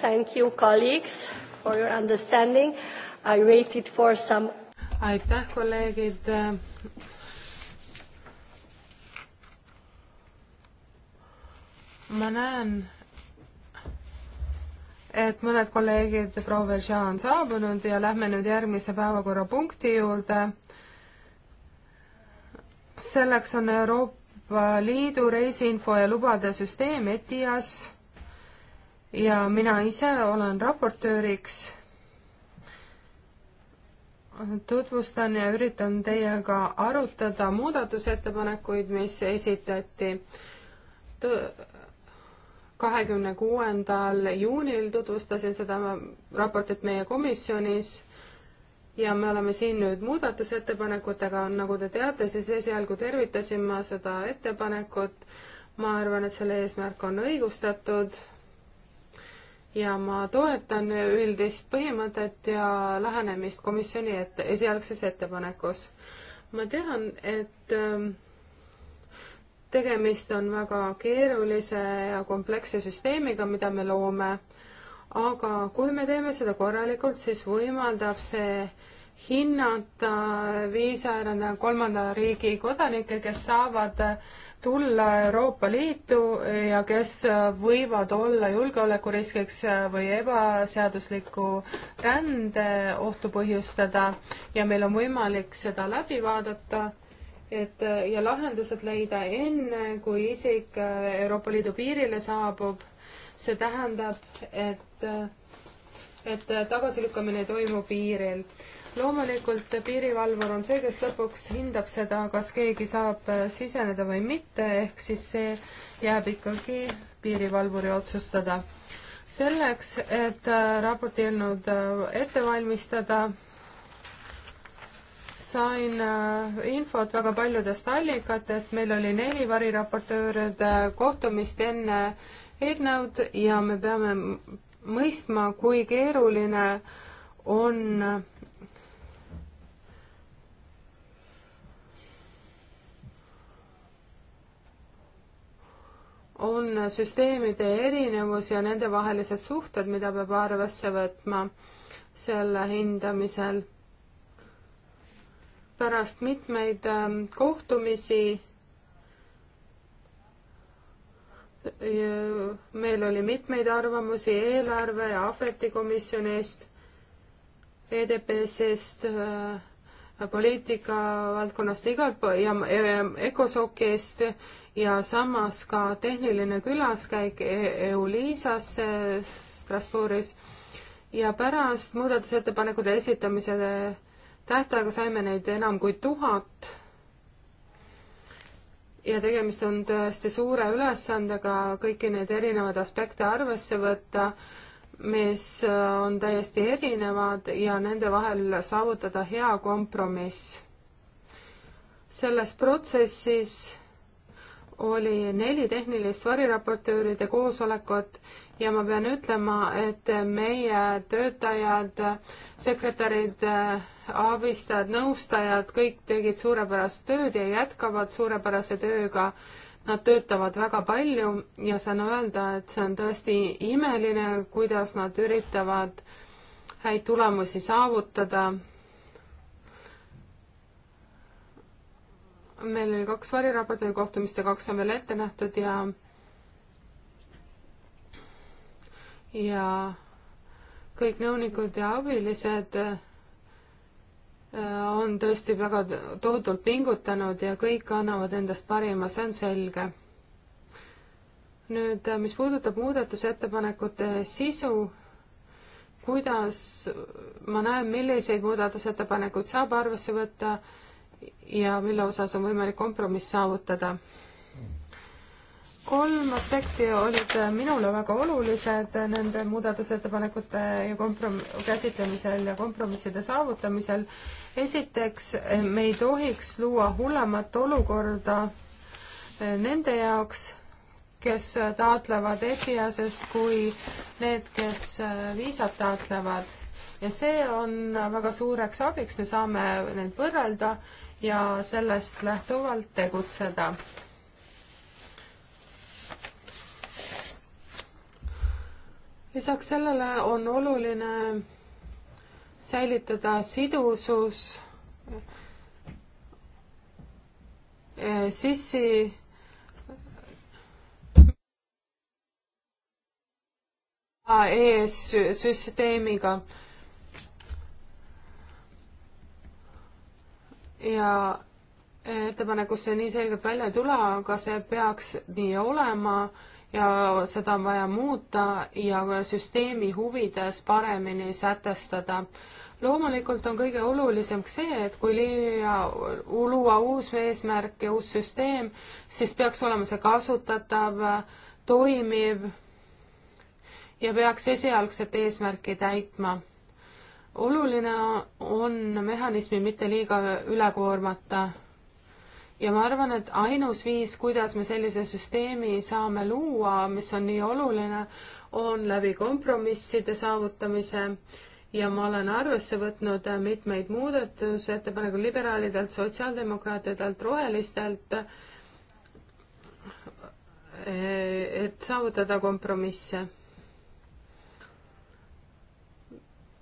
Thank you, colleagues, for your understanding. I waited for some aitäh, kolleegid. ma näen, et mõned kolleegid, proua Velža on saabunud ja lähme nüüd järgmise päevakorrapunkti juurde. selleks on Euroopa Liidu reisiinfo ja lubade süsteem ETIAS ja mina ise olen raportööriks. tutvustan ja üritan teiega arutada muudatusettepanekuid, mis esitati kahekümne kuuendal juunil tutvustasin seda raportit meie komisjonis ja me oleme siin nüüd muudatusettepanekutega, nagu te teate, siis esialgu tervitasin ma seda ettepanekut. ma arvan, et selle eesmärk on õigustatud ja ma toetan üldist põhimõtet ja lähenemist komisjoni ette, esialgses ettepanekus. ma tean, et ähm, tegemist on väga keerulise ja kompleksse süsteemiga, mida me loome, aga kui me teeme seda korralikult, siis võimaldab see hinnata viisajana kolmanda riigi kodanikke, kes saavad tulla Euroopa Liitu ja kes võivad olla julgeolekuriskiks või ebaseadusliku rände ohtu põhjustada ja meil on võimalik seda läbi vaadata, et ja lahendused leida enne, kui isik Euroopa Liidu piirile saabub. see tähendab, et, et tagasilükkamine ei toimu piiril loomulikult piirivalvur on see, kes lõpuks hindab seda, kas keegi saab äh, siseneda või mitte, ehk siis see jääb ikkagi piirivalvuri otsustada. selleks, et äh, raporti eelnõud äh, ette valmistada, sain infot väga paljudest allikatest, meil oli neli variraportööride kohtumist enne eelnõud ja me peame mõistma, kui keeruline on on süsteemide erinevus ja nendevahelised suhted, mida peab arvesse võtma selle hindamisel. pärast mitmeid ähm, kohtumisi meil oli mitmeid arvamusi eelarve ja ahvetikomisjonist, EDPS-ist, äh, poliitika valdkonnast igalt po- ja, ja, ja ECOSOC-ist ja samas ka tehniline külaskäik e- EU-Liisasse Strasbourgis ja pärast muudatusettepanekute esitamise tähtaega saime neid enam kui tuhat ja tegemist on tõesti suure ülesandega kõiki neid erinevaid aspekte arvesse võtta, mis äh, on täiesti erinevad ja nende vahel saavutada hea kompromiss. selles protsessis oli neli tehnilist variraportööride koosolekut ja ma pean ütlema, et meie töötajad, sekretärid, abistajad, nõustajad, kõik tegid suurepärast tööd ja jätkavad suurepärase tööga. Nad töötavad väga palju ja saan öelda, et see on tõesti imeline, kuidas nad üritavad häid tulemusi saavutada meil oli kaks variraportööri kohtumist ja kaks on veel ette nähtud ja ja kõik nõunikud ja abilised äh, on tõesti väga tohutult pingutanud ja kõik annavad endast parima, see on selge. nüüd, äh, mis puudutab muudatusettepanekute sisu, kuidas ma näen, milliseid muudatusettepanekuid saab arvesse võtta ja mille osas on võimalik kompromiss saavutada. kolm aspekti olid minule väga olulised nende muudatusettepanekute ja komprom-, käsitlemisel ja kompromisside saavutamisel. esiteks, me ei tohiks luua hullemat olukorda nende jaoks, kes taotlevad ETIAS-est kui need, kes viisat taotlevad ja see on väga suureks abiks, me saame neid võrrelda ja sellest lähtuvalt tegutseda. lisaks sellele on oluline säilitada sidusus eh, sissi eh, ES-süsteemiga ja ettepanekus see nii selgelt välja ei tule, aga see peaks nii olema ja seda on vaja muuta ja süsteemi huvides paremini sätestada. loomulikult on kõige olulisem see, et kui luua uus eesmärk ja uus süsteem, siis peaks olema see kasutatav, toimiv ja peaks esialgset eesmärki täitma oluline on mehhanismi mitte liiga üle koormata. ja ma arvan, et ainus viis, kuidas me sellise süsteemi saame luua, mis on nii oluline, on läbi kompromisside saavutamise ja ma olen arvesse võtnud mitmeid muudatusettepanekuid liberaalidelt, sotsiaaldemokraatidelt, rohelistelt, et saavutada kompromisse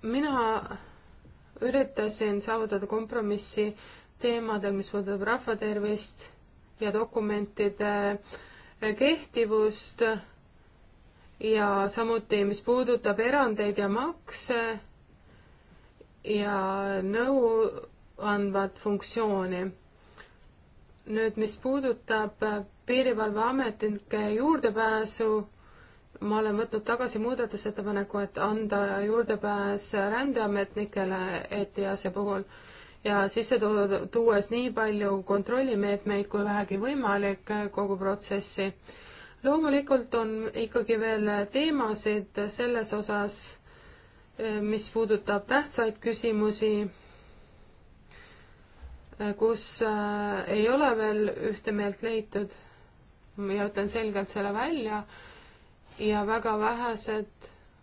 mina üritasin saavutada kompromissi teemadel, mis puudutab rahvatervist ja dokumentide kehtivust ja samuti, mis puudutab erandeid ja makse ja nõu andvat funktsiooni. nüüd, mis puudutab piirivalveametnike juurdepääsu ma olen võtnud tagasi muudatusettepaneku, et anda juurdepääs rändeametnikele ETIAS-e puhul ja sisse tuues nii palju kontrollimeetmeid kui vähegi võimalik kogu protsessi. loomulikult on ikkagi veel teemasid selles osas, mis puudutab tähtsaid küsimusi, kus äh, ei ole veel ühte meelt leitud. ma ütlen selgelt selle välja ja väga vähesed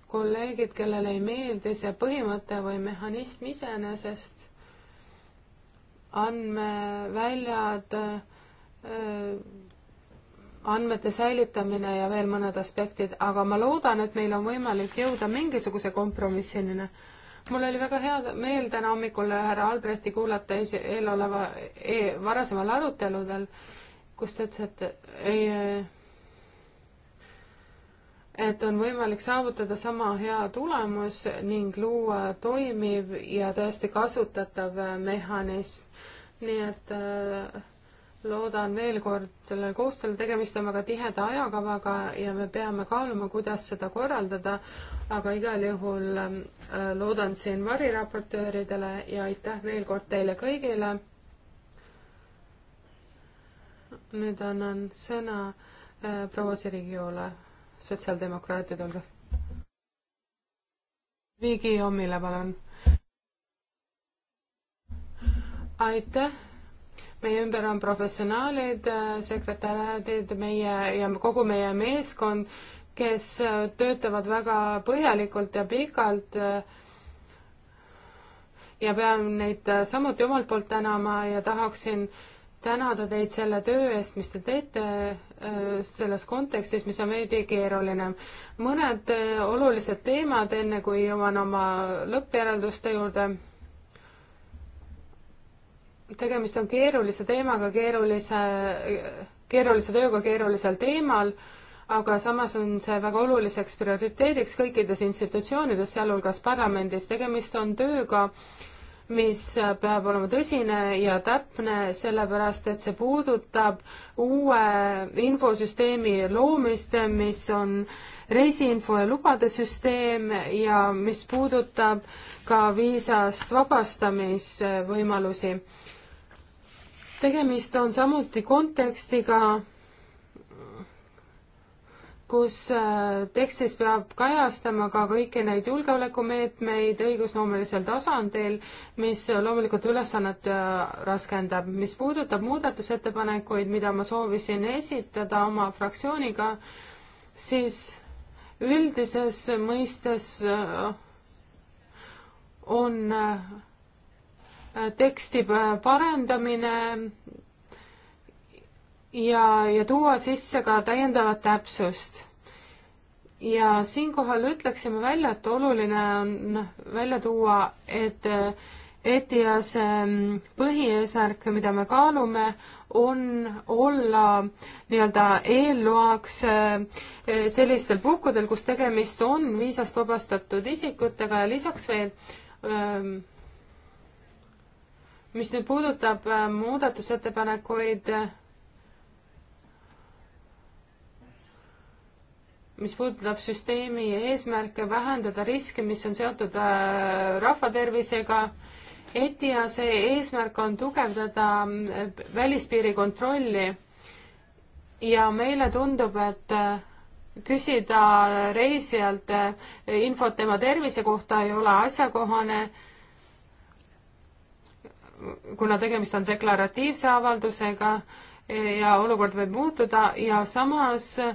kolleegid, kellele ei meeldi see põhimõte või mehhanism iseenesest, andmeväljad, äh, andmete säilitamine ja veel mõned aspektid, aga ma loodan, et meil on võimalik jõuda mingisuguse kompromissini. mul oli väga hea meel täna hommikul härra Albrechti kuulata esi-, eeloleva e,, varasemal aruteludel, kus ta ütles, et ei, et on võimalik saavutada sama hea tulemus ning luua toimiv ja tõesti kasutatav mehhanism. nii et äh, loodan veel kord sellele koostööle, tegemist on väga tiheda ajakavaga ja me peame kaaluma, kuidas seda korraldada, aga igal juhul äh, loodan siin variraportööridele ja aitäh veel kord teile kõigile. nüüd annan sõna äh, proua Sirgiole sotsiaaldemokraatide hulgas. Vigi Ommile, palun. aitäh meie ümber on professionaalid, äh, sekretäraadid, meie ja kogu meie meeskond, kes äh, töötavad väga põhjalikult ja pikalt. Äh, ja pean neid samuti omalt poolt tänama ja tahaksin tänada teid selle töö eest, mis te teete Äh, selles kontekstis, mis on veidi keeruline. mõned äh, olulised teemad, enne kui jõuan oma lõppjärelduste juurde. tegemist on keerulise teemaga, keerulise, keerulise tööga keerulisel teemal, aga samas on see väga oluliseks prioriteediks kõikides institutsioonides, sealhulgas parlamendis. tegemist on tööga, mis peab olema tõsine ja täpne, sellepärast et see puudutab uue infosüsteemi loomist, mis on reisiinfo ja lubade süsteem ja mis puudutab ka viisast vabastamisvõimalusi. tegemist on samuti kontekstiga, kus äh, tekstis peab kajastama ka kõiki neid julgeolekumeetmeid õigusloomelisel tasandil, mis loomulikult ülesannet äh, raskendab. mis puudutab muudatusettepanekuid, mida ma soovisin esitada oma fraktsiooniga, siis üldises mõistes äh, on teksti parendamine ja, ja tuua sisse ka täiendavat täpsust. ja siinkohal ütleksime välja, et oluline on välja tuua, et äh, ETIAS ähm, põhieesmärk, mida me kaalume, on olla nii-öelda eelloaks äh, sellistel puhkudel, kus tegemist on viisast vabastatud isikutega ja lisaks veel ähm, mis nüüd puudutab äh, muudatusettepanekuid mis puudutab süsteemi eesmärke vähendada riske, mis on seotud äh, rahvatervisega. ETIAS-e eesmärk on tugevdada äh, välispiiri kontrolli ja meile tundub, et äh, küsida reisijalt infot tema tervise kohta ei ole asjakohane, kuna tegemist on deklaratiivse avaldusega ja olukord võib muutuda ja samas äh,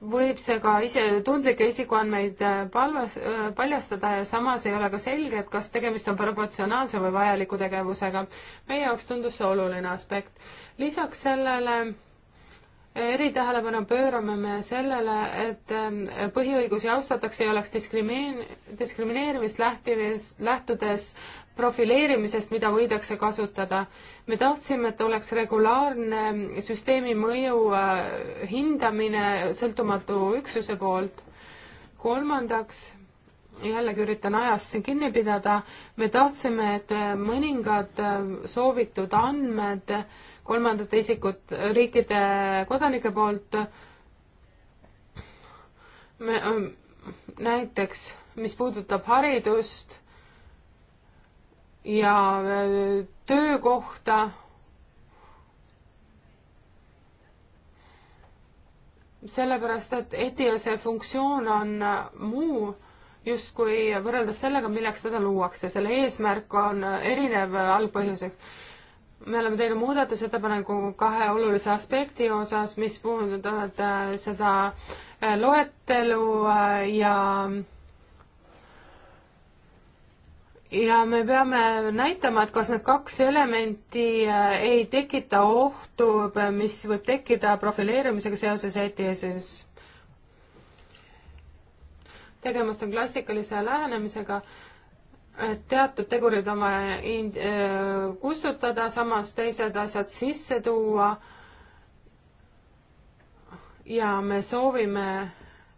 võib see ka ise, tundlikke isikuandmeid äh, palvas, äh, paljastada ja samas ei ole ka selge, et kas tegemist on proportsionaalse või vajaliku tegevusega. meie jaoks tundus see oluline aspekt. lisaks sellele eritähelepanu pöörame me sellele, et äh, põhiõigusi austatakse ja oleks diskrimineerimist lähtivis, lähtudes profileerimisest, mida võidakse kasutada. me tahtsime, et oleks regulaarne süsteemi mõju äh, hindamine sõltumatu üksuse poolt. kolmandaks, jällegi üritan ajast siin kinni pidada, me tahtsime, et äh, mõningad äh, soovitud andmed kolmandate isikut, riikide kodanike poolt me, näiteks, mis puudutab haridust ja äh, töökohta. sellepärast, et ETIAS-e funktsioon on äh, muu justkui võrreldes sellega, milleks teda luuakse, selle eesmärk on äh, erinev algpõhjuseks. me oleme teinud muudatusettepaneku kahe olulise aspekti osas, mis puudutavad seda loetelu ja äh, ja me peame näitama, et kas need kaks elementi äh, ei tekita ohtu, mis võib tekkida profileerimisega seoses ETS-is. tegemist on klassikalise lähenemisega, et teatud tegurid on vaja ind-, äh, kustutada, samas teised asjad sisse tuua ja me soovime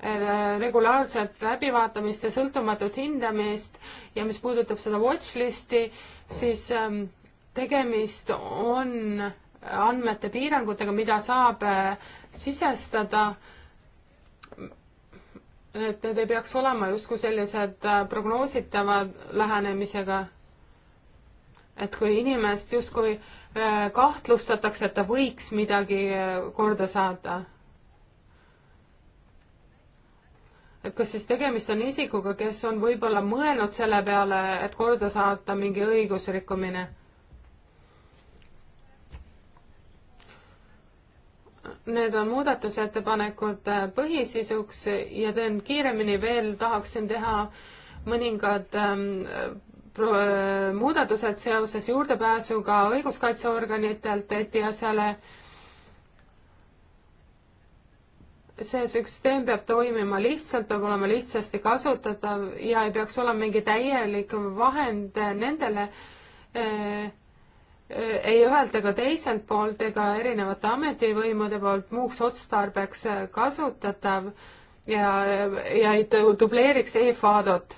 Äh, regulaarset läbivaatamist ja sõltumatut hindamist ja mis puudutab seda watchlisti, siis ähm, tegemist on andmete piirangutega, mida saab äh, sisestada. et need ei peaks olema justkui sellised äh, prognoositava lähenemisega. et kui inimest justkui kahtlustatakse, et ta võiks midagi korda saada et kas siis tegemist on isikuga, kes on võib-olla mõelnud selle peale, et korda saata mingi õigusrikkumine? Need on muudatusettepanekud põhisisuks ja teen kiiremini veel, tahaksin teha mõningad ähm, äh, muudatused seoses juurdepääsuga õiguskaitseorganitelt ETIAS-ele äh, see süsteem peab toimima lihtsalt, peab olema lihtsasti kasutatav ja ei peaks olema mingi täielik vahend nendele eh, eh, ei ühelt ega teiselt poolt ega erinevate ametivõimude poolt muuks otstarbeks kasutatav ja, ja ei dubleeriks e-faadot.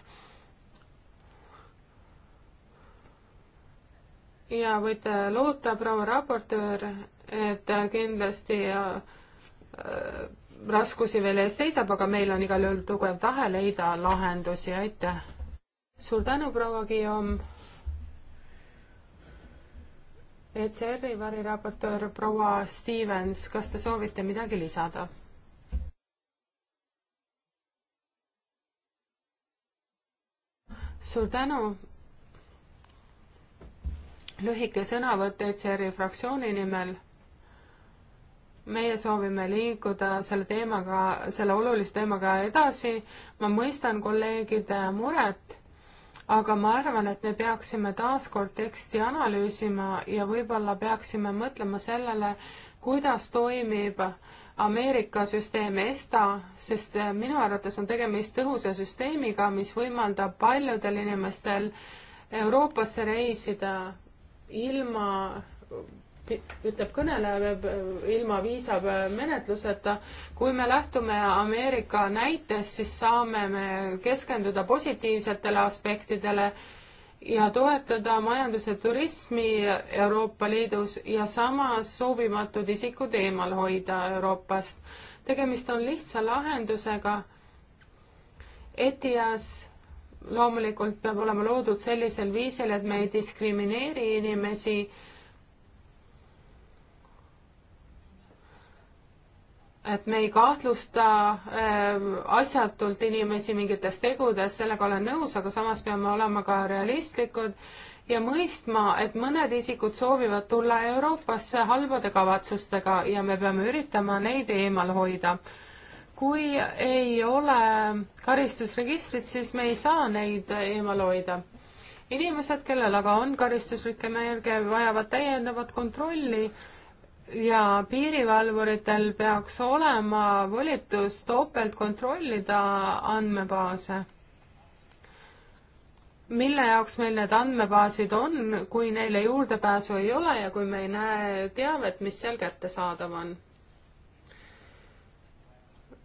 ja võite loota, proua raportöör, et kindlasti eh, raskusi veel ees seisab, aga meil on igal juhul tugev tahe leida lahendusi, aitäh! suur tänu, proua Guillaume! ECR-i variraportöör proua Stevens, kas te soovite midagi lisada? suur tänu! lühike sõnavõtt ECR-i fraktsiooni nimel meie soovime liikuda selle teemaga, selle olulise teemaga edasi, ma mõistan kolleegide muret, aga ma arvan, et me peaksime taaskord teksti analüüsima ja võib-olla peaksime mõtlema sellele, kuidas toimib Ameerika süsteem ESTA, sest minu arvates on tegemist tõhusa süsteemiga, mis võimaldab paljudel inimestel Euroopasse reisida ilma ütleb kõneleja, peab äh, ilma viisamenetluseta. Äh, kui me lähtume Ameerika näitest, siis saame me keskenduda positiivsetele aspektidele ja toetada majandus- ja turismi Euroopa Liidus ja samas soovimatud isikud eemal hoida Euroopast. tegemist on lihtsa lahendusega. ETIAS loomulikult peab olema loodud sellisel viisil, et me ei diskrimineeri inimesi et me ei kahtlusta äh, asjatult inimesi mingites tegudes, sellega olen nõus, aga samas peame olema ka realistlikud ja mõistma, et mõned isikud soovivad tulla Euroopasse halbade kavatsustega ja me peame üritama neid eemal hoida. kui ei ole karistusregistrit, siis me ei saa neid eemal hoida inimesed, kellel aga on karistusrike meelge, vajavad täiendavat kontrolli äh, ja piirivalvuritel peaks olema volitus topelt kontrollida andmebaase. mille jaoks meil need andmebaasid on, kui neile juurdepääsu ei ole ja kui me ei näe teavet, mis seal kättesaadav on?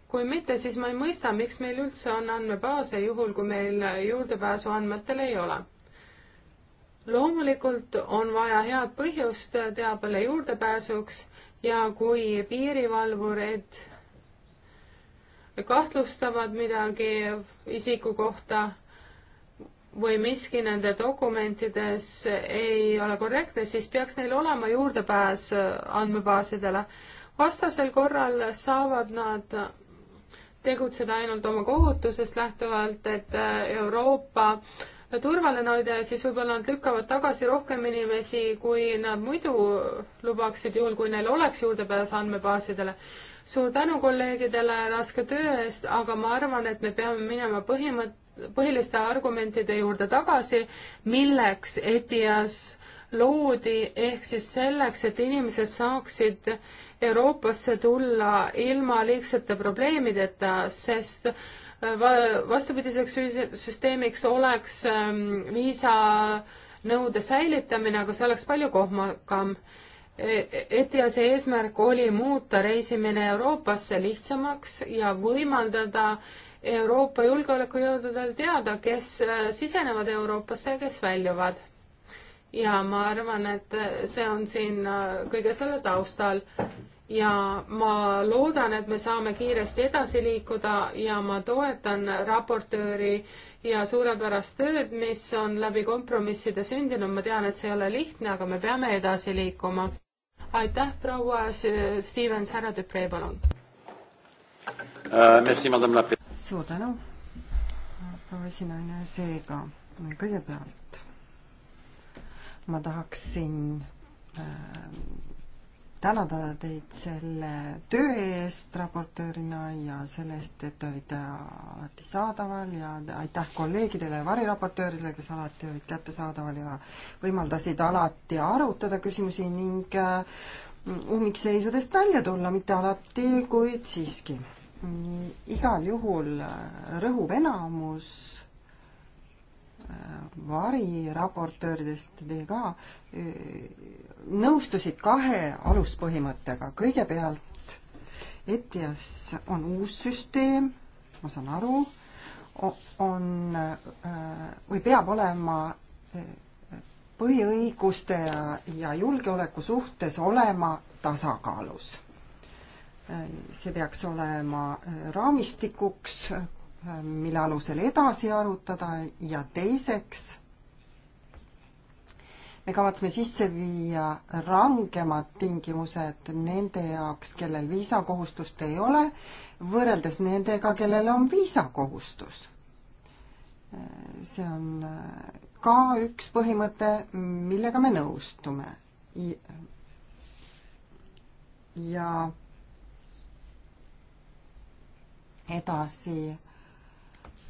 kui mitte, siis ma ei mõista, miks meil üldse on andmebaase, juhul kui meil juurdepääsu andmetel ei ole loomulikult on vaja head põhjust teabele juurdepääsuks ja kui piirivalvurid kahtlustavad midagi isiku kohta või miski nende dokumentides ei ole korrektne, siis peaks neil olema juurdepääs andmebaasidele. vastasel korral saavad nad tegutseda ainult oma kohutusest lähtuvalt, et Euroopa äh, turvaline hoida ja siis võib-olla nad lükkavad tagasi rohkem inimesi, kui nad muidu lubaksid, juhul kui neil oleks juurdepääs andmebaasidele. suur tänu kolleegidele raske töö eest, aga ma arvan, et me peame minema põhimõt-, põhiliste argumentide juurde tagasi, milleks ETIAS loodi, ehk siis selleks, et inimesed saaksid Euroopasse tulla ilma liigsete probleemideta, sest vastupidiseks süsteemiks oleks ähm, viisanõude säilitamine, aga see oleks palju kohmakam. E-, e-, ETIAS-i eesmärk oli muuta reisimine Euroopasse lihtsamaks ja võimaldada Euroopa julgeolekujõududel teada, kes äh, sisenevad Euroopasse ja kes väljuvad. ja ma arvan, et äh, see on siin äh, kõige selle taustal ja ma loodan, et me saame kiiresti edasi liikuda ja ma toetan raportööri ja suurepärast tööd, mis on läbi kompromisside sündinud, ma tean, et see ei ole lihtne, aga me peame edasi liikuma. aitäh, proua Stevens, härra Dupree, palun äh,. suur tänu, proua esinaine, seega kõigepealt ma tahaksin äh, tänada teid selle töö eest raportöörina ja selle eest, et olite alati saadaval ja aitäh kolleegidele ja variraportööridele, kes alati olid kättesaadaval ja võimaldasid alati arutada küsimusi ning äh, ummikseisudest välja tulla, mitte alati, kuid siiski. igal juhul äh, rõhuv enamus äh, variraportööridest, teie ka, nõustusid kahe aluspõhimõttega. kõigepealt, ETIAS on uus süsteem, ma saan aru, on äh, või peab olema äh, põhiõiguste ja, ja julgeoleku suhtes olema tasakaalus. Äh, see peaks olema raamistikuks, mille alusel edasi arutada ja teiseks me kavatseme sisse viia rangemad tingimused nende jaoks, kellel viisakohustust ei ole, võrreldes nendega, kellel on viisakohustus. see on äh, ka üks põhimõte, millega me nõustume. ja edasi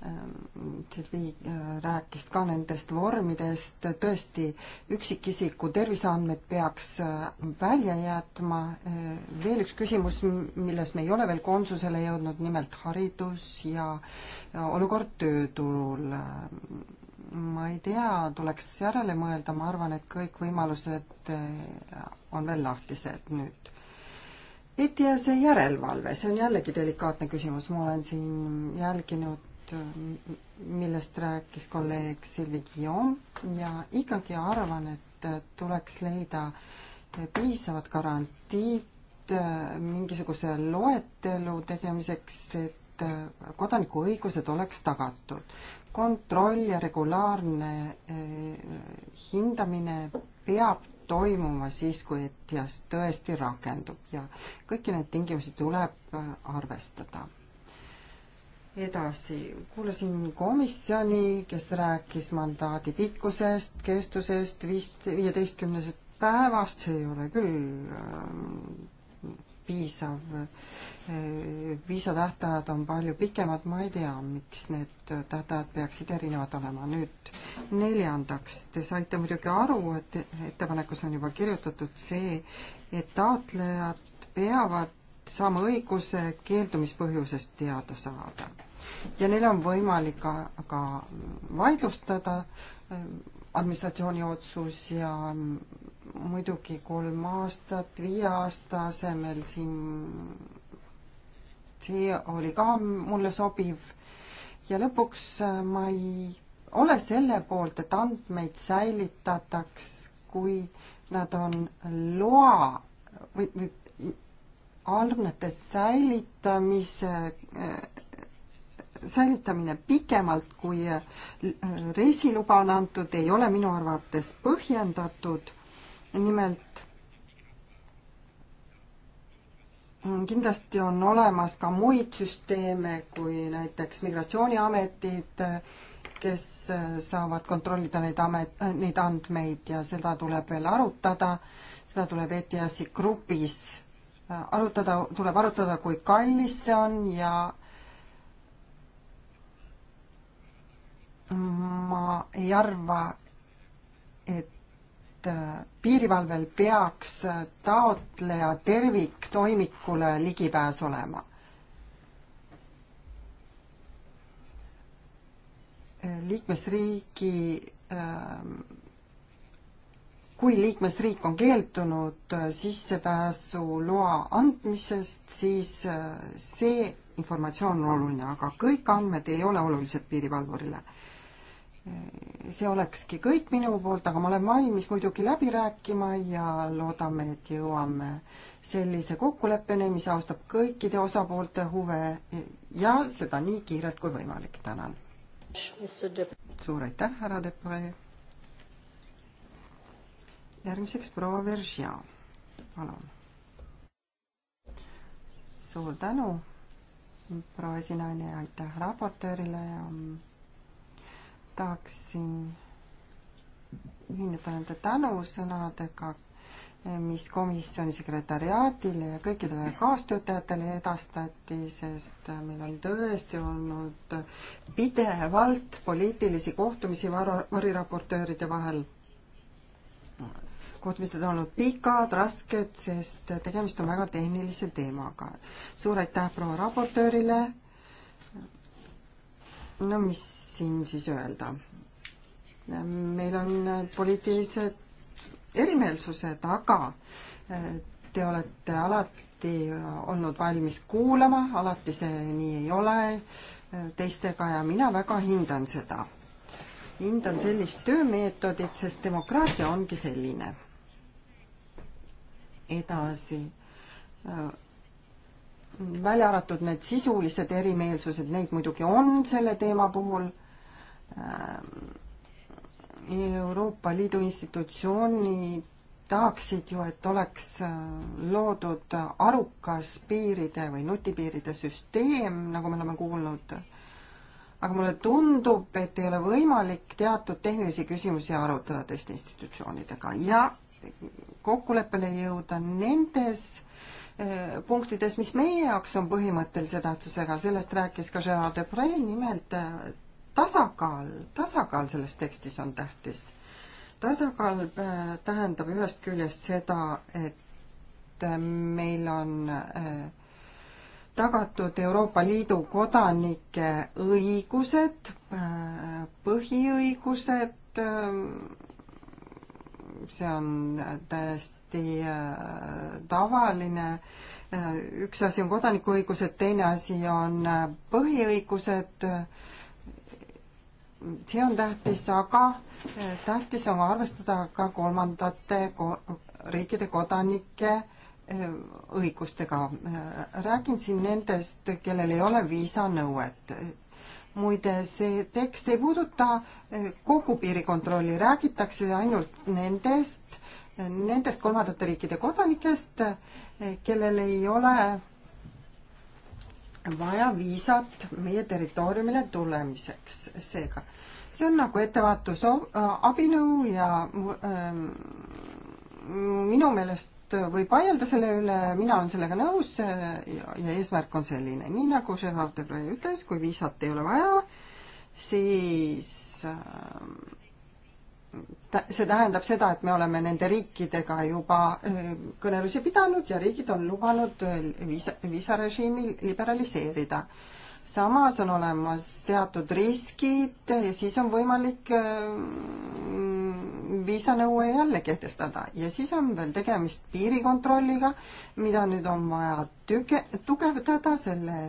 Tšerbi äh, rääkis ka nendest vormidest, tõesti, üksikisiku terviseandmed peaks äh, välja jätma, äh, veel üks küsimus, milles me ei ole veel konsusele jõudnud, nimelt haridus ja olukord tööturul. ma ei tea, tuleks järele mõelda, ma arvan, et kõik võimalused on veel lahtised nüüd ETS-e järelevalve, see on jällegi delikaatne küsimus, ma olen siin jälginud millest rääkis kolleeg Silvi Guillaume ja ikkagi arvan, et tuleks leida piisavad garantiid äh, mingisuguse loetelu tegemiseks, et äh, kodanikuõigused oleks tagatud. kontroll ja regulaarne äh, hindamine peab toimuma siis, kui ETIAS tõesti rakendub ja kõiki neid tingimusi tuleb arvestada edasi, kuulasin komisjoni, kes rääkis mandaadi pikkusest, kestusest, vist viieteistkümnesest päevast, see ei ole küll äh, piisav äh,. viisatähtajad on palju pikemad, ma ei tea, miks need tähtajad peaksid erinevad olema. nüüd neljandaks, te saite muidugi aru, et ettepanekus on juba kirjutatud see, et taotlejad peavad saama õiguse keeldumispõhjusest teada saada. ja neil on võimalik ka, ka vaidlustada äh, administratsiooni otsus ja mm, muidugi kolm aastat, viie aasta asemel siin, see oli ka mulle sobiv. ja lõpuks äh, ma ei ole selle poolt, et andmeid säilitataks, kui nad on loa või, või andmete säilitamise säilitamine pikemalt, kui äh, reisiluba on antud, ei ole minu arvates põhjendatud. nimelt kindlasti on olemas ka muid süsteeme, kui näiteks migratsiooniametid, kes äh, saavad kontrollida neid amet, neid andmeid ja seda tuleb veel arutada, seda tuleb ETIAS-i grupis arutada, tuleb arutada, kui kallis see on ja ma ei arva, et äh, piirivalvel peaks äh, taotleja terviktoimikule ligipääs olema. liikmesriigi ähm, kui liikmesriik on keeldunud äh, sissepääsuloa andmisest, siis äh, see informatsioon on oluline, aga kõik andmed ei ole olulised piirivalvurile. Äh, see olekski kõik minu poolt, aga ma olen valmis muidugi läbi rääkima ja loodame, et jõuame sellise kokkuleppeni, mis austab kõikide osapoolte huve ja seda nii kiirelt kui võimalik. tänan. suur aitäh, härra Depree järgmiseks proua Veržia, palun. suur tänu, proua esinaine, aitäh raportöörile ja tahaksin ühineda nende tänusõnadega, mis komisjoni sekretariaadile ja kõikidele kaastöötajatele edastati, sest meil on tõesti olnud pidevalt poliitilisi kohtumisi var-, variraportööride vahel kohtumised on olnud pikad, rasked, sest tegemist on väga tehnilise teemaga. suur aitäh proua raportöörile. no mis siin siis öelda? meil on poliitilised erimeelsused, aga eh, te olete alati olnud valmis kuulama, alati see nii ei ole eh, teistega ja mina väga hindan seda hindan sellist töömeetodit, sest demokraatia ongi selline edasi. välja arvatud need sisulised erimeelsused, neid muidugi on selle teema puhul. Euroopa Liidu institutsioonid tahaksid ju, et oleks loodud arukas piiride või nutipiiride süsteem, nagu me oleme kuulnud. aga mulle tundub, et ei ole võimalik teatud tehnilisi küsimusi arutada teiste institutsioonidega ja kokkuleppele jõuda nendes eh, punktides, mis meie jaoks on põhimõttelise tähtsusega, sellest rääkis ka Gerard Depree, nimelt eh, tasakaal, tasakaal selles tekstis on tähtis. tasakaal eh, tähendab ühest küljest seda, et meil on tagatud Euroopa Liidu kodanike õigused, põhiõigused, see on täiesti äh, tavaline. Äh, üks asi on kodanikuõigused, teine asi on äh, põhiõigused. see on tähtis, aga tähtis on arvestada ka kolmandate riikide kodanike õigustega. räägin siin nendest, kellel ei ole viisanõuet muide, see tekst ei puuduta eh, kogu piirikontrolli, räägitakse ainult nendest, nendest kolmandate riikide kodanikest, eh, kellel ei ole vaja viisat meie territooriumile tulemiseks. seega, see on nagu ettevaatusabinõu ja eh, minu meelest võib vaielda selle üle, mina olen sellega nõus ja, ja eesmärk on selline, nii nagu Gerard de Grey ütles, kui viisat ei ole vaja, siis äh, ta, see tähendab seda, et me oleme nende riikidega juba äh, kõnelusi pidanud ja riigid on lubanud äh, viisa, viisarežiimi liberaliseerida samas on olemas teatud riskid ja siis on võimalik äh, viisanõue jälle kehtestada ja siis on veel tegemist piirikontrolliga, mida nüüd on vaja tüge-, tugevdada selle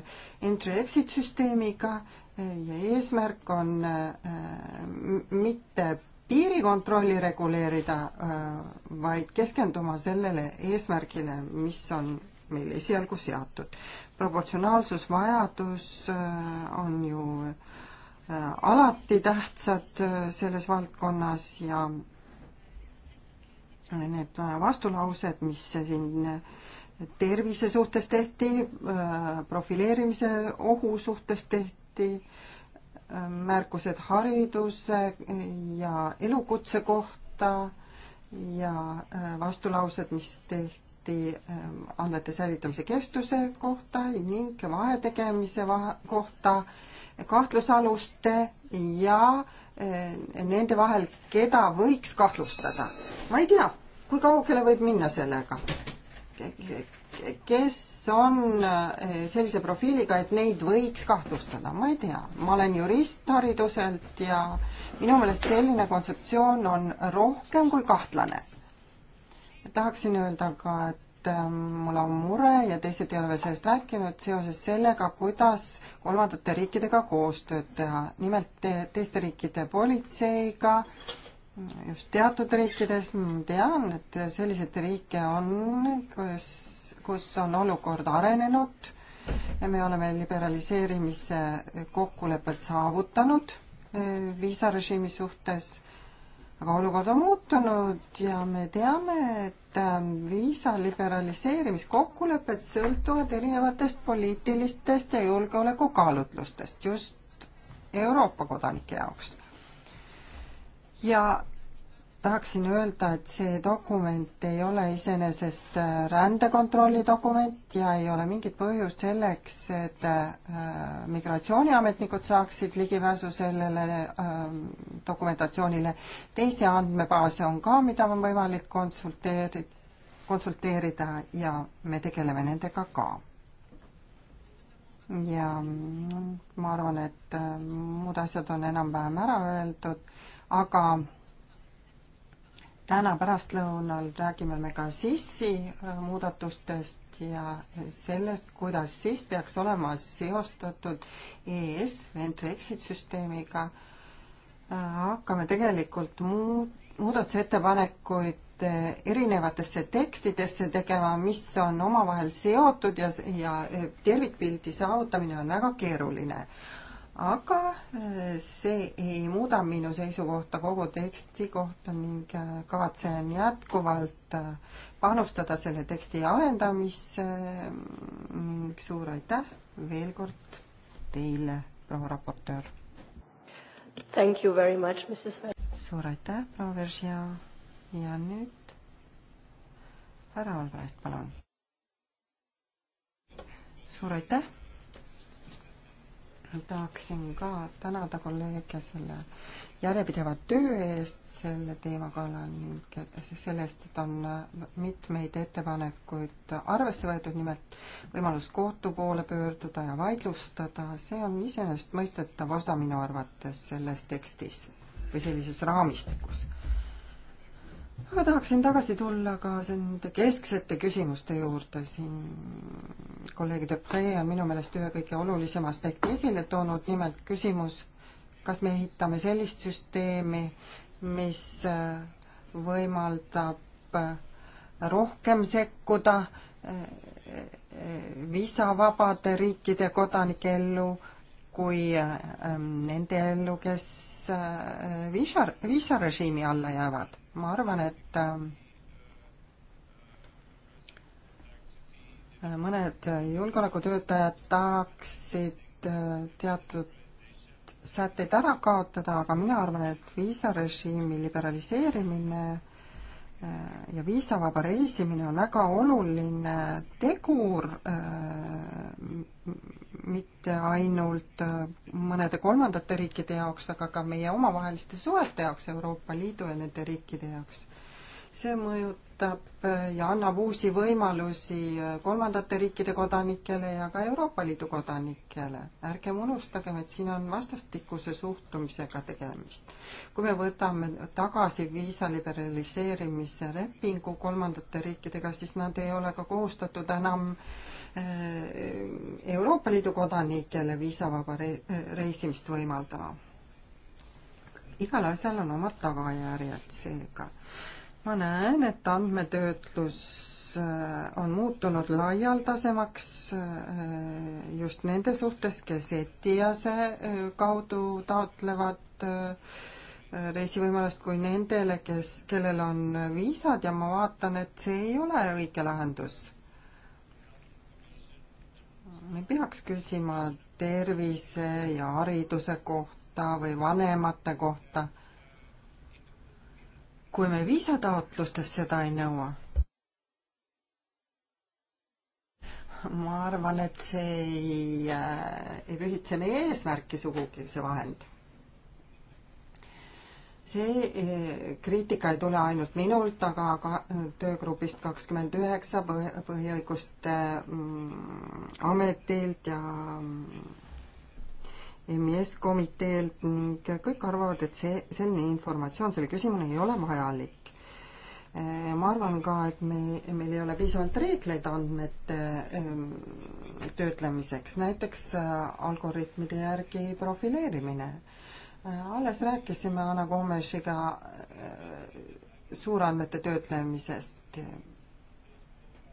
entry-exit süsteemiga ja eesmärk on äh, mitte piirikontrolli reguleerida, äh, vaid keskenduma sellele eesmärgile, mis on meile esialgu seatud. proportsionaalsusvajadus äh, on ju äh, alati tähtsad äh, selles valdkonnas ja need vastulaused, mis siin tervise suhtes tehti, profileerimise ohu suhtes tehti, märkused hariduse ja elukutse kohta ja vastulaused, mis tehti samuti ähm, andmete säilitamise kestuse kohta ning vahetegemise vahe, kohta kahtlusaluste ja äh, nende vahel, keda võiks kahtlustada. ma ei tea, kui kaugele võib minna sellega? kes on äh, sellise profiiliga, et neid võiks kahtlustada, ma ei tea, ma olen jurist hariduselt ja minu meelest selline kontseptsioon on rohkem kui kahtlane tahaksin öelda ka, et ähm, mul on mure ja teised ei ole veel sellest rääkinud seoses sellega, kuidas kolmandate riikidega koostööd teha, nimelt te, teiste riikide politseiga, just teatud riikides, ma mm, tean, et selliseid riike on, kus, kus on olukord arenenud ja me oleme liberaliseerimise kokkulepped saavutanud äh, viisarežiimi suhtes aga olukord on muutunud ja me teame, et ähm, viisa liberaliseerimiskokkulepped sõltuvad erinevatest poliitilistest ja julgeolekukaalutlustest just Euroopa kodanike jaoks. ja tahaksin öelda, et see dokument ei ole iseenesest äh, rändekontrolli dokument ja ei ole mingit põhjust selleks, et äh, migratsiooniametnikud saaksid ligipääsu sellele äh, dokumentatsioonile. teisi andmebaase on ka, mida on võimalik konsulteerida, konsulteerida ja me tegeleme nendega ka. ja mm, ma arvan, et muud asjad on enam-vähem ära öeldud, aga täna pärastlõunal räägime me ka sissi äh, muudatustest ja sellest, kuidas siis peaks olema seostatud EES, entry-exit süsteemiga. Äh, hakkame tegelikult muud, muudatusettepanekuid äh, erinevatesse tekstidesse tegema, mis on omavahel seotud ja, ja tervikpildi saavutamine on väga keeruline aga äh, see ei muuda minu seisukohta kogu teksti kohta ning äh, kavatsen jätkuvalt äh, panustada selle teksti arendamisse ning suur aitäh veel kord teile, proua raportöör. Thank you very much, Mrs. suur aitäh, proua Veržia ja nüüd härra Albrecht, palun. suur aitäh tahaksin ka tänada kolleege selle järjepideva töö eest selle teema kallal ning selle eest, et on mitmeid ettepanekuid arvesse võetud, nimelt võimalus kohtu poole pöörduda ja vaidlustada, see on iseenesestmõistetav osa minu arvates selles tekstis või sellises raamistikus aga tahaksin tagasi tulla ka nende kesksete küsimuste juurde siin. kolleeg Depre on minu meelest ühe kõige olulisema aspekti esile toonud, nimelt küsimus, kas me ehitame sellist süsteemi, mis äh, võimaldab äh, rohkem sekkuda äh, viisavabade riikide kodanike ellu kui nende ellu, kes viisa, viisarežiimi alla jäävad ma arvan, et äh, mõned julgeolekutöötajad tahaksid äh, teatud sätteid ära kaotada, aga mina arvan, et viisarežiimi liberaliseerimine äh, ja viisavaba reisimine on väga oluline tegur mitte ainult äh, mõnede kolmandate riikide jaoks, aga ka meie omavaheliste suhete jaoks, Euroopa Liidu ja nende riikide jaoks. see mõjub toetab äh, ja annab uusi võimalusi äh, kolmandate riikide kodanikele ja ka Euroopa Liidu kodanikele. ärgem unustagem, et siin on vastastikuse suhtumisega tegemist. kui me võtame tagasi viisa liberaliseerimise lepingu kolmandate riikidega, siis nad ei ole ka kohustatud enam äh, Euroopa Liidu kodanikele viisavaba reisimist võimaldama igal asjal on omad tagajärjed seega ma näen, et andmetöötlus äh, on muutunud laialdasemaks äh, just nende suhtes, kes ETIAS-e äh, kaudu taotlevad reisivõimalust kui nendele, kes, kellel on viisad ja ma vaatan, et see ei ole õige lahendus. me peaks küsima tervise ja hariduse kohta või vanemate kohta kui me viisataotlustes seda ei nõua? ma arvan, et see ei, ei pühitse meie eesmärki sugugi, see vahend. see eh, kriitika ei tule ainult minult, aga ka töögrupist kakskümmend üheksa põhiõiguste mm, ametilt ja mm, MES komiteelt ning kõik arvavad, et see, selline informatsioon, selle küsimine ei ole vajalik. Eh, ma arvan ka, et me, meil ei ole piisavalt reegleid andmete eh, töötlemiseks, näiteks eh, algoritmide järgi profileerimine. alles rääkisime Anna Komešiga suurandmete töötlemisest.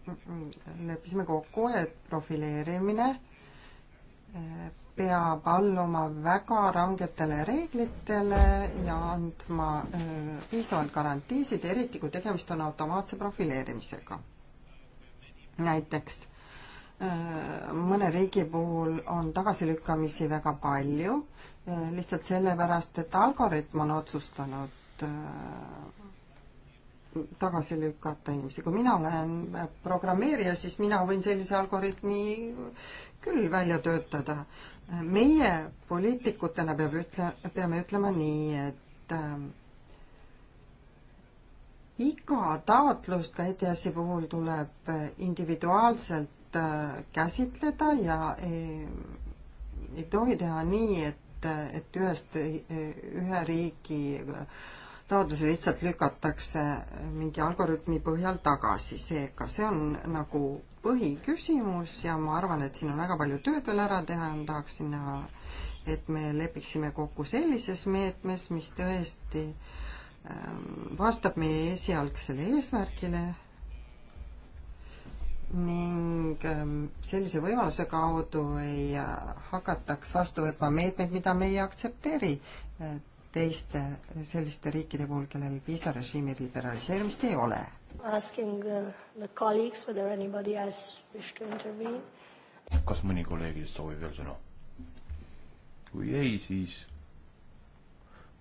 Mm, mm, leppisime kokku, et profileerimine äh, peab alluma väga rangetele reeglitele ja andma äh, piisavalt garantiisid, eriti kui tegemist on automaatse profileerimisega. näiteks äh, mõne riigi puhul on tagasilükkamisi väga palju, äh, lihtsalt sellepärast, et algoritm on otsustanud tagasi lükata inimesi. kui mina olen programmeerija, siis mina võin sellise algoritmi küll välja töötada. meie poliitikutena peab ütle, peame ütlema nii, et äh, iga taotlust ka ETS-i puhul tuleb äh, individuaalselt äh, käsitleda ja ei, ei tohi teha nii, et, et ühest, ühe riigi äh, taotlusi lihtsalt lükatakse mingi algoritmi põhjal tagasi, seega see on nagu põhiküsimus ja ma arvan, et siin on väga palju tööd veel ära teha ja ma tahaksin näha, et me lepiksime kokku sellises meetmes, mis tõesti ähm, vastab meie esialgsele eesmärgile ning ähm, sellise võimaluse kaudu ei äh, hakataks vastu võtma meetmeid, mida me ei aktsepteeri. et teiste selliste riikide puhul, kellel viisarežiimi liberaliseerimist ei ole. Asking uh, the colleagues whether anybody else wish to intervene. kas mõni kolleegidest soovib veel sõna? kui ei, siis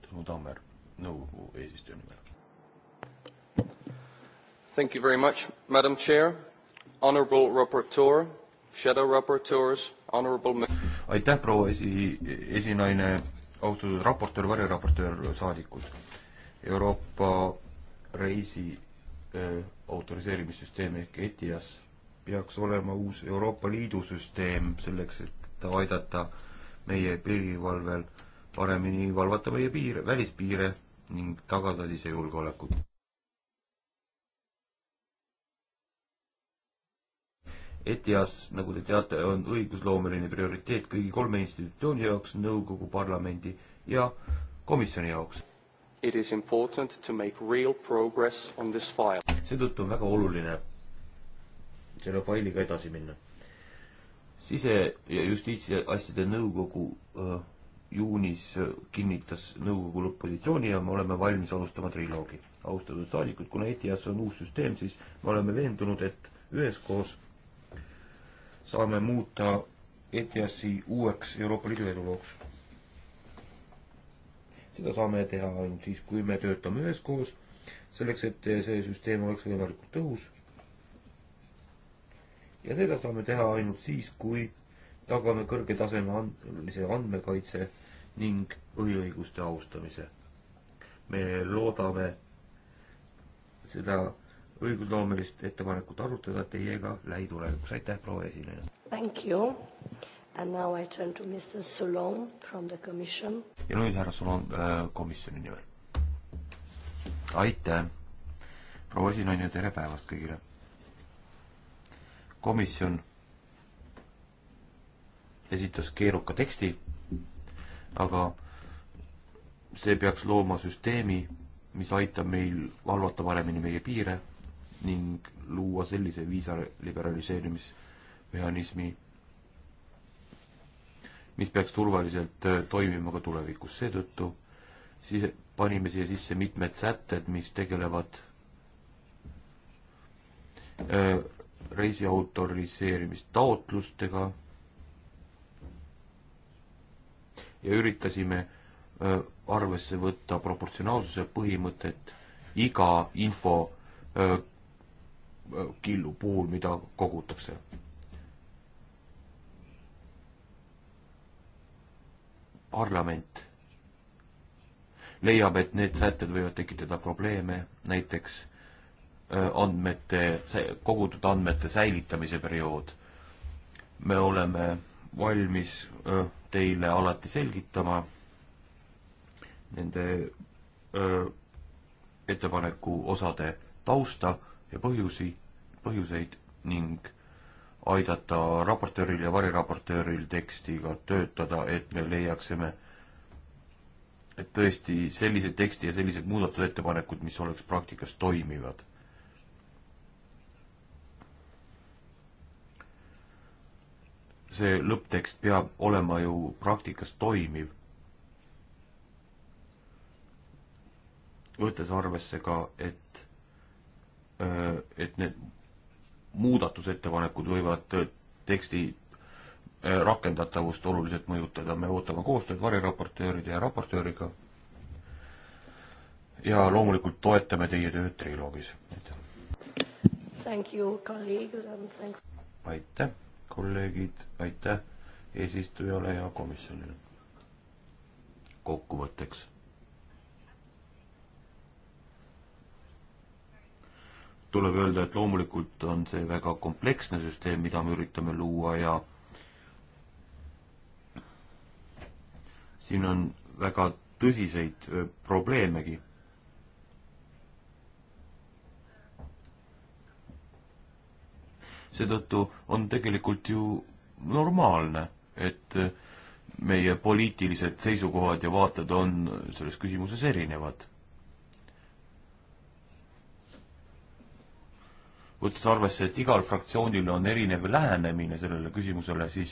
Tõnu Tammer nõukogu no, eesistuja nimel. Thank you very much, madam chair, honorable raportöör, shadow raportöörs, honorable aitäh, proua esi, esinaine austatud raportöör, variraportöör, saadikud. Euroopa reisi äh, autoriseerimissüsteem ehk ETIAS peaks olema uus Euroopa Liidu süsteem selleks, et aidata meie piirivalvel paremini valvata meie piire, välispiire ning tagada sisejulgeolekut. ETIAS, nagu te teate, on õigusloomeline prioriteet kõigi kolme institutsiooni jaoks, nõukogu, parlamendi ja komisjoni jaoks. seetõttu on väga oluline selle failiga edasi minna. sise- ja justiitsasjade nõukogu äh, juunis äh, kinnitas nõukogu lõpp-positsiooni ja me oleme valmis alustama triloogi. austatud saadikud, kuna ETIAS on uus süsteem, siis me oleme veendunud, et üheskoos saame muuta ETS-i uueks Euroopa Liidu edulooks. seda saame teha ainult siis, kui me töötame üheskoos, selleks et see süsteem oleks võimalikult tõhus. ja seda saame teha ainult siis, kui tagame kõrgetasemelise andmekaitse ning põhiõiguste austamise. me loodame seda õigusloomelist ettepanekut arutada teiega lähitulevikus, aitäh, proua esineja! Thank you and now I turn to Mr Solon from the commission. ja nüüd härra Solon äh, komisjoni nimel. aitäh, proua esinaine, tere päevast kõigile! komisjon esitas keeruka teksti, aga see peaks looma süsteemi, mis aitab meil valvata paremini meie piire ning luua sellise viisa liberaliseerimismehhanismi, mis peaks turvaliselt äh, toimima ka tulevikus. seetõttu siis panime siia sisse mitmed sätted, mis tegelevad äh, reisi autoriseerimistaotlustega ja üritasime äh, arvesse võtta proportsionaalsuse põhimõtet iga info Äh, killu puul, mida kogutakse. parlament leiab, et need sätted võivad tekitada probleeme, näiteks äh, andmete, kogutud andmete säilitamise periood. me oleme valmis äh, teile alati selgitama nende ettepaneku osade tausta ja põhjusi, põhjuseid ning aidata raportööril ja variraportööril tekstiga töötada, et me leiaksime et tõesti sellise teksti ja sellised muudatusettepanekud, mis oleks praktikas toimivad. see lõpptekst peab olema ju praktikas toimiv. võttes arvesse ka, et Äh, et need muudatusettepanekud võivad äh, teksti äh, rakendatavust oluliselt mõjutada, me ootame koostööd variraportööride ja raportööriga. ja loomulikult toetame teie tööd triloogis. aitäh, kolleegid, aitäh eesistujale ja komisjonile. kokkuvõtteks tuleb öelda, et loomulikult on see väga kompleksne süsteem, mida me üritame luua ja siin on väga tõsiseid probleemegi. seetõttu on tegelikult ju normaalne, et meie poliitilised seisukohad ja vaated on selles küsimuses erinevad võttes arvesse, et igal fraktsioonil on erinev lähenemine sellele küsimusele, siis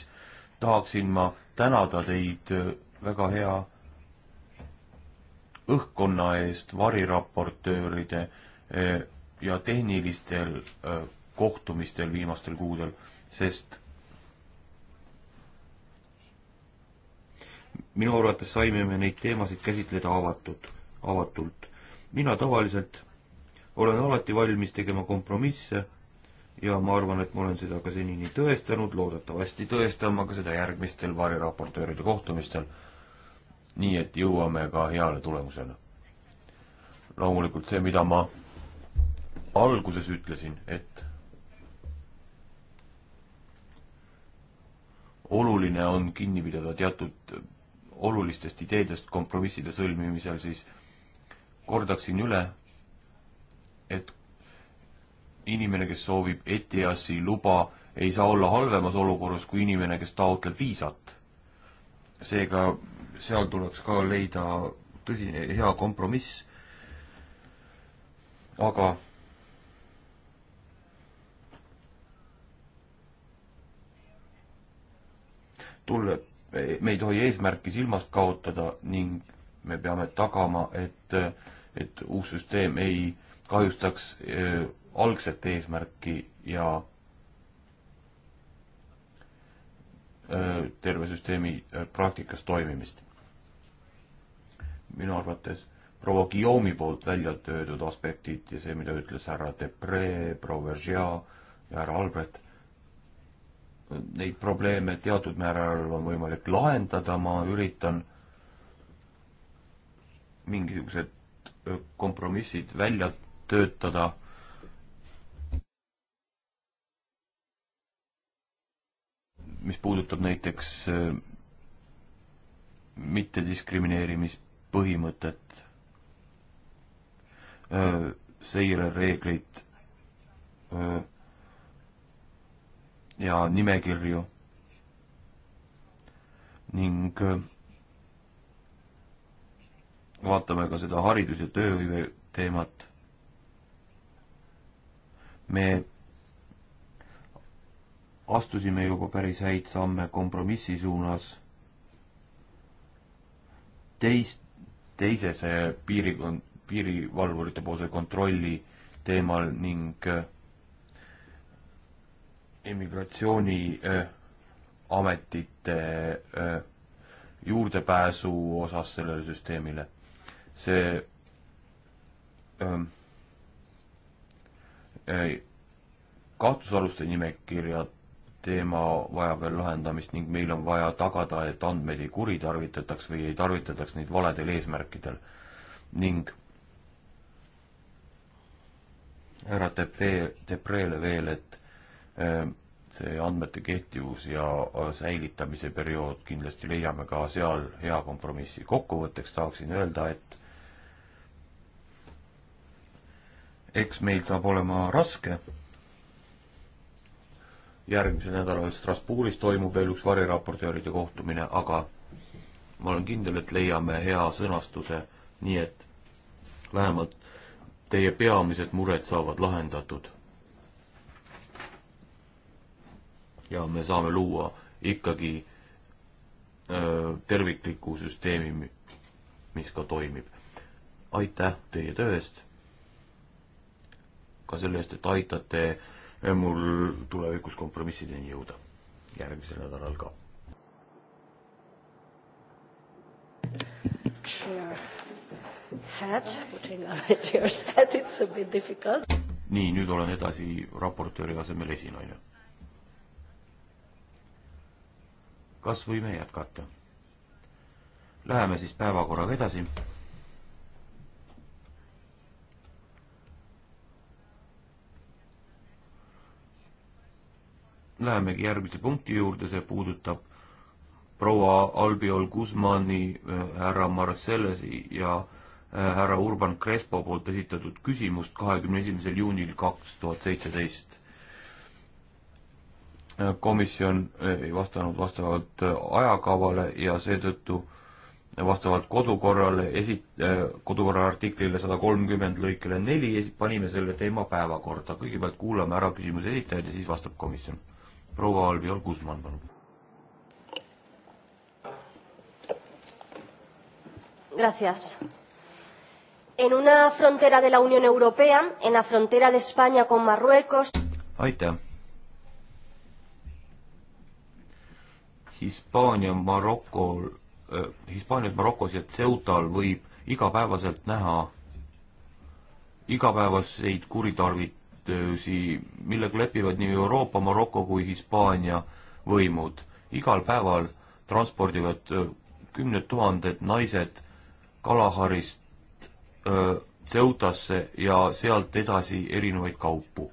tahaksin ma tänada teid äh, väga hea õhkkonna eest variraportööride äh, ja tehnilistel äh, kohtumistel viimastel kuudel, sest minu arvates saime me neid teemasid käsitleda avatud, avatult. mina tavaliselt olen alati valmis tegema kompromisse ja ma arvan, et ma olen seda ka senini tõestanud, loodetavasti tõestan ma ka seda järgmistel variraportööride kohtumistel. nii et jõuame ka heale tulemusele. loomulikult see, mida ma alguses ütlesin, et oluline on kinni pidada teatud olulistest ideedest kompromisside sõlmimisel, siis kordaksin üle, et inimene, kes soovib ETIAS-i luba, ei saa olla halvemas olukorras kui inimene, kes taotleb viisat. seega seal tuleks ka leida tõsine hea kompromiss. aga tulle, me ei tohi eesmärki silmast kaotada ning me peame tagama, et, et uus süsteem ei äh, kahjustaks eh, algset eesmärki ja eh, terve süsteemi eh, praktikas toimimist. minu arvates proua Guillaume'i poolt välja töödud aspektid ja see, mida ütles härra Depre, proua Vergia ja härra Albrecht, neid probleeme teatud määral on võimalik lahendada, ma üritan mingisugused kompromissid välja töötada mis puudutab näiteks äh, mittediskrimineerimispõhimõtet, äh, seirereegleid äh, ja nimekirju ning vaatame ka seda haridus- ja tööhõive teemat me astusime juba päris häid samme kompromissi suunas. teist, teise see piirikond, piirivalvurite poolse kontrolli teemal ning äh, immigratsiooniametite äh, äh, juurdepääsu osas sellele süsteemile. see äh, kahtlusaluste nimekirja teema vajab veel lahendamist ning meil on vaja tagada, et andmeid ei kuritarvitataks või ei tarvitataks neid valedel eesmärkidel. ning härra Depreele veel, et äh, see andmete kehtivus ja äh, säilitamise periood, kindlasti leiame ka seal hea kompromissi. kokkuvõtteks tahaksin öelda, et eks meil saab olema raske. järgmisel nädalal Strasbourgis toimub veel üks variraportööride kohtumine, aga ma olen kindel, et leiame hea sõnastuse, nii et vähemalt teie peamised mured saavad lahendatud. ja me saame luua ikkagi öö, tervikliku süsteemi, mis ka toimib. aitäh teie töö eest ka selle eest, et aitate mul tulevikus kompromissideni jõuda. järgmisel nädalal ka. Head, putting on at your head, it's a bit difficult. nii, nüüd olen edasi raportööri asemel esinaine. kas võime jätkata? Läheme siis päevakorraga edasi lähemegi järgmise punkti juurde, see puudutab proua Albiol Guzmani, äh, härra Marcellesi ja äh, härra Urban Crespo poolt esitatud küsimust kahekümne esimesel juunil kaks tuhat seitseteist. Äh, komisjon ei vastanud vastavalt ajakavale ja seetõttu vastavalt kodukorrale esi-, kodukorra artiklile sada kolmkümmend lõikele neli esi-, panime selle teema päevakorda. kõigepealt kuulame ära küsimuse esitajad ja siis vastab komisjon proua Albiol Guzman, palun. Gracias. En una frontera de la Unión Europea, en la frontera de España con Marruecos. aitäh. Hispaania, Marokol äh,, Hispaanias, Marokos ja Ceutal võib igapäevaselt näha igapäevaseid kuritarvit-, inimõigusi, millega lepivad nii Euroopa, Maroko kui Hispaania võimud. igal päeval transpordivad kümned tuhanded naised Kalaharist Ceutasse ja sealt edasi erinevaid kaupu.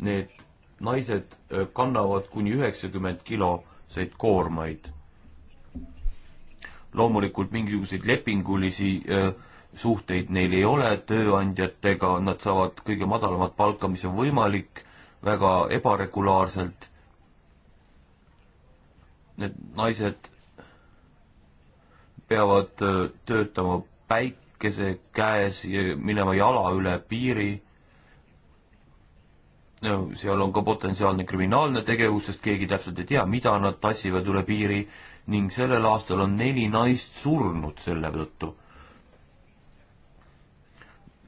Need naised kannavad kuni üheksakümmend kiloseid koormaid. loomulikult mingisuguseid lepingulisi öö, suhteid neil ei ole tööandjatega, nad saavad kõige madalamat palka, mis on võimalik, väga ebaregulaarselt. Need naised peavad äh, töötama päikese käes ja minema jala üle piiri. no seal on ka potentsiaalne kriminaalne tegevus, sest keegi täpselt ei tea, mida nad tassivad üle piiri ning sellel aastal on neli naist surnud selle tõttu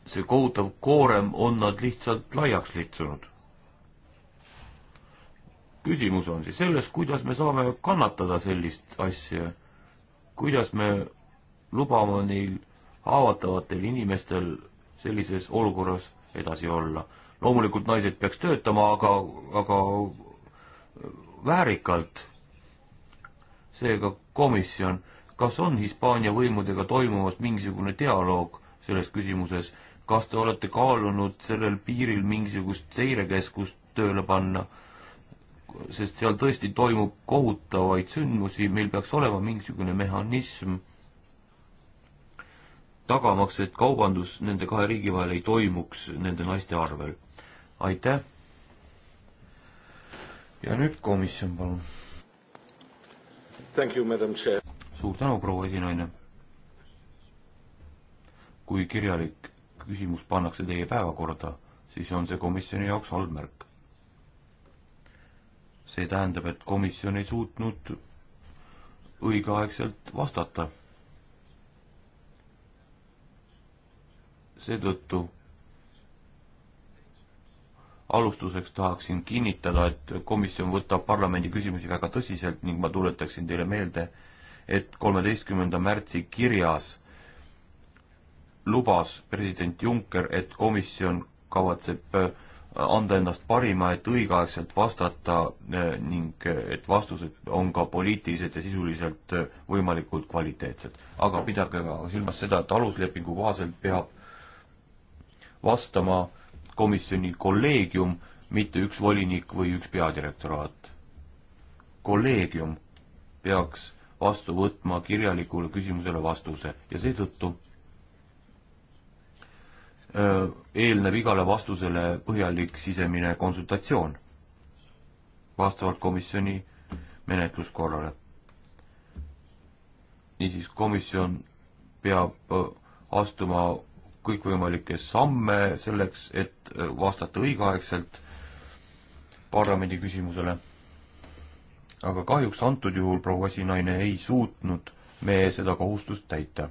see kohutav koorem on nad lihtsalt laiaks litsunud. küsimus on siis selles, kuidas me saame kannatada sellist asja, kuidas me lubame neil haavatavatel inimestel sellises olukorras edasi olla. loomulikult naised peaks töötama, aga, aga väärikalt. seega komisjon, kas on Hispaania võimudega toimumas mingisugune dialoog selles küsimuses kas te olete kaalunud sellel piiril mingisugust seirekeskust tööle panna, sest seal tõesti toimub kohutavaid sündmusi, meil peaks olema mingisugune mehhanism, tagamaks, et kaubandus nende kahe riigi vahel ei toimuks nende naiste arvel. aitäh! ja nüüd komisjon, palun. suur tänu, proua esinaine. kui kirjalik küsimus pannakse teie päevakorda, siis on see komisjoni jaoks halb märk. see tähendab, et komisjon ei suutnud õigeaegselt vastata. seetõttu alustuseks tahaksin kinnitada, et komisjon võtab parlamendi küsimusi väga tõsiselt ning ma tuletaksin teile meelde, et kolmeteistkümnenda märtsi kirjas lubas president Juncker, et komisjon kavatseb äh, anda endast parima, et õigeaegselt vastata äh, ning äh, et vastused on ka poliitiliselt ja sisuliselt võimalikult kvaliteetsed. aga pidage ka silmas seda, et aluslepingu kohaselt peab vastama komisjoni kolleegium, mitte üks volinik või üks peadirektoraat. kolleegium peaks vastu võtma kirjalikule küsimusele vastuse ja seetõttu eelneb igale vastusele põhjalik sisemine konsultatsioon vastavalt komisjoni menetluskorrale. niisiis, komisjon peab astuma kõikvõimalikke samme selleks, et vastata õigeaegselt parlamendi küsimusele. aga kahjuks antud juhul proua esinaine ei suutnud me seda kohustust täita.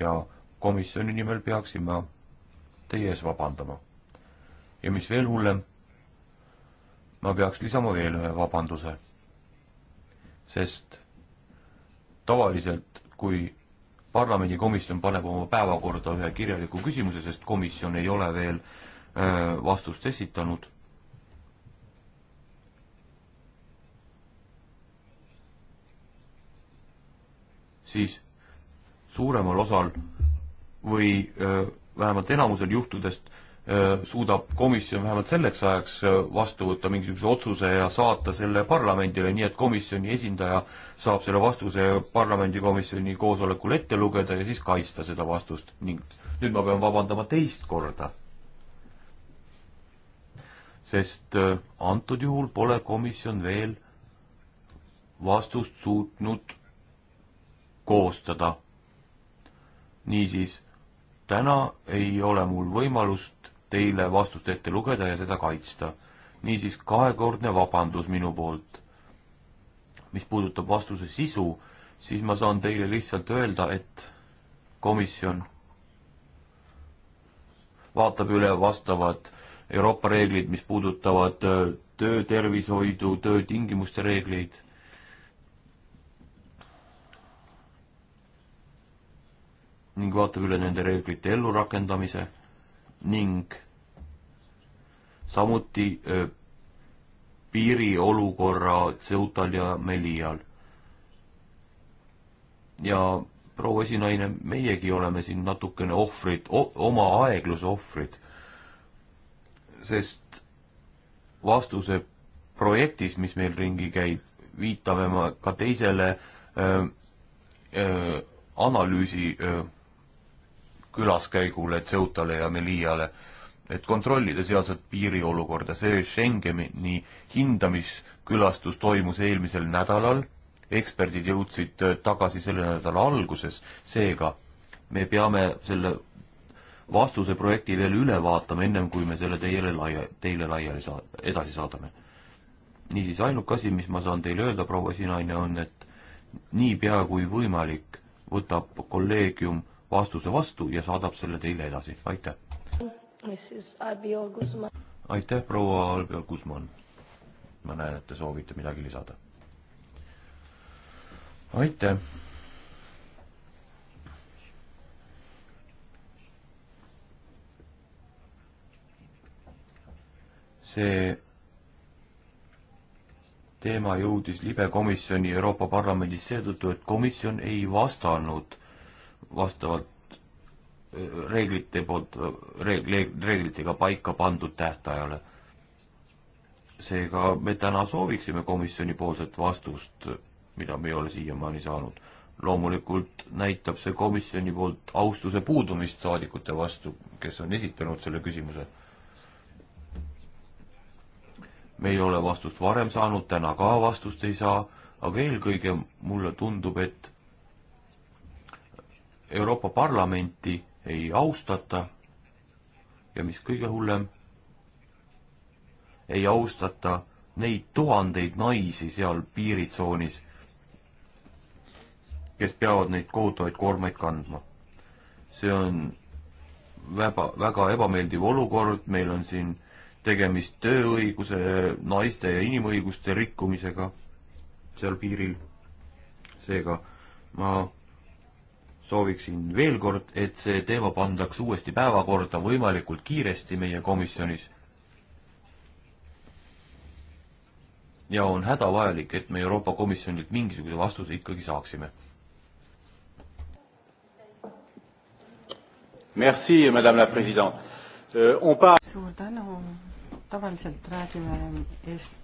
ja komisjoni nimel peaksin ma teie ees vabandama. ja mis veel hullem, ma peaks lisama veel ühe vabanduse. sest tavaliselt, kui parlamendikomisjon paneb oma päevakorda ühe kirjaliku küsimuse, sest komisjon ei ole veel öö, äh, vastust esitanud, siis suuremal osal või vähemalt enamusel juhtudest suudab komisjon vähemalt selleks ajaks vastu võtta mingisuguse otsuse ja saata selle parlamendile, nii et komisjoni esindaja saab selle vastuse parlamendikomisjoni koosolekul ette lugeda ja siis kaitsta seda vastust ning nüüd ma pean vabandama teist korda. sest antud juhul pole komisjon veel vastust suutnud koostada. niisiis täna ei ole mul võimalust teile vastust ette lugeda ja teda kaitsta. niisiis kahekordne vabandus minu poolt. mis puudutab vastuse sisu, siis ma saan teile lihtsalt öelda, et komisjon vaatab üle vastavad Euroopa reeglid, mis puudutavad äh, töötervishoidu, töötingimuste reegleid ning vaatab üle nende reeglite ellurakendamise ning samuti öö, piiriolukorra Ceutal ja Melial. ja proua esinaine, meiegi oleme siin natukene ohvrid, oma aegluse ohvrid, sest vastuse projektis, mis meil ringi käib, viitame ma ka teisele öö, öö, analüüsi öö, külaskäigule Ceutale ja Meliale, et kontrollida sealset piiriolukorda. see Schengeni hindamiskülastus toimus eelmisel nädalal, eksperdid jõudsid äh, tagasi selle nädala alguses, seega me peame selle vastuse projekti veel üle vaatama, ennem kui me selle teile laia, teile laiali saa-, edasi saadame. niisiis, ainuke asi, mis ma saan teile öelda, proua Sinaine, on, et niipea kui võimalik, võtab kolleegium vastuse vastu ja saadab selle teile edasi, aitäh. aitäh, proua Albiol Guzman. ma näen, et te soovite midagi lisada. aitäh. see teema jõudis libekomisjoni Euroopa Parlamendis seetõttu, et komisjon ei vastanud vastavalt eh, reeglite poolt, reeglitega paika pandud tähtajale. seega me täna sooviksime komisjonipoolset vastust, mida me ei ole siiamaani saanud. loomulikult näitab see komisjoni poolt austuse puudumist saadikute vastu, kes on esitanud selle küsimuse. me ei ole vastust varem saanud, täna ka vastust ei saa, aga eelkõige mulle tundub, et Euroopa Parlamenti ei austata ja mis kõige hullem, ei austata neid tuhandeid naisi seal piiritsoonis, kes peavad neid kohutavaid koormaid kandma. see on väga, väga ebameeldiv olukord, meil on siin tegemist tööõiguse, naiste ja inimõiguste rikkumisega seal piiril. seega ma sooviksin veel kord, et see teema pandaks uuesti päevakorda võimalikult kiiresti meie komisjonis. ja on hädavajalik, et me Euroopa Komisjonilt mingisuguse vastuse ikkagi saaksime. Merci, madame la president uh,. On pa-. suur tänu tavaliselt räägime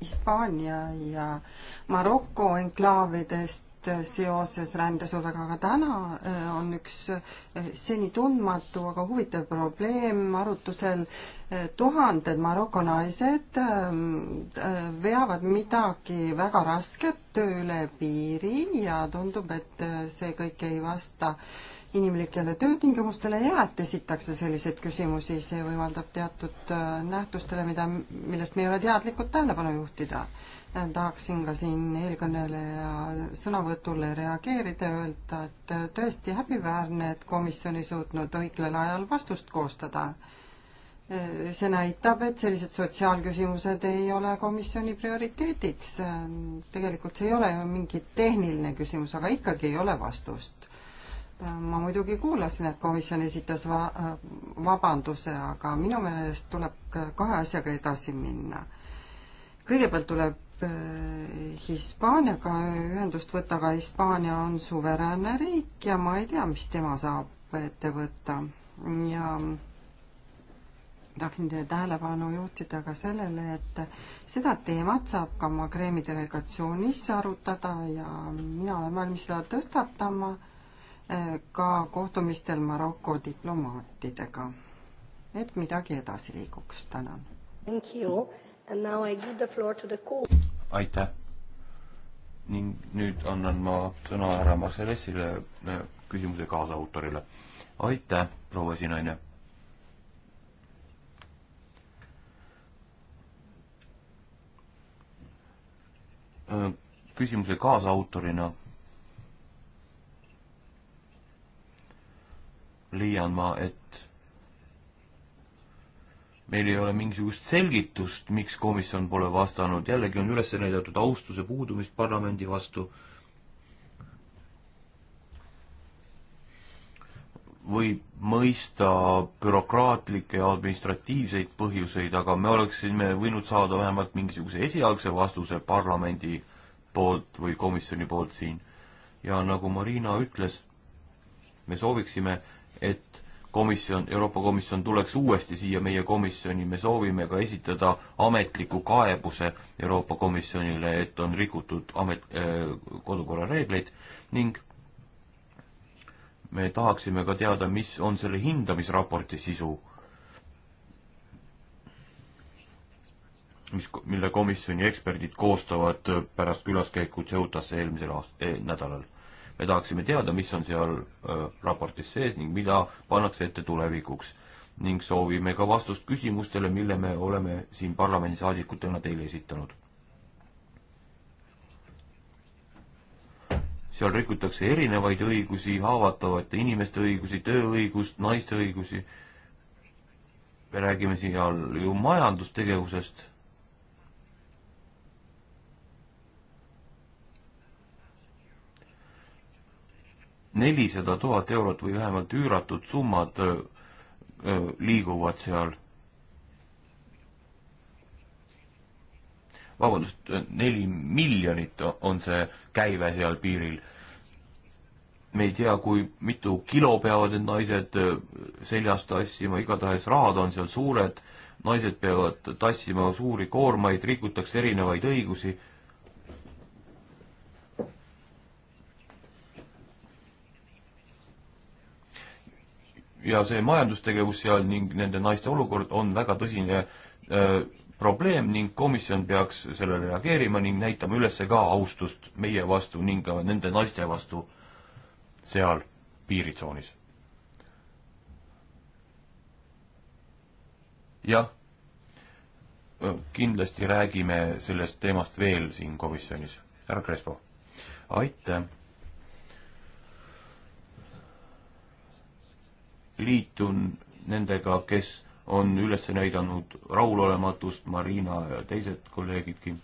Hispaania ja Maroko enklaavidest seoses rändesurvega, aga täna äh, on üks äh, seni tundmatu, aga huvitav probleem arutusel. Äh, tuhanded Maroko naised ähm, veavad midagi väga rasket üle piiri ja tundub, et see kõik ei vasta inimlikele töötingimustele ja et esitakse selliseid küsimusi, see võimaldab teatud nähtustele, mida, millest me ei ole teadlikud, tähelepanu juhtida tahaksin ka siin eelkõneleja sõnavõtule reageerida ja öelda, et tõesti häbiväärne, et komisjon ei suutnud õigel ajal vastust koostada. see näitab, et sellised sotsiaalküsimused ei ole komisjoni prioriteediks. tegelikult see ei ole ju mingi tehniline küsimus, aga ikkagi ei ole vastust. ma muidugi kuulasin, et komisjon esitas va-, vabanduse, aga minu meelest tuleb kahe asjaga edasi minna kõigepealt tuleb Äh, Hispaaniaga ühendust võtta, aga Hispaania on suveräänne riik ja ma ei tea, mis tema saab ette võtta. ja tahaksin teie tähelepanu juhtida ka sellele, et seda teemat saab ka Magreemi delegatsioonis arutada ja mina olen valmis seda tõstatama äh, ka kohtumistel Maroko diplomaatidega, et midagi edasi liiguks. tänan. Thank you And now I give the floor to the call. aitäh. ning nüüd annan ma sõna härra Marcellesile, äh, küsimuse kaasautorile. aitäh, proua esinaine. Äh, küsimuse kaasautorina leian ma, et meil ei ole mingisugust selgitust, miks komisjon pole vastanud, jällegi on üles näidatud austuse puudumist parlamendi vastu. võib mõista bürokraatlikke ja administratiivseid põhjuseid, aga me oleksime võinud saada vähemalt mingisuguse esialgse vastuse parlamendi poolt või komisjoni poolt siin. ja nagu Marina ütles, me sooviksime, et komisjon, Euroopa Komisjon tuleks uuesti siia meie komisjoni, me soovime ka esitada ametliku kaebuse Euroopa Komisjonile, et on rikutud amet äh,, kodukorra reegleid ning me tahaksime ka teada, mis on selle hindamisraporti sisu, mis, mille komisjoni eksperdid koostavad pärast külaskäiku Ceutas eelmisel aast-, eh, nädalal me tahaksime teada, mis on seal äh, raportis sees ning mida pannakse ette tulevikuks. ning soovime ka vastust küsimustele, mille me oleme siin parlamendisaadikutena teile esitanud. seal rikutakse erinevaid õigusi, haavatavate inimeste õigusi, tööõigust, naiste õigusi, me räägime siin ju majandustegevusest nelisada tuhat eurot või vähemalt üüratud summad liiguvad seal. vabandust, neli miljonit on see käive seal piiril. me ei tea, kui mitu kilo peavad need naised seljas tassima, igatahes rahad on seal suured, naised peavad tassima suuri koormaid, rikutakse erinevaid õigusi ja see majandustegevus seal ning nende naiste olukord on väga tõsine öö, äh, probleem ning komisjon peaks sellele reageerima ning näitama üles ka austust meie vastu ning ka nende naiste vastu seal piiritsoonis. jah, äh, kindlasti räägime sellest teemast veel siin komisjonis. härra Crespo, aitäh! liitun nendega, kes on üles näidanud rahulolematust, Marina ja teised kolleegidki.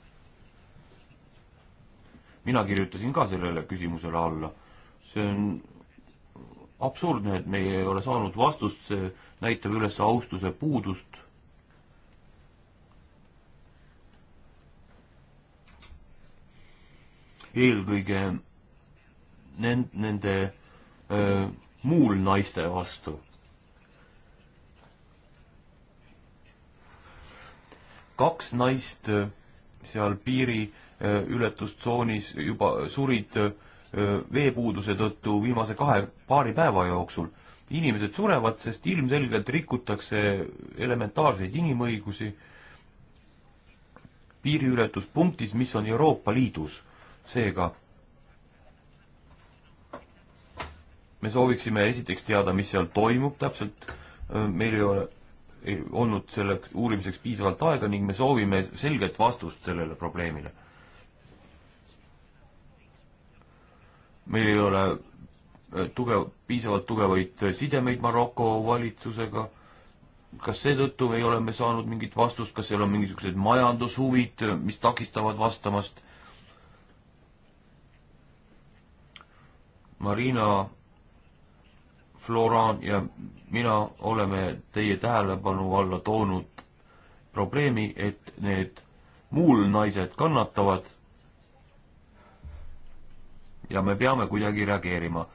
mina kirjutasin ka sellele küsimusele alla. see on absurdne, et meie ei ole saanud vastust, see näitab üles austuse puudust. eelkõige nend-, nende öö, muul naiste vastu. kaks naist äh, seal piiriületustsoonis äh, juba surid äh, veepuuduse tõttu viimase kahe, paari päeva jooksul. inimesed surevad, sest ilmselgelt rikutakse elementaarseid inimõigusi piiriületuspunktis, mis on Euroopa Liidus. seega me sooviksime esiteks teada, mis seal toimub täpselt, äh, meil ei ole ei olnud selleks uurimiseks piisavalt aega ning me soovime selget vastust sellele probleemile. meil ei ole äh, tugev, piisavalt tugevaid sidemeid Maroko valitsusega, kas seetõttu ei ole me saanud mingit vastust, kas seal on mingisugused majandushuvid, äh, mis takistavad vastamast? Marina Floran ja mina oleme teie tähelepanu alla toonud probleemi, et need muul naised kannatavad ja me peame kuidagi reageerima.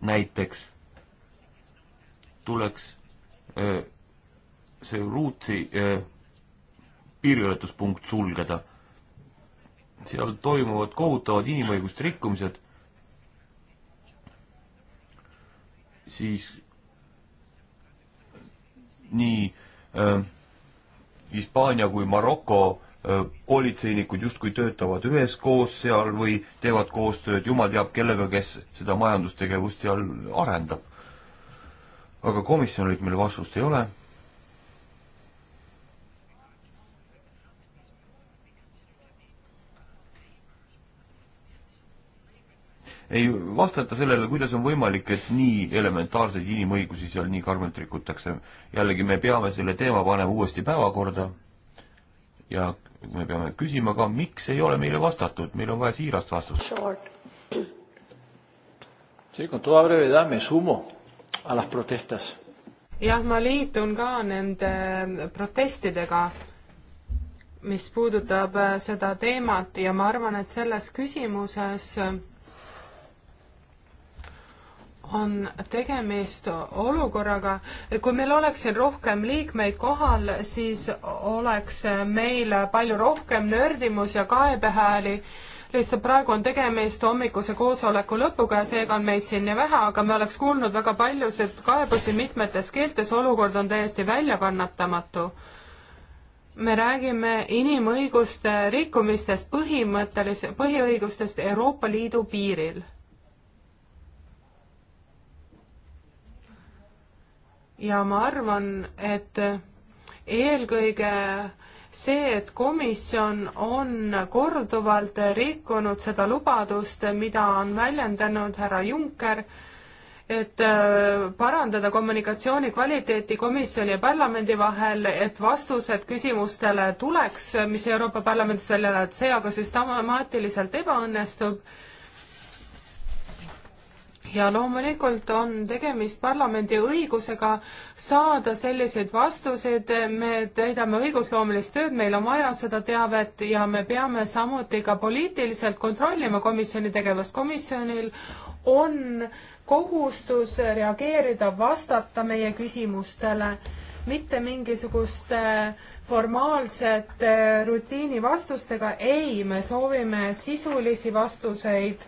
näiteks tuleks äh, see Ruutsi äh, piiriületuspunkt sulgeda. seal toimuvad kohutavad inimõiguste rikkumised siis nii äh, Hispaania äh, kui Maroko äh, politseinikud justkui töötavad üheskoos seal või teevad koostööd jumal teab kellega, kes seda majandustegevust seal arendab. aga komisjonilt meil vastust ei ole ei vastata sellele, kuidas on võimalik, et nii elementaarseid inimõigusi seal nii karmilt rikutakse. jällegi, me peame selle teema panema uuesti päevakorda ja me peame küsima ka, miks ei ole meile vastatud, meil on vaja siirast vastust. jah, ma liitun ka nende protestidega mis puudutab äh, seda teemat ja ma arvan, et selles küsimuses on tegemist olukorraga, kui meil oleks siin rohkem liikmeid kohal, siis oleks meil palju rohkem nördimus ja kaebehääli. lihtsalt praegu on tegemist hommikuse koosoleku lõpuga ja seega on meid siin nii vähe, aga me oleks kuulnud väga paljusid kaebusi mitmetes keeltes, olukord on täiesti väljakannatamatu me räägime inimõiguste rikkumistest põhimõttelise, põhiõigustest Euroopa Liidu piiril ja ma arvan, et eelkõige see, et komisjon on korduvalt rikkunud seda lubadust, mida on väljendanud härra Juncker, et äh, parandada kommunikatsiooni kvaliteeti komisjoni ja parlamendi vahel, et vastused küsimustele tuleks, mis Euroopa Parlamendist välja lähevad, see aga süstemaatiliselt ebaõnnestub ja loomulikult on tegemist parlamendi õigusega saada selliseid vastuseid, me täidame õigusloomelist tööd, meil on vaja seda teavet ja me peame samuti ka poliitiliselt kontrollima komisjoni tegevust. komisjonil on kohustus reageerida, vastata meie küsimustele, mitte mingisuguste formaalsete rutiini vastustega, ei, me soovime sisulisi vastuseid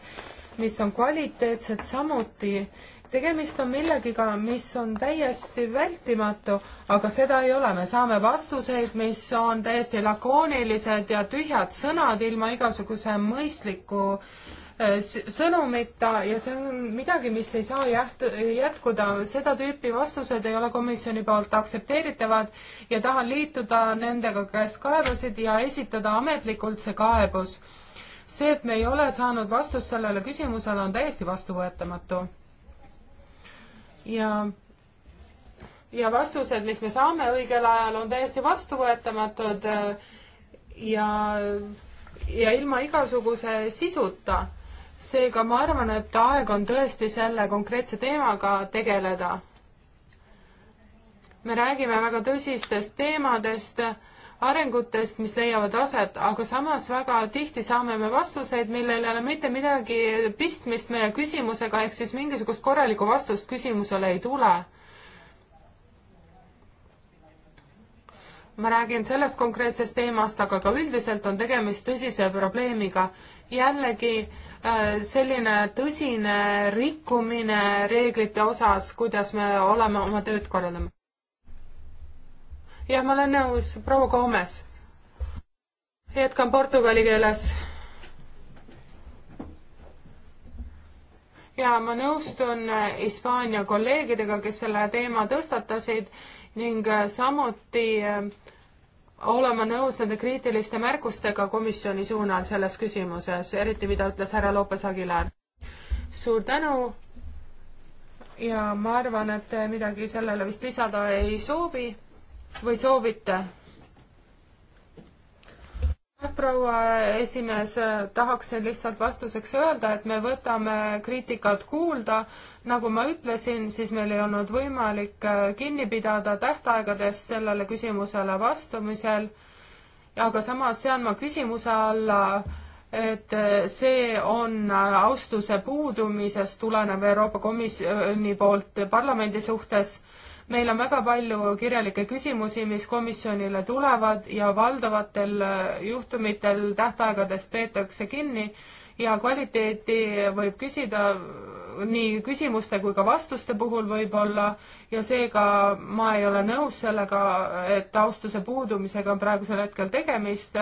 mis on kvaliteetsed samuti. tegemist on millegiga, mis on täiesti vältimatu, aga seda ei ole, me saame vastuseid, mis on täiesti lakoonilised ja tühjad sõnad ilma igasuguse mõistliku äh, sõnumita ja see on midagi, mis ei saa jäht-, jätkuda, seda tüüpi vastused ei ole komisjoni poolt aktsepteeritavad ja tahan liituda nendega, kes kaebasid ja esitada ametlikult see kaebus see, et me ei ole saanud vastust sellele küsimusele, on täiesti vastuvõetamatu. ja, ja vastused, mis me saame õigel ajal, on täiesti vastuvõetamatud ja, ja ilma igasuguse sisuta. seega ma arvan, et aeg on tõesti selle konkreetse teemaga tegeleda me räägime väga tõsistest teemadest arengutest, mis leiavad aset, aga samas väga tihti saame me vastuseid, millel ei ole mitte midagi pistmist meie küsimusega, ehk siis mingisugust korralikku vastust küsimusele ei tule. ma räägin sellest konkreetsest teemast, aga ka üldiselt on tegemist tõsise probleemiga. jällegi äh, selline tõsine rikkumine reeglite osas, kuidas me oleme oma tööd korraldanud jah, ma olen nõus, proua Gomes. jätkan portugali keeles. ja ma nõustun äh, Hispaania kolleegidega, kes selle teema tõstatasid ning äh, samuti äh, olema nõus nende kriitiliste märkustega komisjoni suunal selles küsimuses, eriti mida ütles härra Lopes Aguilar. suur tänu ja ma arvan, et midagi sellele vist lisada ei soovi või soovite? proua esimees, tahaksin lihtsalt vastuseks öelda, et me võtame kriitikat kuulda. nagu ma ütlesin, siis meil ei olnud võimalik äh, kinni pidada tähtaegadest sellele küsimusele vastamisel. aga samas sean ma küsimuse alla, et äh, see on äh, austuse puudumisest tulenev Euroopa Komisjoni poolt parlamendi suhtes meil on väga palju kirjalikke küsimusi, mis komisjonile tulevad ja valdavatel äh, juhtumitel tähtaegadest peetakse kinni ja kvaliteeti võib küsida nii küsimuste kui ka vastuste puhul võib-olla ja seega ma ei ole nõus sellega, et austuse puudumisega on praegusel hetkel tegemist.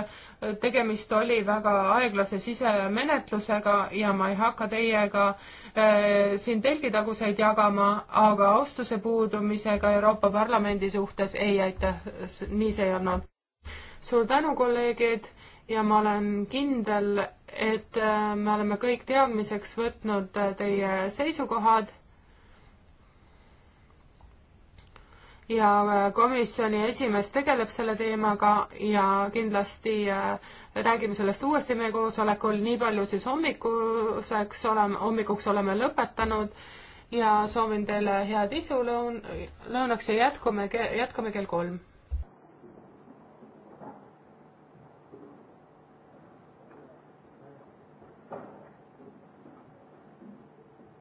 tegemist oli väga aeglase sisemenetlusega ja ma ei hakka teiega äh, siin telgitaguseid jagama, aga austuse puudumisega Euroopa Parlamendi suhtes ei aitäh, nii see ei olnud. suur tänu, kolleegid ja ma olen kindel, et äh, me oleme kõik teadmiseks võtnud äh, teie seisukohad ja äh, komisjoni esimees tegeleb selle teemaga ja kindlasti räägime sellest uuesti meie koosolekul, nii palju siis hommikuseks oleme, hommikuks oleme lõpetanud ja soovin teile head isu lõun-, lõunaks ja jätkume, jätkame kell kolm